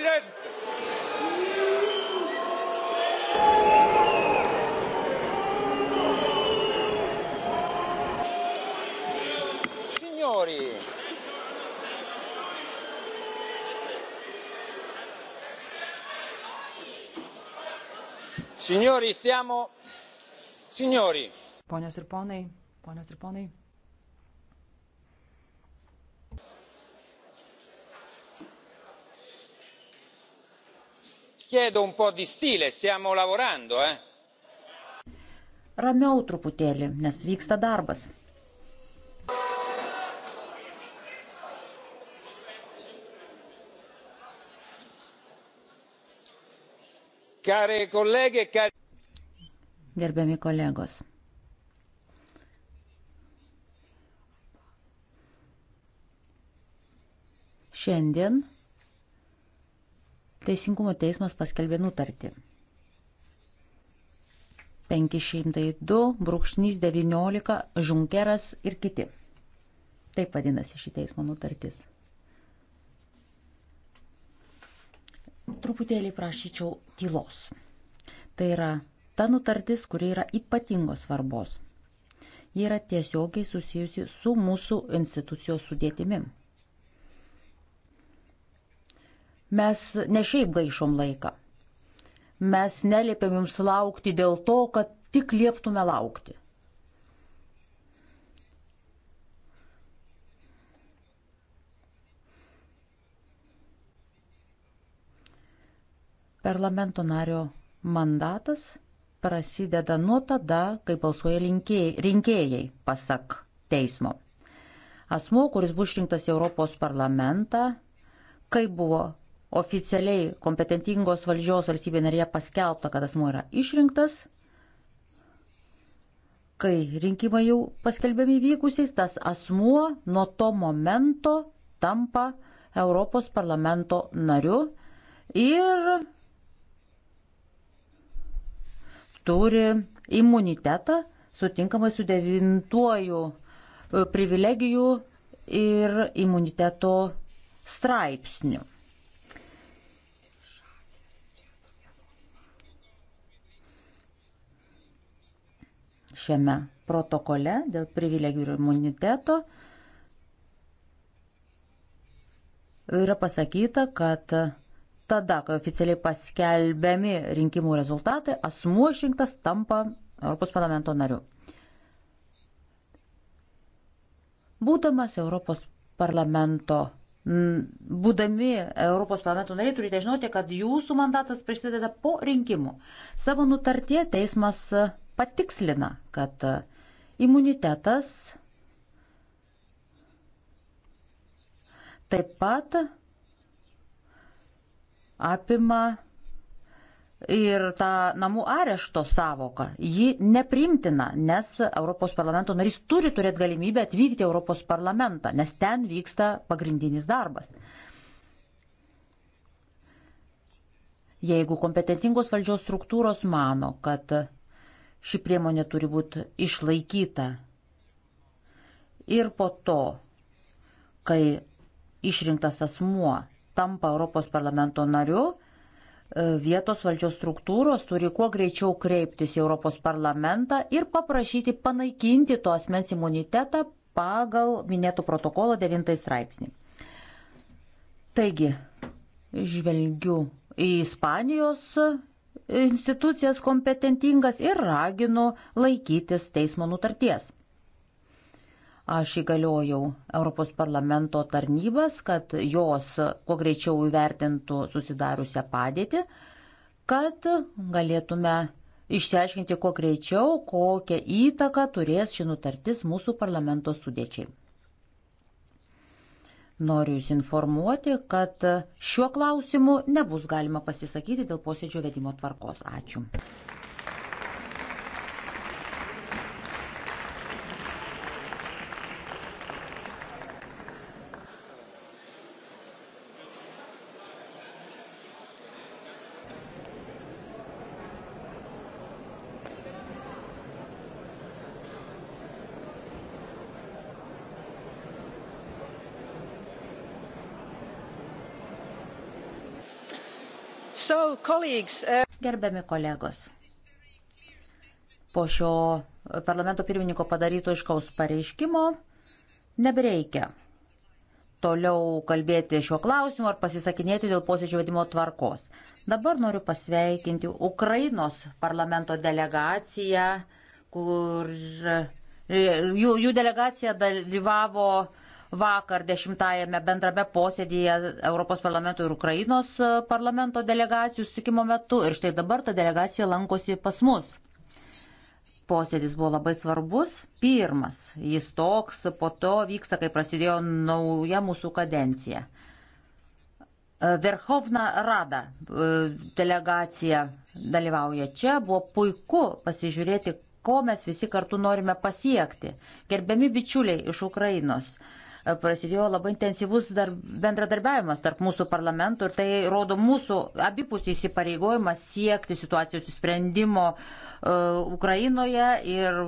presidente. Signori. Signori, stiamo. Signori. Ponios ir ponai, ponios ir ponai. chiedo un po' di stile, stiamo lavorando, eh? Ramiau truputėlį, nes vyksta darbas. Care kolegė, e care... Gerbiami kolegos. Šiandien Teisingumo teismas paskelbė nutartį. 502, brūkšnys 19, žunkeras ir kiti. Taip vadinasi šį teismo nutartis. Truputėlį prašyčiau tylos. Tai yra ta nutartis, kuri yra ypatingos svarbos. Ji yra tiesiogiai susijusi su mūsų institucijos sudėtimim. Mes ne šiaip gaišom laiką. Mes neliepėm jums laukti dėl to, kad tik lieptume laukti. Parlamento nario mandatas prasideda nuo tada, kai balsuoja rinkėjai, pasak teismo. Asmuo, kuris bus išrinktas į Europos parlamentą, kai buvo oficialiai kompetentingos valdžios valstybė narėje paskelbta, kad asmuo yra išrinktas, kai rinkimai jau paskelbiami vykusiais, tas asmuo nuo to momento tampa Europos parlamento nariu ir turi imunitetą sutinkamai su devintuoju e, privilegijų ir imuniteto straipsniu. šiame protokole dėl privilegijų ir imuniteto yra pasakyta, kad tada, kai oficialiai paskelbiami rinkimų rezultatai, asmuo išrinktas tampa Europos parlamento nariu. Būdamas Europos parlamento, būdami Europos parlamento nariai, turite žinoti, kad jūsų mandatas prasideda po rinkimų. Savo nutartie teismas patikslina, kad e, imunitetas taip pat apima ir tą namų arešto savoką. Ji neprimtina, nes Europos parlamento narys turi turėti galimybę atvykti į Europos parlamentą, nes ten vyksta pagrindinis darbas. Jeigu kompetentingos valdžios struktūros mano, kad Ši priemonė turi būti išlaikyta. Ir po to, kai išrinktas asmuo tampa Europos parlamento nariu, e, vietos valdžios struktūros turi kuo greičiau kreiptis į Europos parlamentą ir paprašyti panaikinti to asmens imunitetą pagal minėtų protokolo 9 straipsnį. Taigi, žvelgiu į Ispanijos institucijas kompetentingas ir raginu laikytis teismo nutarties. Aš įgaliojau Europos parlamento tarnybas, kad jos kuo greičiau įvertintų susidariusią padėtį, kad galėtume išsiaiškinti kuo greičiau, kokią įtaką turės ši nutartis mūsų parlamento sudėčiai. Noriu Jūs informuoti, kad šiuo klausimu nebus galima pasisakyti dėl posėdžio vedimo tvarkos. Ačiū. Uh, Gerbiami kolegos, po šio parlamento pirmininko padaryto iškaus pareiškimo nebereikia toliau kalbėti šiuo klausimu ar pasisakinėti dėl posėdžio vedimo tvarkos. Dabar noriu pasveikinti Ukrainos parlamento delegaciją, kur e, jų, jų delegacija dalyvavo Vakar dešimtajame bendrame posėdėje Europos parlamento ir Ukrainos e, parlamento delegacijų sutikimo metu ir štai dabar ta delegacija lankosi pas mus. Posėdis buvo labai svarbus, pirmas, jis toks, po to vyksta, kai prasidėjo nauja mūsų kadencija. E, Verhovna Rada e, delegacija dalyvauja čia, buvo puiku pasižiūrėti, ko mes visi kartu norime pasiekti. Gerbiami bičiuliai iš Ukrainos, prasidėjo labai intensyvus dar bendradarbiavimas tarp mūsų parlamentų ir tai rodo mūsų abipusį įsipareigojimą siekti situacijos sprendimo uh, Ukrainoje ir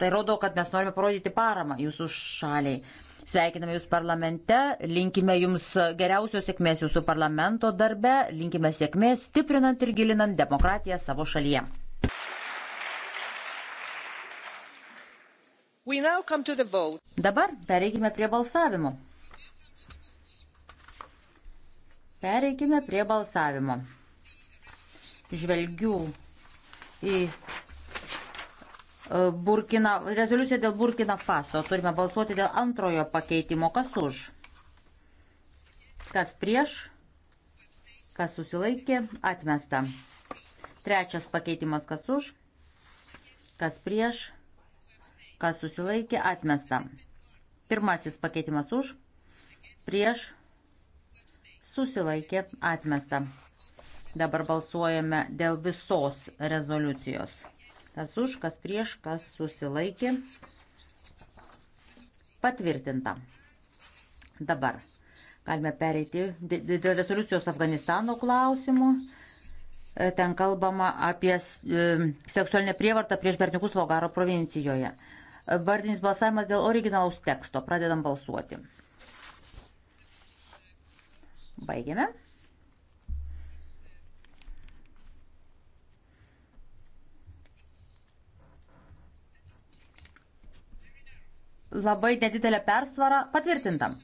tai rodo, kad mes norime parodyti paramą jūsų šaliai. Sveikiname Jūs parlamente, linkime Jums geriausios sėkmės Jūsų parlamento darbe, linkime sėkmės stiprinant ir gilinant demokratiją savo šalyje. Dabar pereikime prie balsavimo. Pereikime prie balsavimo. Žvelgiu į e, Burkina, rezoliuciją dėl Burkina Faso. Turime balsuoti dėl antrojo pakeitimo. Kas už? Kas prieš? Kas susilaikė? Atmesta. Trečias pakeitimas. Kas už? Kas prieš? kas susilaikė, atmesta. Pirmasis pakeitimas už, prieš, susilaikė, atmesta. Dabar balsuojame dėl visos rezoliucijos. Kas už, kas prieš, kas susilaikė, patvirtinta. Dabar galime pereiti dėl rezoliucijos Afganistano klausimų e, ten kalbama apie e, seksualinę prievartą prieš berniukus Logaro provincijoje. Vardinis balsavimas dėl originalaus teksto. Pradedam balsuoti. Baigiame. Labai nedidelė persvara patvirtintam.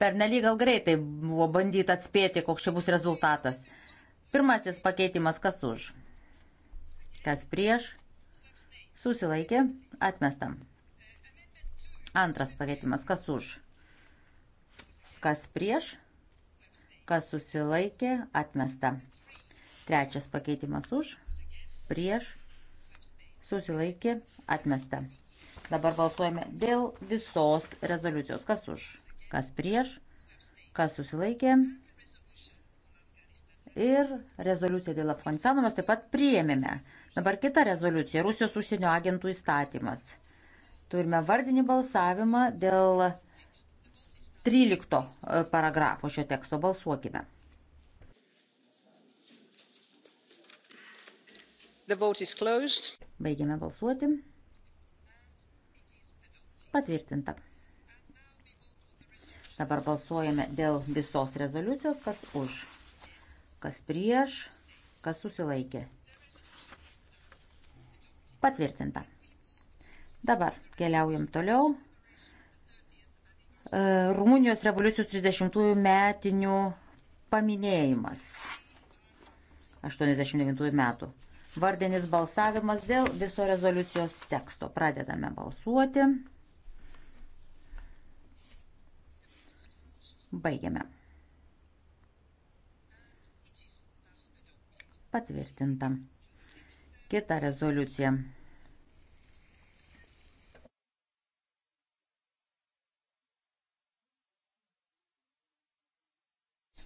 Per nelyg gal greitai buvo bandyta atspėti, koks čia bus rezultatas. Pirmasis pakeitimas kas už, kas prieš, susilaikė, atmesta. Antras pakeitimas, kas už, kas prieš, kas susilaikė, atmesta. Trečias pakeitimas už, prieš, susilaikė, atmesta. Dabar balsuojame dėl visos rezoliucijos. Kas už, kas prieš, kas susilaikė. Ir rezoliuciją dėl Afganistano mes taip pat priėmėme. Dabar kita rezoliucija - Rusijos užsienio agentų įstatymas. Turime vardinį balsavimą dėl 13 e, paragrafo šio teksto. Balsuokime. Baigiame balsuoti. Patvirtinta. Dabar balsuojame dėl visos rezoliucijos, kas už, kas prieš, kas susilaikė. Patvirtinta. Dabar keliaujam toliau. E, Rumunijos revoliucijos 30-ųjų metinių paminėjimas 89 metų. Vardinis balsavimas dėl viso rezoliucijos teksto. Pradedame balsuoti. Baigiame. Patvirtintam. Kita rezoliucija.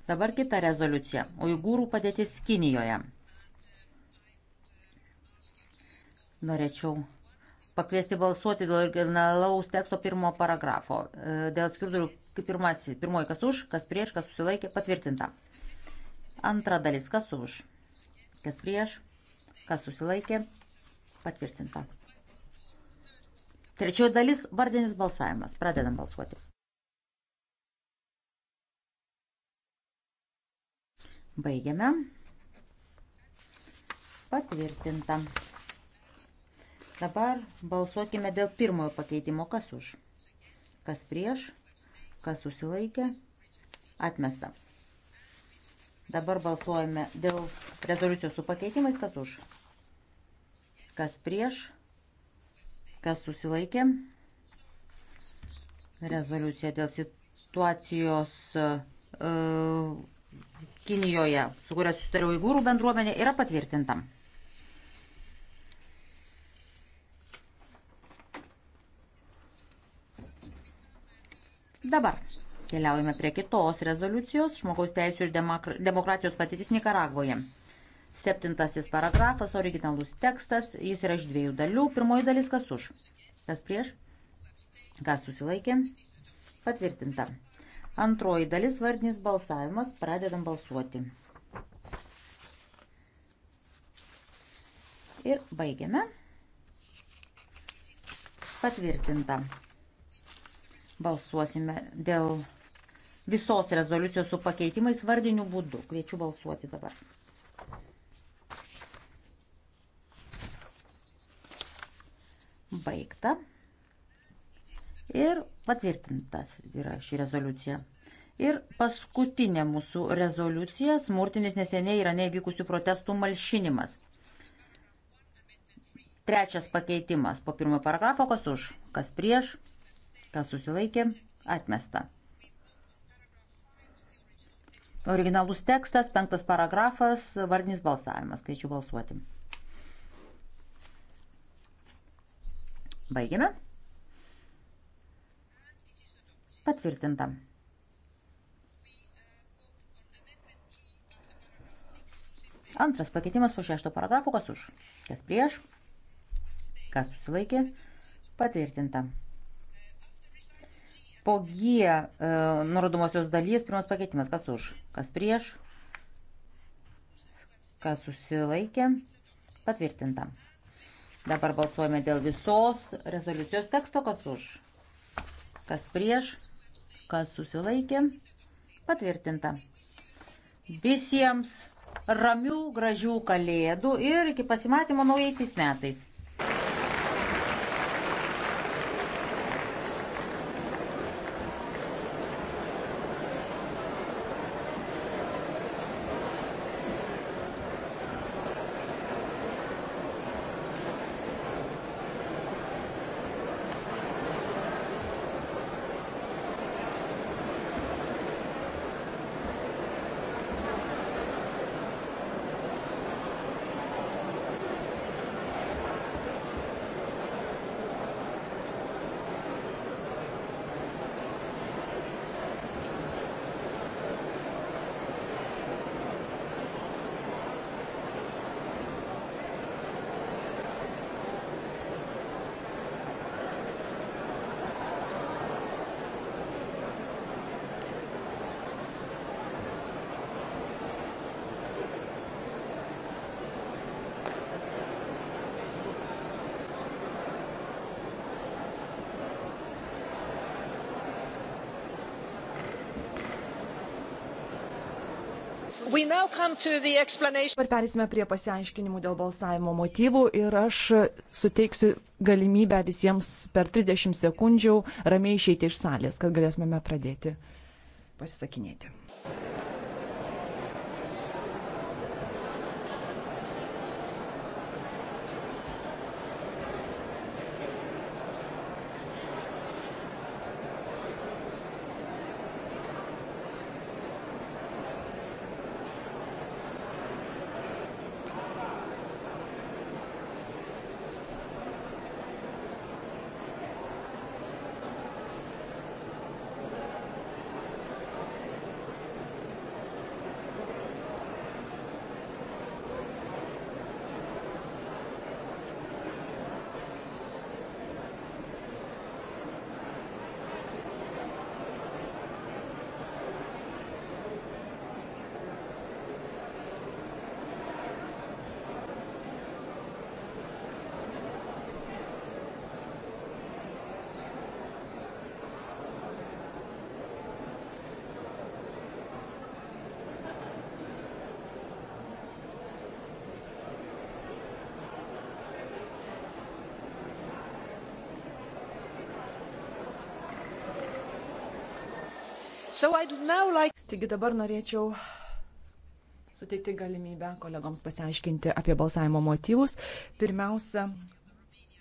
Dabar kita rezoliucija. Uigūrų padėtis Kinijoje. Norėčiau pakviesti balsuoti dėl originalaus teksto pirmo paragrafo. E, dėl skirdurių pirmasis, pirmoji kas už, kas prieš, kas susilaikė, patvirtinta. Antra dalis kas už, kas prieš, Kas susilaikė? Patvirtinta. Trečioji dalis – vardinis balsavimas. Pradedam balsuoti. Baigiame. Patvirtinta. Dabar balsuokime dėl pirmojo pakeitimo. Kas už? Kas prieš? Kas susilaikė? Atmesta. Dabar balsuojame dėl rezoliucijos su pakeitimais, kas už, kas prieš, kas susilaikė. Rezoliucija dėl situacijos uh, Kinijoje, su kuria susitarė Uigūrų bendruomenė, yra patvirtinta. Dabar Keliaujame prie kitos rezoliucijos žmogaus teisų ir demokratijos patirtis Nikaragvoje. Septintasis paragrafas, originalus tekstas, jis yra iš dviejų dalių. Pirmoji dalis kas už, kas prieš, kas susilaikė, patvirtinta. Antroji dalis vardinis balsavimas, pradedam balsuoti. Ir baigiame. Patvirtinta. Balsuosime dėl visos rezoliucijos su pakeitimais vardiniu būdu. Kviečiu balsuoti dabar. Baigta. Ir patvirtintas yra ši rezoliucija. Ir paskutinė mūsų rezoliucija - smurtinis neseniai yra nevykusių protestų malšinimas. Trečias pakeitimas po pirmojo paragrafo - kas už, kas prieš, kas susilaikė, atmesta. Originalus tekstas, penktas paragrafas, vardinis balsavimas. Kviečiu balsuoti. Baigiame. Patvirtinta. Antras pakeitimas po šešto paragrafo, kas už, kas prieš, kas susilaikė, patvirtinta. Po G e, nurodomosios dalies pirmas pakeitimas. Kas už? Kas prieš? Kas susilaikė? Patvirtinta. Dabar balsuojame dėl visos rezoliucijos teksto. Kas už? Kas prieš? Kas susilaikė? Patvirtinta. Visiems ramių, gražių kalėdų ir iki pasimatymo naujaisiais metais. Dabar perėsime prie pasiaiškinimų dėl balsavimo motyvų ir aš suteiksiu galimybę visiems per 30 sekundžių ramiai išeiti iš salės, kad galėtumėme pradėti pasisakinėti. So like... Taigi dabar norėčiau suteikti galimybę kolegoms pasiaiškinti apie balsavimo motyvus. Pirmiausia,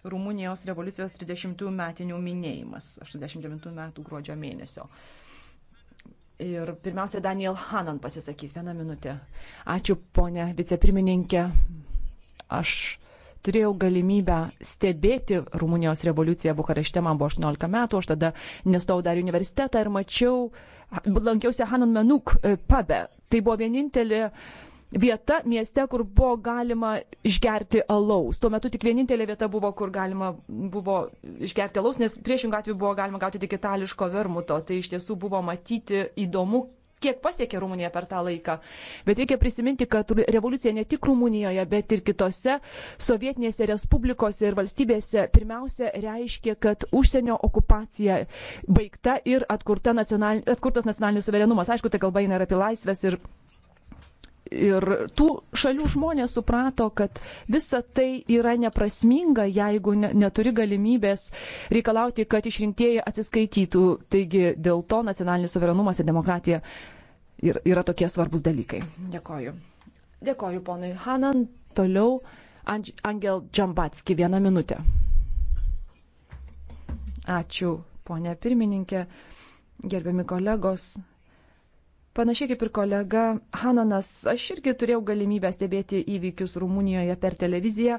Rumunijos revoliucijos 30 metinių minėjimas 89 metų gruodžio mėnesio. Ir pirmiausia, Daniel Hanan pasisakys vieną minutę. Ačiū, ponė vicepirmininkė. Aš turėjau galimybę stebėti Rumunijos revoliuciją Bukarešte, man buvo 18 metų, aš tada nestojau dar universitetą ir mačiau lankiausi Hanan Menuk e, pabe. Tai buvo vienintelė vieta mieste, kur buvo galima išgerti alaus. Tuo metu tik vienintelė vieta buvo, kur galima buvo išgerti alaus, nes priešingų atveju buvo galima gauti tik itališko vermuto. Tai iš tiesų buvo matyti įdomu, kiek pasiekė Rumunija per tą laiką. Bet reikia prisiminti, kad revoliucija ne tik Rumunijoje, bet ir kitose sovietinėse respublikose ir valstybėse pirmiausia reiškia, kad užsienio okupacija baigta ir atkurta nacional... atkurtas nacionalinis suverenumas. Aišku, tai kalba eina ir apie laisvės ir ir tų šalių žmonės suprato, kad visa tai yra neprasminga, jeigu ne, neturi galimybės reikalauti, kad išrinktieji atsiskaitytų. Taigi dėl to nacionalinis suverenumas ir demokratija yra tokie svarbus dalykai. Dėkoju. Dėkoju ponui Hanan. Toliau Angel Džambatski, vieną minutę. Ačiū, ponė pirmininkė, gerbiami kolegos. Panašiai kaip ir kolega Hananas, aš irgi turėjau galimybę stebėti įvykius Rumunijoje per televiziją.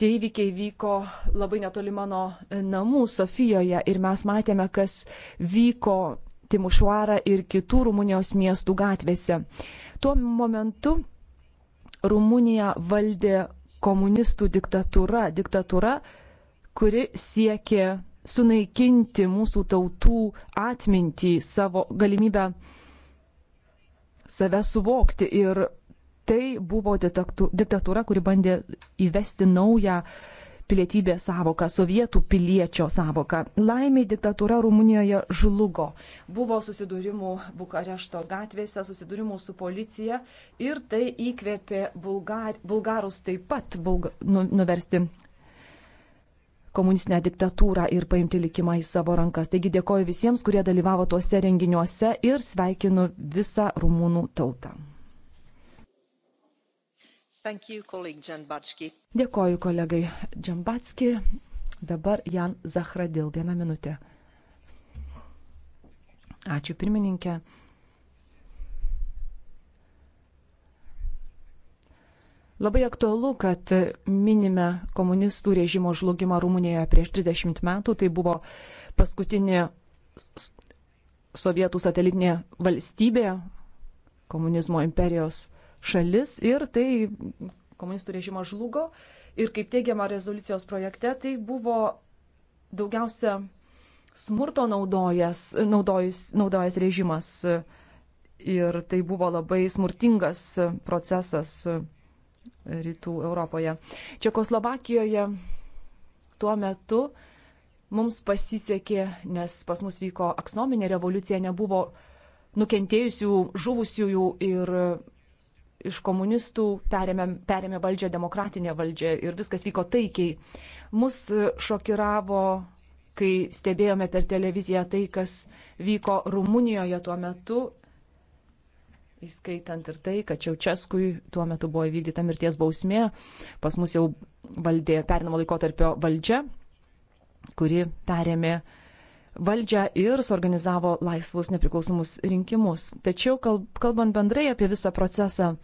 Tie įvykiai vyko labai netoli mano namų Sofijoje ir mes matėme, kas vyko Timušvarą ir kitų Rumunijos miestų gatvėse. Tuo momentu Rumuniją valdė komunistų diktatūra, diktatūra, kuri siekė sunaikinti mūsų tautų atmintį, savo galimybę save suvokti. Ir tai buvo diktatūra, kuri bandė įvesti naują uh, pilietybės savoką, sovietų piliečio savoką. Laimiai diktatūra Rumunijoje žlugo. Buvo susidūrimų Bukarešto gatvėse, susidūrimų su policija ir tai įkvėpė bulgar, bulgarus taip pat bulga, nu, nuversti komunistinę diktatūrą ir paimti likimą į savo rankas. Taigi dėkoju visiems, kurie dalyvavo tuose renginiuose ir sveikinu visą rumūnų tautą. You, Dėkoju kolegai Džambatski. Dabar Jan Zahradil, vieną minutę. Ačiū pirmininkė. Labai aktualu, kad minime komunistų režimo žlugimą Rumunijoje prieš 30 metų. Tai buvo paskutinė sovietų satelitinė valstybė komunizmo imperijos šalis ir tai komunistų režimas žlugo. Ir kaip teigiama rezoliucijos projekte, tai buvo daugiausia smurto naudojas, naudojus, naudojas režimas. Ir tai buvo labai smurtingas procesas rytų Europoje. Čekoslovakijoje tuo metu mums pasisekė, nes pas mus vyko aksominė revoliucija, nebuvo nukentėjusių, žuvusiųjų ir iš komunistų perėmė, perėmė valdžią demokratinę valdžią ir viskas vyko taikiai. Mus e, šokiravo, kai stebėjome per televiziją tai, kas vyko Rumunijoje tuo metu, įskaitant ir tai, kad Čiaučeskui tuo metu buvo įvykdyta mirties bausmė, pas mus jau valdė perinamo laikotarpio valdžia, kuri perėmė uh, valdžią ir suorganizavo laisvus nepriklausomus rinkimus. Tačiau, kalbant bendrai apie visą procesą,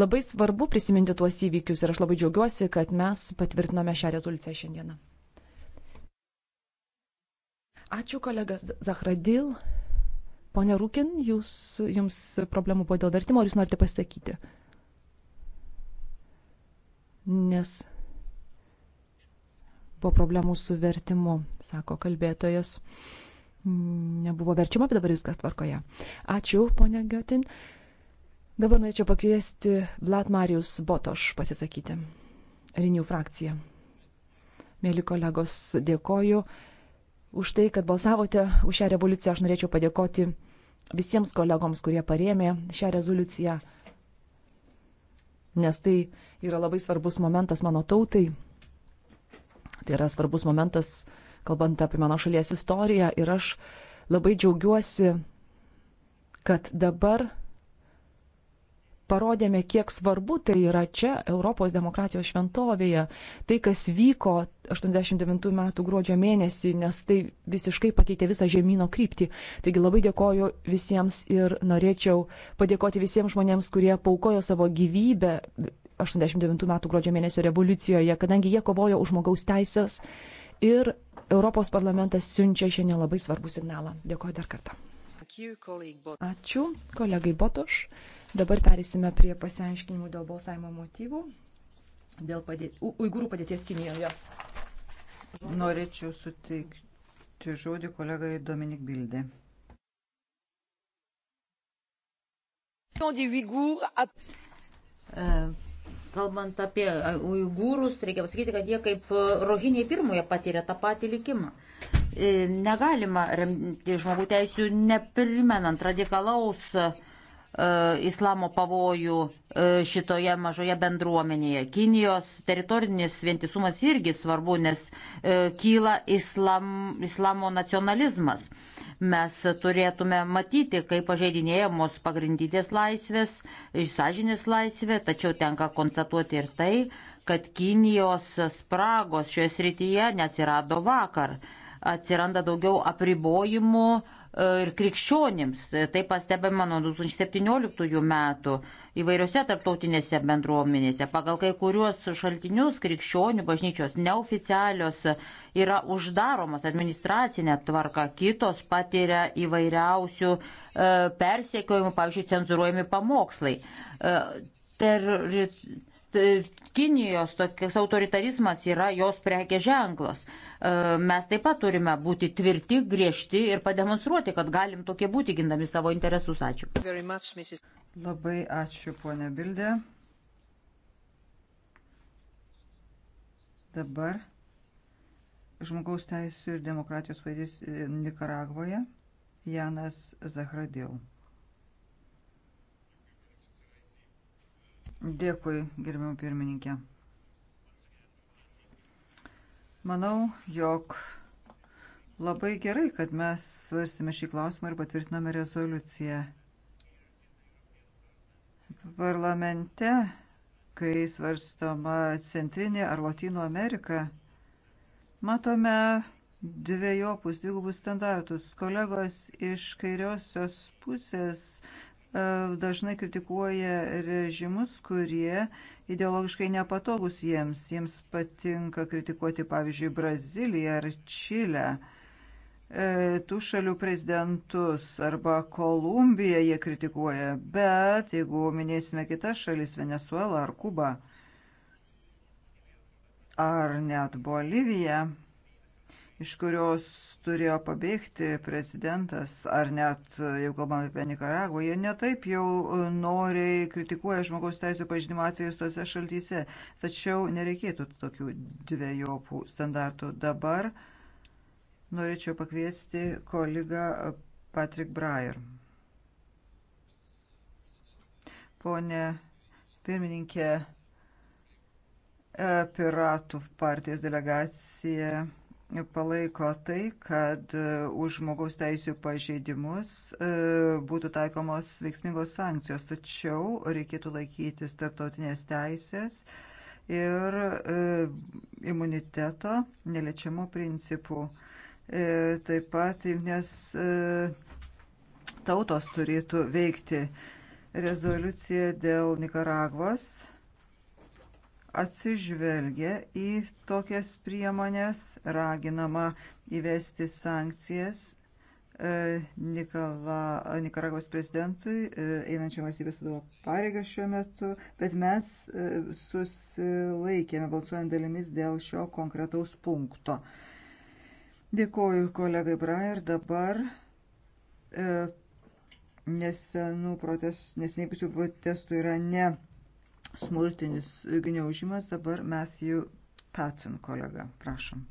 labai svarbu prisiminti tuos įvykius ir aš labai džiaugiuosi, kad mes patvirtiname šią rezoliuciją šiandieną. Ačiū kolegas Zahradil. Pone Rūkin, jūs, jums problemų buvo dėl vertimo, ar jūs norite pasakyti? Nes buvo problemų su vertimu, sako kalbėtojas. Nebuvo verčimo, bet dabar viskas tvarkoje. Ačiū, ponia Giotin. Dabar norėčiau pakviesti Vlad Marijus Botoš pasisakyti. Rinių frakcija. Mėly kolegos, dėkoju už tai, kad balsavote už šią revoliuciją. Aš norėčiau padėkoti visiems kolegoms, kurie parėmė šią rezoliuciją, nes tai yra labai svarbus momentas mano tautai, Tai yra svarbus momentas, kalbant apie mano šalies istoriją. Ir aš labai džiaugiuosi, kad dabar parodėme, kiek svarbu tai yra čia, Europos demokratijos šventovėje. Tai, kas vyko 89 metų gruodžio mėnesį, nes tai visiškai pakeitė visą žemynų kryptį. Taigi labai dėkoju visiems ir norėčiau padėkoti visiems žmonėms, kurie paukojo savo gyvybę 89 metų gruodžio mėnesio revoliucijoje, kadangi jie kovojo už žmogaus teisės ir Europos parlamentas siunčia šiandien labai svarbų signalą. Dėkuoju dar kartą. Ačiū kolegai Botoš. Dabar perėsime prie pasiaiškinimų dėl balsavimo motyvų, dėl padė... uigūrų padėties Kinijoje. Norėčiau suteikti žodį kolegai Dominik Bildė. Uh Kalbant apie uigūrus, reikia pasakyti, kad jie kaip rohiniai pirmoje patyrė tą patį likimą. E, negalima remti žmogų teisų neprimenant radikalaus uh, E, islamo pavojų e, šitoje mažoje bendruomenėje. Kinijos teritorinis vientisumas irgi svarbu, nes e, kyla islam, islamo nacionalizmas. Mes turėtume matyti, kaip pažeidinėjamos pagrindinės laisvės, sąžinės laisvė, tačiau tenka konstatuoti ir tai, kad Kinijos spragos šioje srityje neatsirado vakar. Atsiranda daugiau apribojimų, ir krikščionims. Tai pastebima nuo 2017 metų įvairiose tarptautinėse bendruomenėse. Pagal kai kuriuos šaltinius krikščionių bažnyčios neoficialios yra uždaromos administracinė tvarka, kitos patiria įvairiausių e, persiekiojimų, pavyzdžiui, cenzuruojami pamokslai. E, Terri E, Kinijos tokias autoritarizmas yra jos prekė ženklas. E, mes taip pat turime būti tvirti, griežti ir pademonstruoti, kad galim tokie būti gindami savo interesus. Ačiū. Much, Labai ačiū, ponia Bildė. Dabar žmogaus teisų ir demokratijos vaidys e, Nikaragvoje Janas Zahradil. Dėkui, gerbiamą pirmininkę. Manau, jog labai gerai, kad mes svarstėme šį klausimą ir patvirtinome rezoliuciją. Parlamente, kai svarstoma Centrinė ar Latino Amerika, matome dviejopus, dvigubus standartus. Kolegos iš kairiosios pusės E, dažnai kritikuoja režimus, kurie ideologiškai nepatogus jiems. Jiems patinka kritikuoti, pavyzdžiui, Braziliją ar Čilę e, tų šalių prezidentus arba Kolumbiją jie kritikuoja, bet jeigu minėsime kitas šalis, Venezuelą ar Kubą ar net Boliviją, iš kurios turėjo pabėgti prezidentas, ar net, jau kalbame apie Nikaragvą, jie netaip jau noriai kritikuoja žmogaus teisų pažinimo atvejus tose šaltyse. Tačiau nereikėtų tokių dviejopų standartų. Dabar norėčiau pakviesti kolegą Patrick Breyer. Pone pirmininkė, e, Piratų partijos delegacija palaiko tai, kad e, už žmogaus teisų pažeidimus e, būtų taikomos veiksmingos sankcijos, tačiau reikėtų laikytis tarptautinės teisės ir e, imuniteto neliečiamų principų. Taip pat jungtinės tautos turėtų veikti rezoliuciją dėl Nikaragvos atsižvelgia į tokias priemonės, raginama įvesti sankcijas e, Nikola, Nikaragvos prezidentui, e, einančiam valstybės vadovo pareigas šiuo metu, bet mes e, susilaikėme balsuojant dalimis dėl šio konkretaus punkto. Dėkoju kolegai Brajer. Dabar nesenų protestų, neseniai pačių protestų yra ne smurtinis gniaužimas. Dabar mes jų Patsin kolega, prašom.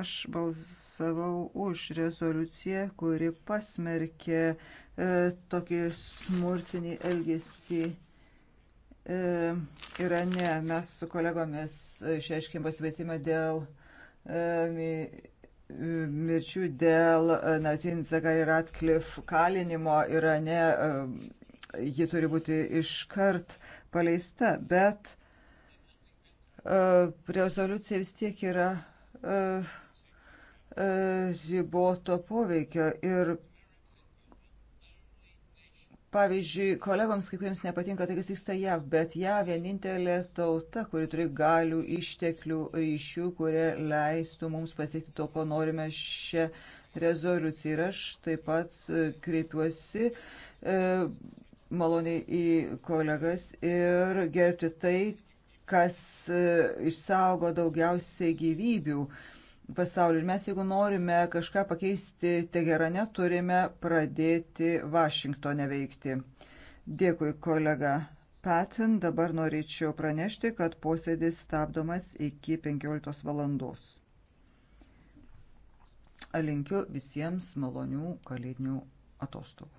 Aš balsavau už rezoliuciją, kuri pasmerkė e, tokį smurtinį elgesį e, Irane. Mes su kolegomis išaiškėm pasveicimą dėl e, mirčių dėl e, Nazin Zagari Ratcliffe kalinimo Irane e, ji turi būti iškart paleista, bet e, rezoliucija vis tiek yra e, e, riboto poveikio ir Pavyzdžiui, kolegoms kai kuriems nepatinka tai, kas vyksta JAV, bet JAV vienintelė tauta, kuri turi galių, išteklių, ryšių, kurie leistų mums pasiekti to, ko norime šią rezoliuciją. Ir aš taip pat kreipiuosi e, maloniai į kolegas ir gerbti tai, kas e, išsaugo daugiausiai gyvybių pasaulyje. Ir mes, jeigu norime kažką pakeisti Teherane, turime pradėti Vašingtone veikti. Dėkui, kolega Patin. Dabar norėčiau pranešti, kad posėdis stabdomas iki 15 valandos. Linkiu visiems malonių kalėdinių atostogų.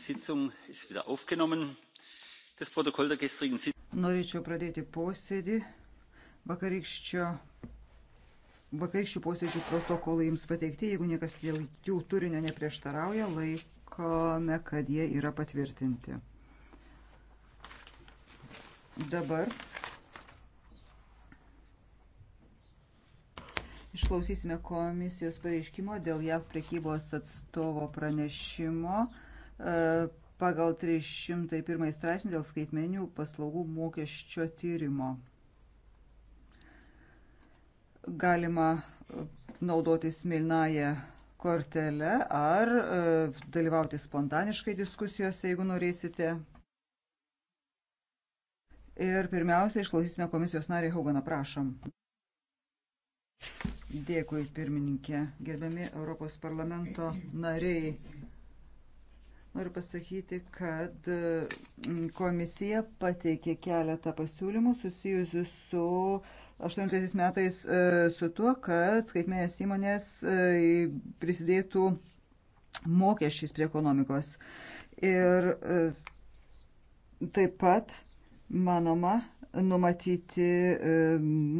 Norėčiau pradėti posėdį. Vakarykščio, vakarykščių posėdžių protokolai jums pateikti. Jeigu niekas dėl jų turinio neprieštarauja, laikome, kad jie yra patvirtinti. Dabar Išklausysime komisijos pareiškimo dėl JAV prekybos atstovo pranešimo E, pagal 301 straipsnį dėl skaitmeninių paslaugų mokesčio tyrimo. Galima e, naudotis milnaje kortelę ar e, dalyvauti spontaniškai diskusijose, jeigu norėsite. Ir pirmiausia, išklausysime komisijos narį Hauganą, prašom. Dėkui, pirmininkė. Gerbiami Europos parlamento nariai. Noriu pasakyti, kad mm, komisija pateikė keletą pasiūlymų susijusių su 80 metais e, su tuo, kad skaitmenės įmonės e, prisidėtų mokesčiais prie ekonomikos. Ir e, taip pat, manoma, numatyti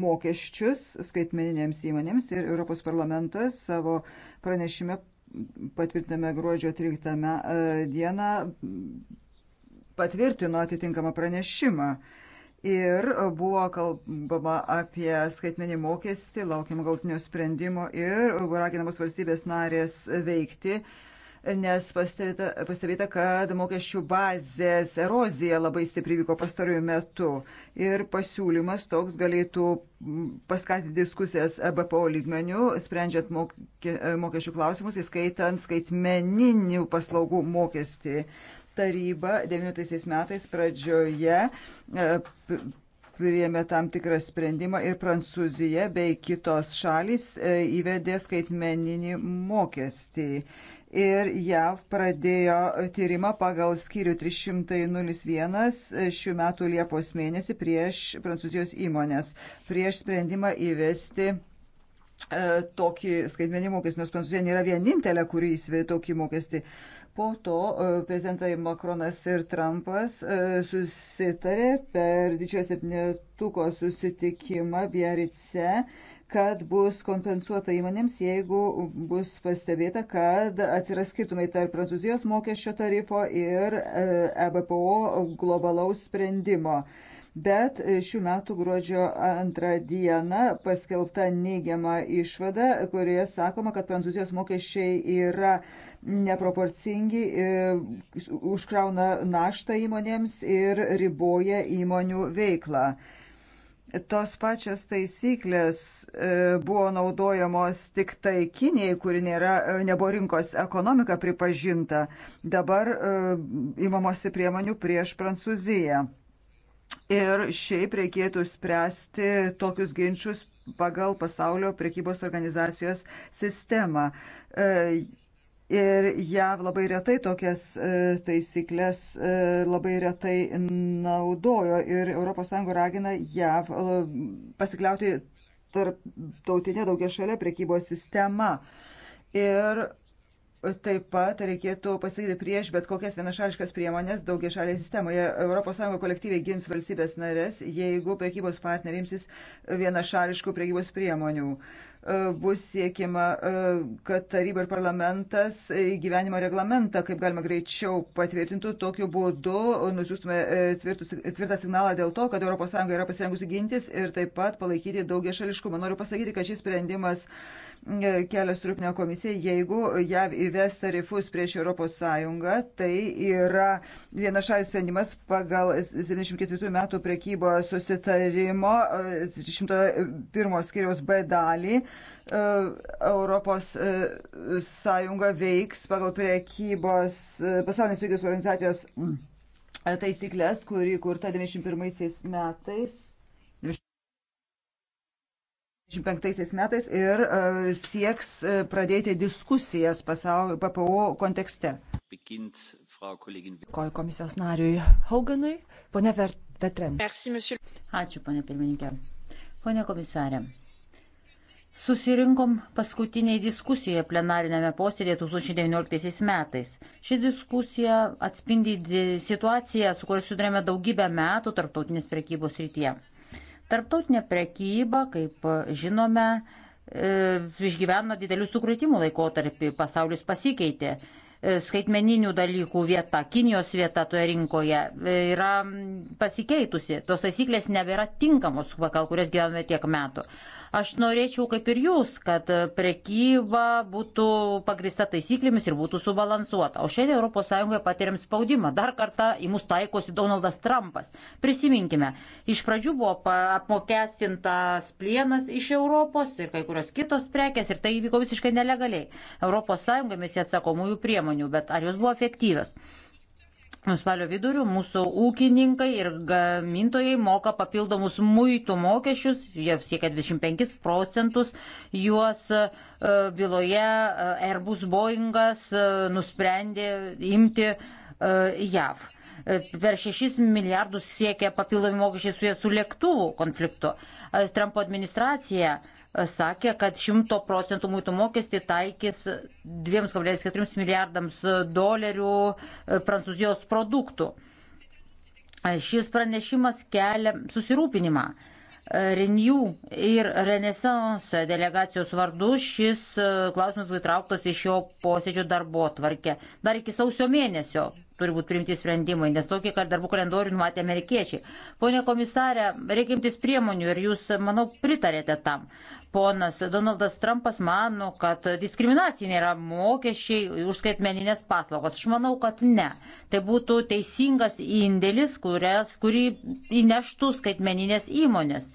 mokesčius skaitmeninėms įmonėms ir Europos parlamentas savo pranešime patvirtiname gruodžio 13 e, dieną, patvirtino atitinkamą pranešimą. Ir buvo kalbama apie skaitmenį mokestį, laukiam galtinio sprendimo ir raginamos valstybės narės veikti nes pastebėta, pastebėta kad mokesčių bazės erozija labai stipriai vyko pastarojų metų ir pasiūlymas toks galėtų paskatinti diskusijas e BPO lygmenių, sprendžiant mokė, mokesčių klausimus, įskaitant skaitmeninių paslaugų mokestį. Taryba 19 metais pradžioje e, priėmė tam tikrą sprendimą ir Prancūzija bei kitos šalys e, įvedė skaitmeninį mokestį ir JAV pradėjo tyrimą pagal skyrių 301 e, šių metų Liepos mėnesį prieš prancūzijos įmonės, prieš sprendimą įvesti e, tokį skaitmenį mokestį, nors Prancūzija nėra vienintelė, kuri įsivė tokį mokestį. Po to e, prezidentai Makronas ir Trumpas e, susitarė per didžiojo septynetuko susitikimą Biarice kad bus kompensuota įmonėms, jeigu bus pastebėta, kad atsiras skirtumai tarp Prancūzijos mokesčio tarifo ir EBPO e globalaus sprendimo. Bet e, šių metų gruodžio antrą dieną paskelbta neigiama išvada, kurioje sakoma, kad Prancūzijos mokesčiai yra neproporcingi, e, užkrauna naštą įmonėms ir riboja įmonių veiklą tos pačios taisyklės e, buvo naudojamos tik tai Kinijai, kuri nėra, e, nebuvo rinkos ekonomika pripažinta. Dabar įmamosi e, priemonių prieš Prancūziją. Ir šiaip reikėtų spręsti tokius ginčius pagal pasaulio prekybos organizacijos sistemą. Ir jav labai retai tokias e, taisyklės e, labai retai naudojo ir ES ragina jav e, pasikliauti tarptautinė daugia šalia prekybos sistema. Ir Taip pat reikėtų pasakyti prieš bet kokias vienašališkas priemonės daugia šaliai sistemoje. ES kolektyviai gins valstybės narės, jeigu prekybos partneriai imsis vienašališkų prekybos priemonių. E, bus siekiama, e, kad taryba ir parlamentas gyvenimo reglamentą kaip galima greičiau patvirtintų. Tokiu būdu nusiųstume e, tvirtą signalą dėl to, kad ES yra pasirengusi gintis ir taip pat palaikyti daugia šališkumą. Noriu pasakyti, kad šis sprendimas kelias rūpinio komisija, jeigu JAV įves tarifus prieš ES, tai yra viena šalis sprendimas pagal 74 metų prekybo susitarimo 101 eh, skiriaus B dalį. Eh, Europos eh, Sąjunga veiks pagal priekybos, pasaulinės priekybos organizacijos taisyklės, kuri kurta 91 metais 25 metais ir e, sieks e, pradėti diskusijas pasaulio PPO kontekste. Dėkoju komisijos nariui Hauganui, ponė Petren. Ačiū, ponė pirmininkė. Pone komisarė. Susirinkom paskutiniai diskusijoje plenarinėme posėdėje 2019 metais. Ši diskusija atspindi situaciją, su kuria sudurėme daugybę metų tarptautinės prekybos rytyje. Tarptautinė prekyba, kaip žinome, e, išgyveno didelių sukretimų laikotarpį, pasaulis pasikeitė. E, skaitmeninių dalykų vieta, Kinijos vieta toje rinkoje e, yra pasikeitusi. Tos taisyklės nebėra tinkamos, pagal kurias gyvename tiek metų. Aš norėčiau, kaip ir jūs, kad prekyba būtų pagrista taisyklėmis ir būtų subalansuota. O šiandien ES patiriam spaudimą. Dar kartą į mus taikosi Donaldas Trumpas. Prisiminkime, iš pradžių buvo apmokestintas plienas iš Europos ir kai kurios kitos prekes ir tai įvyko visiškai nelegaliai. ES mes į atsakomųjų priemonių, bet ar jos buvo efektyvios? spalio vidurių mūsų ūkininkai ir gamintojai moka papildomus muitų mokesčius, jie siekia 25 procentus, juos e, byloje e, Airbus Boeingas e, nusprendė imti JAV. Per 6 milijardus siekia papildomi mokesčiai su jie su lėktuvų konfliktu. Trumpo administracija sakė, kad 100 procentų mūtų mokestį taikys 2,4 milijardams dolerių e, prancūzijos produktų. E, šis pranešimas kelia susirūpinimą. E, Renew ir Renaissance delegacijos vardu šis klausimas buvo įtrauktas į šio posėdžio darbo tvarkę. Dar iki sausio mėnesio turi būti priimti sprendimai, nes tokį darbų kalendorių numatė amerikiečiai. Pone komisarė, reikia imtis priemonių ir jūs, manau, pritarėte tam. Ponas Donaldas Trumpas mano, kad diskriminaciniai yra mokesčiai už skaitmeninės paslaugas. Aš manau, kad ne. Tai būtų teisingas indėlis, kurias, kurį įneštų skaitmeninės įmonės.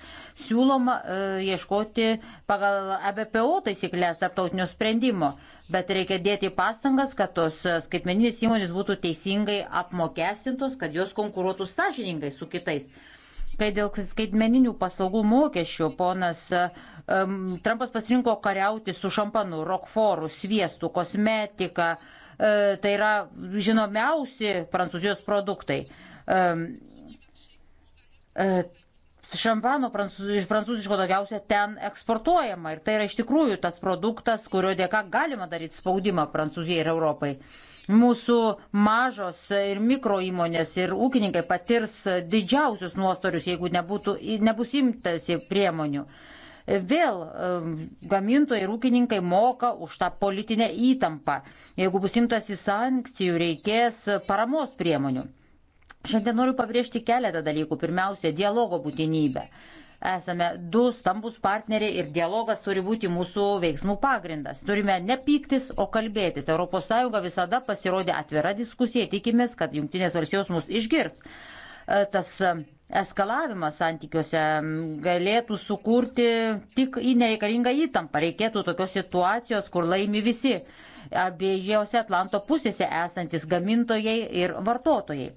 Siūloma e, ieškoti pagal ABPO e taisyklės tarptautinio sprendimo, bet reikia dėti pastangas, kad tos skaitmeninės įmonės būtų teisingai apmokestintos, kad jos konkuruotų sąžiningai su kitais. Kai dėl skaitmeninių paslaugų mokesčių ponas uh, Um, Trumpas pasirinko kariauti su šampanu, rokforu, sviestu, kosmetika. E, tai yra žinomiausi prancūzijos produktai. E, e, šampano prancūz, iš prancūziško daugiausia ten eksportuojama ir tai yra iš tikrųjų tas produktas, kurio dėka galima daryti spaudimą Prancūzijai ir Europai. Mūsų mažos ir mikro įmonės ir ūkininkai patirs didžiausius nuostolius, jeigu nebūtų, nebus imtasi priemonių. Uh, vėl gamintojai ir ūkininkai moka už tą politinę įtampą. Jeigu bus imtas į sankcijų, reikės paramos priemonių. Šiandien noriu pabrėžti keletą dalykų. Pirmiausia, dialogo būtinybę. Esame du stambus partneriai ir dialogas turi būti mūsų veiksmų pagrindas. Turime ne pyktis, o kalbėtis. ES visada pasirodė atvira diskusija, tikimės, kad Junktinės valstijos mus išgirs. E, tas eskalavimas santykiuose galėtų sukurti tik į nereikalingą įtampą. Reikėtų tokios situacijos, kur laimi visi abiejose Atlanto pusėse esantis gamintojai ir vartotojai.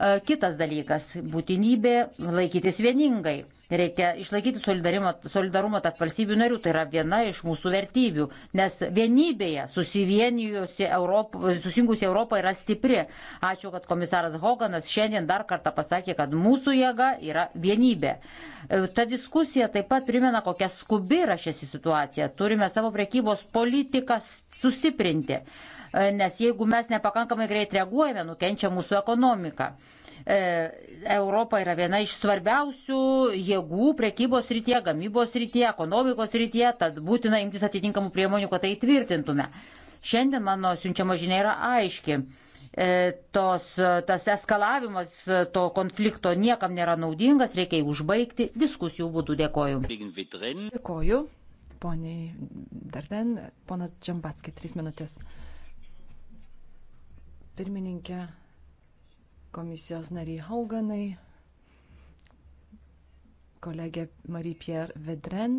E, kitas dalykas - būtinybė laikytis vieningai. Reikia išlaikyti solidarumą tarp valstybių narių. Tai yra viena iš mūsų vertybių. Nes vienybėje susivienijusi Europa, susingusi Europa yra stipri. Ačiū, kad komisaras Hoganas šiandien dar kartą pasakė, kad mūsų jėga yra vienybė. E, ta diskusija taip pat primena, kokia skubi yra šią situaciją. Turime savo prekybos politiką sustiprinti. E, nes jeigu mes nepakankamai greit reaguojame, nukenčia mūsų ekonomika. E, Europa yra viena iš svarbiausių jėgų prekybos rytie, gamybos rytie, ekonomikos rytie, tad būtina imtis atitinkamų priemonių, kad tai įtvirtintume. Šiandien mano siunčiama žinia yra aiški e, tos, tas eskalavimas to konflikto niekam nėra naudingas, reikia jį užbaigti diskusijų būtų. Dėkoju. Dėkoju, poniai Darden, ponas Džambatski, trys minutės pirmininkė, komisijos nariai Hauganai, kolegė Marie-Pierre Vedren,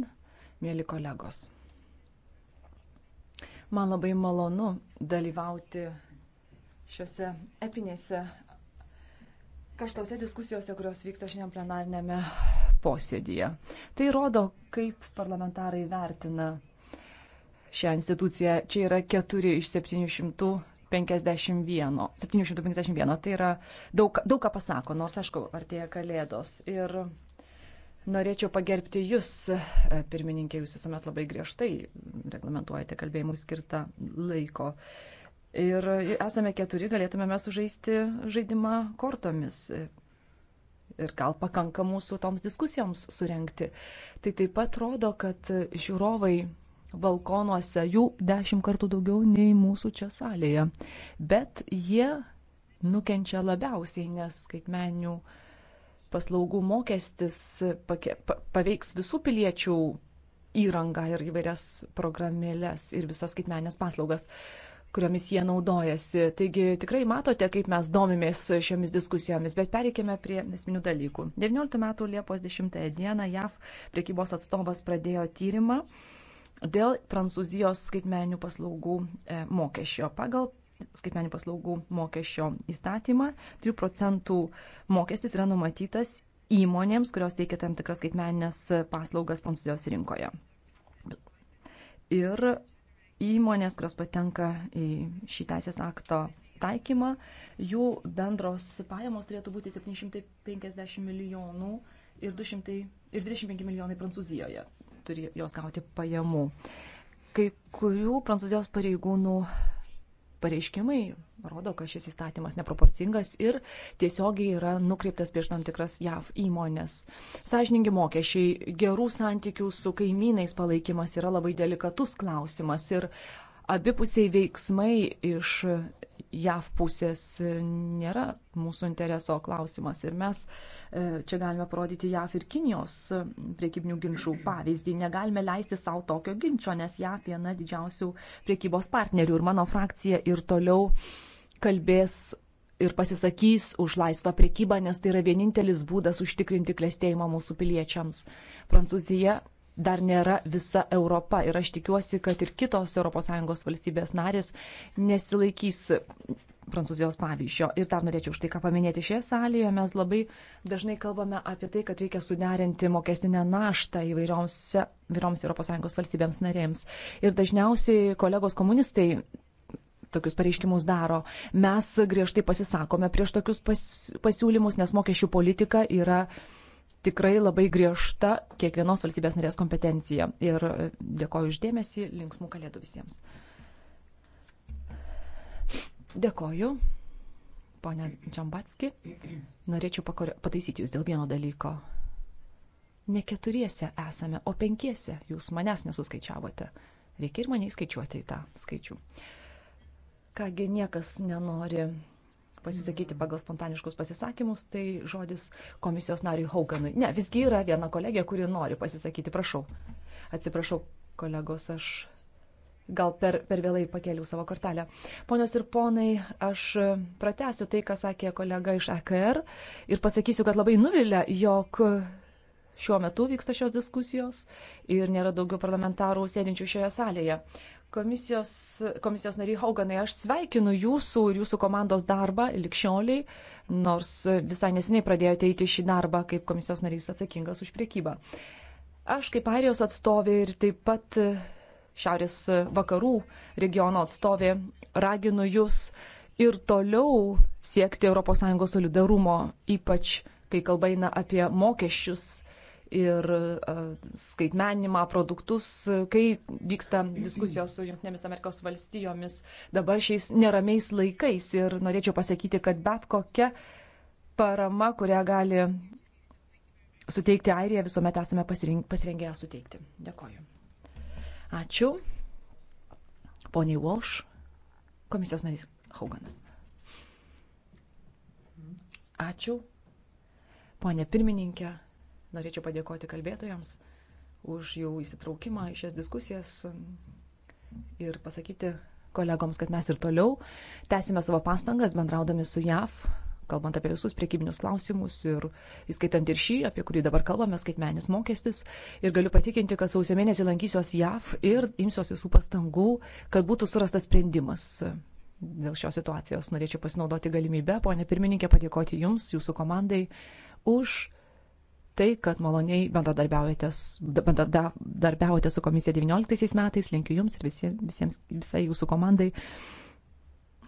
mėly kolegos. Man labai malonu dalyvauti šiuose epinėse karštose diskusijose, kurios vyksta šiandien plenarinėme posėdyje. Tai rodo, kaip parlamentarai vertina šią instituciją. Čia yra keturi iš 700 751. 751. Tai yra daug, daug ką pasako, nors aišku, artėja kalėdos. Ir norėčiau pagerbti Jūs, e, pirmininkė, Jūs visuomet labai griežtai reglamentuojate kalbėjimui skirtą laiko. Ir esame keturi, galėtumėme sužaisti žaidimą kortomis. Ir gal pakanka mūsų toms diskusijoms surenkti. Tai taip pat rodo, kad žiūrovai balkonuose, jų dešimt kartų daugiau nei mūsų čia salėje. Bet jie nukenčia labiausiai, nes skaitmeninių paslaugų mokestis paveiks visų piliečių įrangą ir įvairias programėlės ir visas skaitmenės paslaugas kuriomis jie naudojasi. Taigi tikrai matote, kaip mes domimės šiomis diskusijomis, bet pereikime prie esminių dalykų. 19 metų Liepos 10 dieną JAV priekybos atstovas pradėjo tyrimą dėl Prancūzijos skaitmeninių paslaugų e, mokesčio. Pagal skaitmeninių paslaugų mokesčio įstatymą 3 procentų mokestis yra numatytas įmonėms, kurios teikia tam tikras skaitmeninės paslaugas Prancūzijos rinkoje. Ir įmonės, kurios patenka į šį teisės akto taikymą, jų bendros pajamos turėtų būti 750 milijonų ir, 200, ir 25 milijonai Prancūzijoje turi jos gauti pajamų. Kai kurių prancūzijos pareigūnų pareiškimai rodo, kad šis įstatymas neproporcingas ir tiesiogiai yra nukreiptas prieš tam tikras JAV įmonės. Sažiningi mokesčiai, gerų santykių su kaimynais palaikymas yra labai delikatus klausimas ir abipusiai veiksmai iš JAV pusės nėra mūsų intereso klausimas. Ir mes e, čia galime parodyti JAV ir Kinijos e, priekybinių ginčių pavyzdį. Negalime leisti savo tokio ginčio, nes JAV viena didžiausių priekybos partnerių. Ir mano frakcija ir toliau kalbės ir pasisakys už laisvą priekybą, nes tai yra vienintelis būdas užtikrinti klėstėjimą mūsų piliečiams. Prancūzija dar nėra visa Europa. Ir aš tikiuosi, kad ir kitos ES valstybės narės nesilaikys Prancūzijos pavyzdžio. Ir dar norėčiau štai ką paminėti šioje salėje. Mes labai dažnai kalbame apie tai, kad reikia suderinti mokestinę naštą įvairioms ES valstybėms narėms. Ir dažniausiai kolegos komunistai tokius pareiškimus daro. Mes griežtai pasisakome prieš tokius pas, pasiūlymus, nes mokesčių politika yra uh, tikrai labai griežta kiekvienos valstybės narės kompetencija. Ir dėkoju uždėmesį, linksmų kalėdų visiems. Dėkoju, ponia Džambatski. Norėčiau pataisyti jūs dėl vieno dalyko. Ne keturiese esame, o penkiese. Jūs manęs nesuskaičiavote. Reikia ir mane įskaičiuoti į tą skaičių. Kągi niekas nenori pasisakyti pagal spontaniškus pasisakymus, tai žodis komisijos nariui Hauganui. Ne, visgi yra viena kolegė, kuri nori pasisakyti, prašau. Atsiprašau, kolegos, aš gal per, per vėlai pakėliau savo kortelę. Ponios ir ponai, aš pratęsiu tai, ką sakė kolega iš AKR ir pasakysiu, kad labai nuvilia, jog šiuo metu vyksta šios diskusijos ir nėra daugiau parlamentarų sėdinčių šioje salėje. Komisijos, komisijos nariai Hauganai, aš sveikinu jūsų ir jūsų komandos darbą likščioliai, nors visai nesiniai pradėjote eiti šį darbą kaip komisijos narys atsakingas už priekybą. Aš kaip Airijos atstovė ir taip pat Šiaurės vakarų regiono atstovė raginu jūs ir toliau siekti ES solidarumo, ypač kai kalba eina apie mokesčius ir skaitmenimą, produktus, kai vyksta diskusijos su Junktinėmis Amerikos valstijomis dabar šiais neramiais laikais. Ir norėčiau pasakyti, kad bet kokia parama, kurią gali suteikti Airija, visuomet esame pasirengę ją suteikti. Dėkoju. Ačiū. Poniai Walsh, komisijos narys Hauganas. Ačiū. Pone pirmininkė, Norėčiau padėkoti kalbėtojams už jų įsitraukimą į šias diskusijas ir pasakyti kolegoms, kad mes ir toliau tęsime savo pastangas bendraudami su JAV, kalbant apie visus priekybinius klausimus ir įskaitant ir šį, apie kurį dabar kalbame, skaitmenis mokestis. Ir galiu patikinti, kad sausio mėnesį lankysiuos JAV ir imsiuos visų pastangų, kad būtų surastas sprendimas. Dėl šios situacijos norėčiau pasinaudoti galimybę, ponė pirmininkė, padėkoti Jums, Jūsų komandai už tai, kad maloniai bendradarbiavote su komisija 19 metais. Linkiu Jums ir visie, visiems, visai Jūsų komandai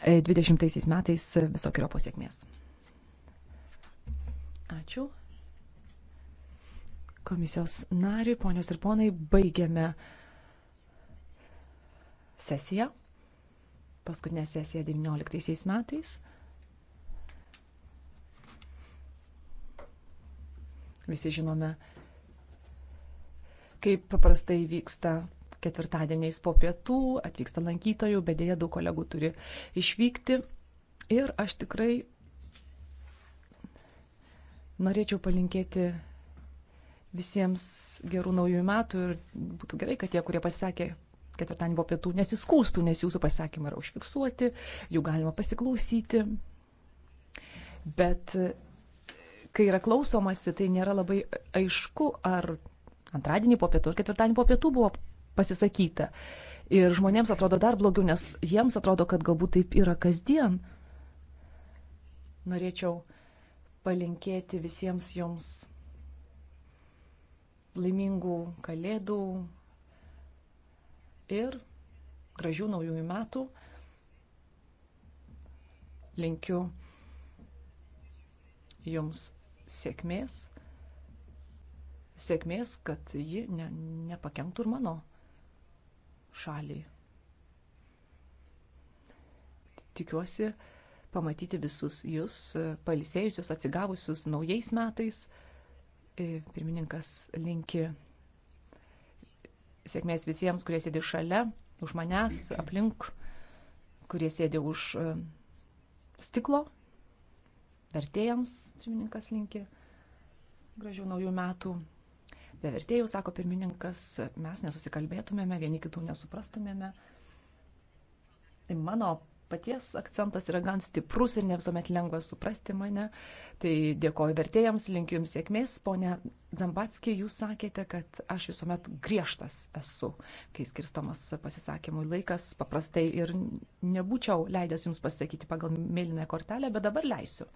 20 e, metais visokio pasiekmės. Ačiū. Komisijos nariui, ponios ir ponai, baigiame sesiją. Paskutinė sesija 19 metais. Visi žinome, kaip paprastai vyksta ketvirtadieniais po pietų, atvyksta lankytojų, bet dėja daug kolegų turi išvykti. Ir aš tikrai norėčiau palinkėti visiems gerų naujų metų ir būtų gerai, kad tie, kurie pasisakė ketvirtadienį po pietų, nesiskūstų, nes jūsų pasisakymai yra užfiksuoti, jų galima pasiklausyti. Bet kai yra klausomasi, tai nėra labai aišku, ar antradienį po pietų ar ketvirtadienį po pietų buvo pasisakyta. Ir žmonėms atrodo dar blogiau, nes jiems atrodo, kad galbūt taip yra kasdien. Norėčiau palinkėti visiems jums laimingų kalėdų ir gražių naujųjų metų. Linkiu jums sėkmės, sėkmės, kad ji ne, nepakenktų ir mano šaliai. Tikiuosi pamatyti visus jūs palisėjusius, atsigavusius naujais metais. E, pirmininkas linki sėkmės visiems, kurie sėdi šalia, už manęs, aplink, kurie sėdi už e, stiklo vertėjams, pirmininkas linki, gražių naujų metų. Be vertėjų, sako pirmininkas, mes nesusikalbėtumėme, vieni kitų nesuprastumėme. Tai mano paties akcentas yra gan stiprus ir ne visuomet lengva suprasti mane. Tai dėkoju vertėjams, linkiu jums sėkmės. Pone Zambatski, jūs sakėte, kad aš visuomet griežtas esu, kai skirstomas pasisakymui laikas. Paprastai ir nebūčiau leidęs jums pasisakyti pagal mėlyną kortelę, bet dabar leisiu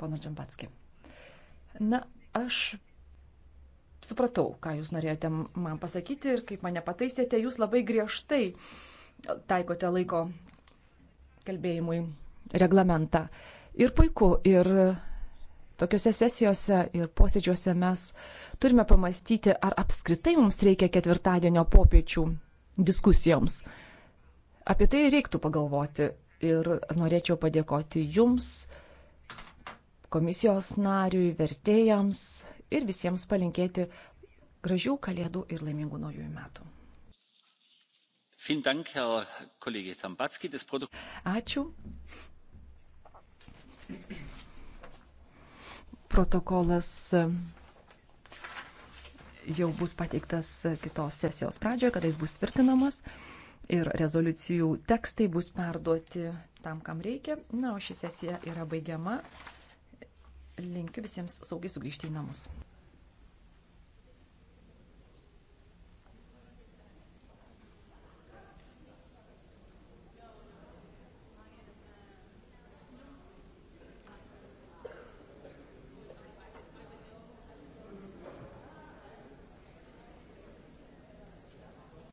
pono Džambatski. Na, aš supratau, ką jūs norėjote man pasakyti ir kaip mane pataisėte, jūs labai griežtai taikote laiko kalbėjimui reglamentą. Ir puiku, ir tokiuose sesijose ir posėdžiuose mes turime pamastyti, ar apskritai mums reikia ketvirtadienio popiečių diskusijoms. Apie tai reiktų pagalvoti ir norėčiau padėkoti jums komisijos nariui, vertėjams ir visiems palinkėti gražių kalėdų ir laimingų naujųjų metų. Ačiū. Protokolas e, jau bus pateiktas kitos sesijos pradžioje, kada jis bus tvirtinamas ir rezoliucijų tekstai bus perduoti tam, kam reikia. Na, o ši sesija yra baigiama linkiu visiems saugiai sugrįžti į namus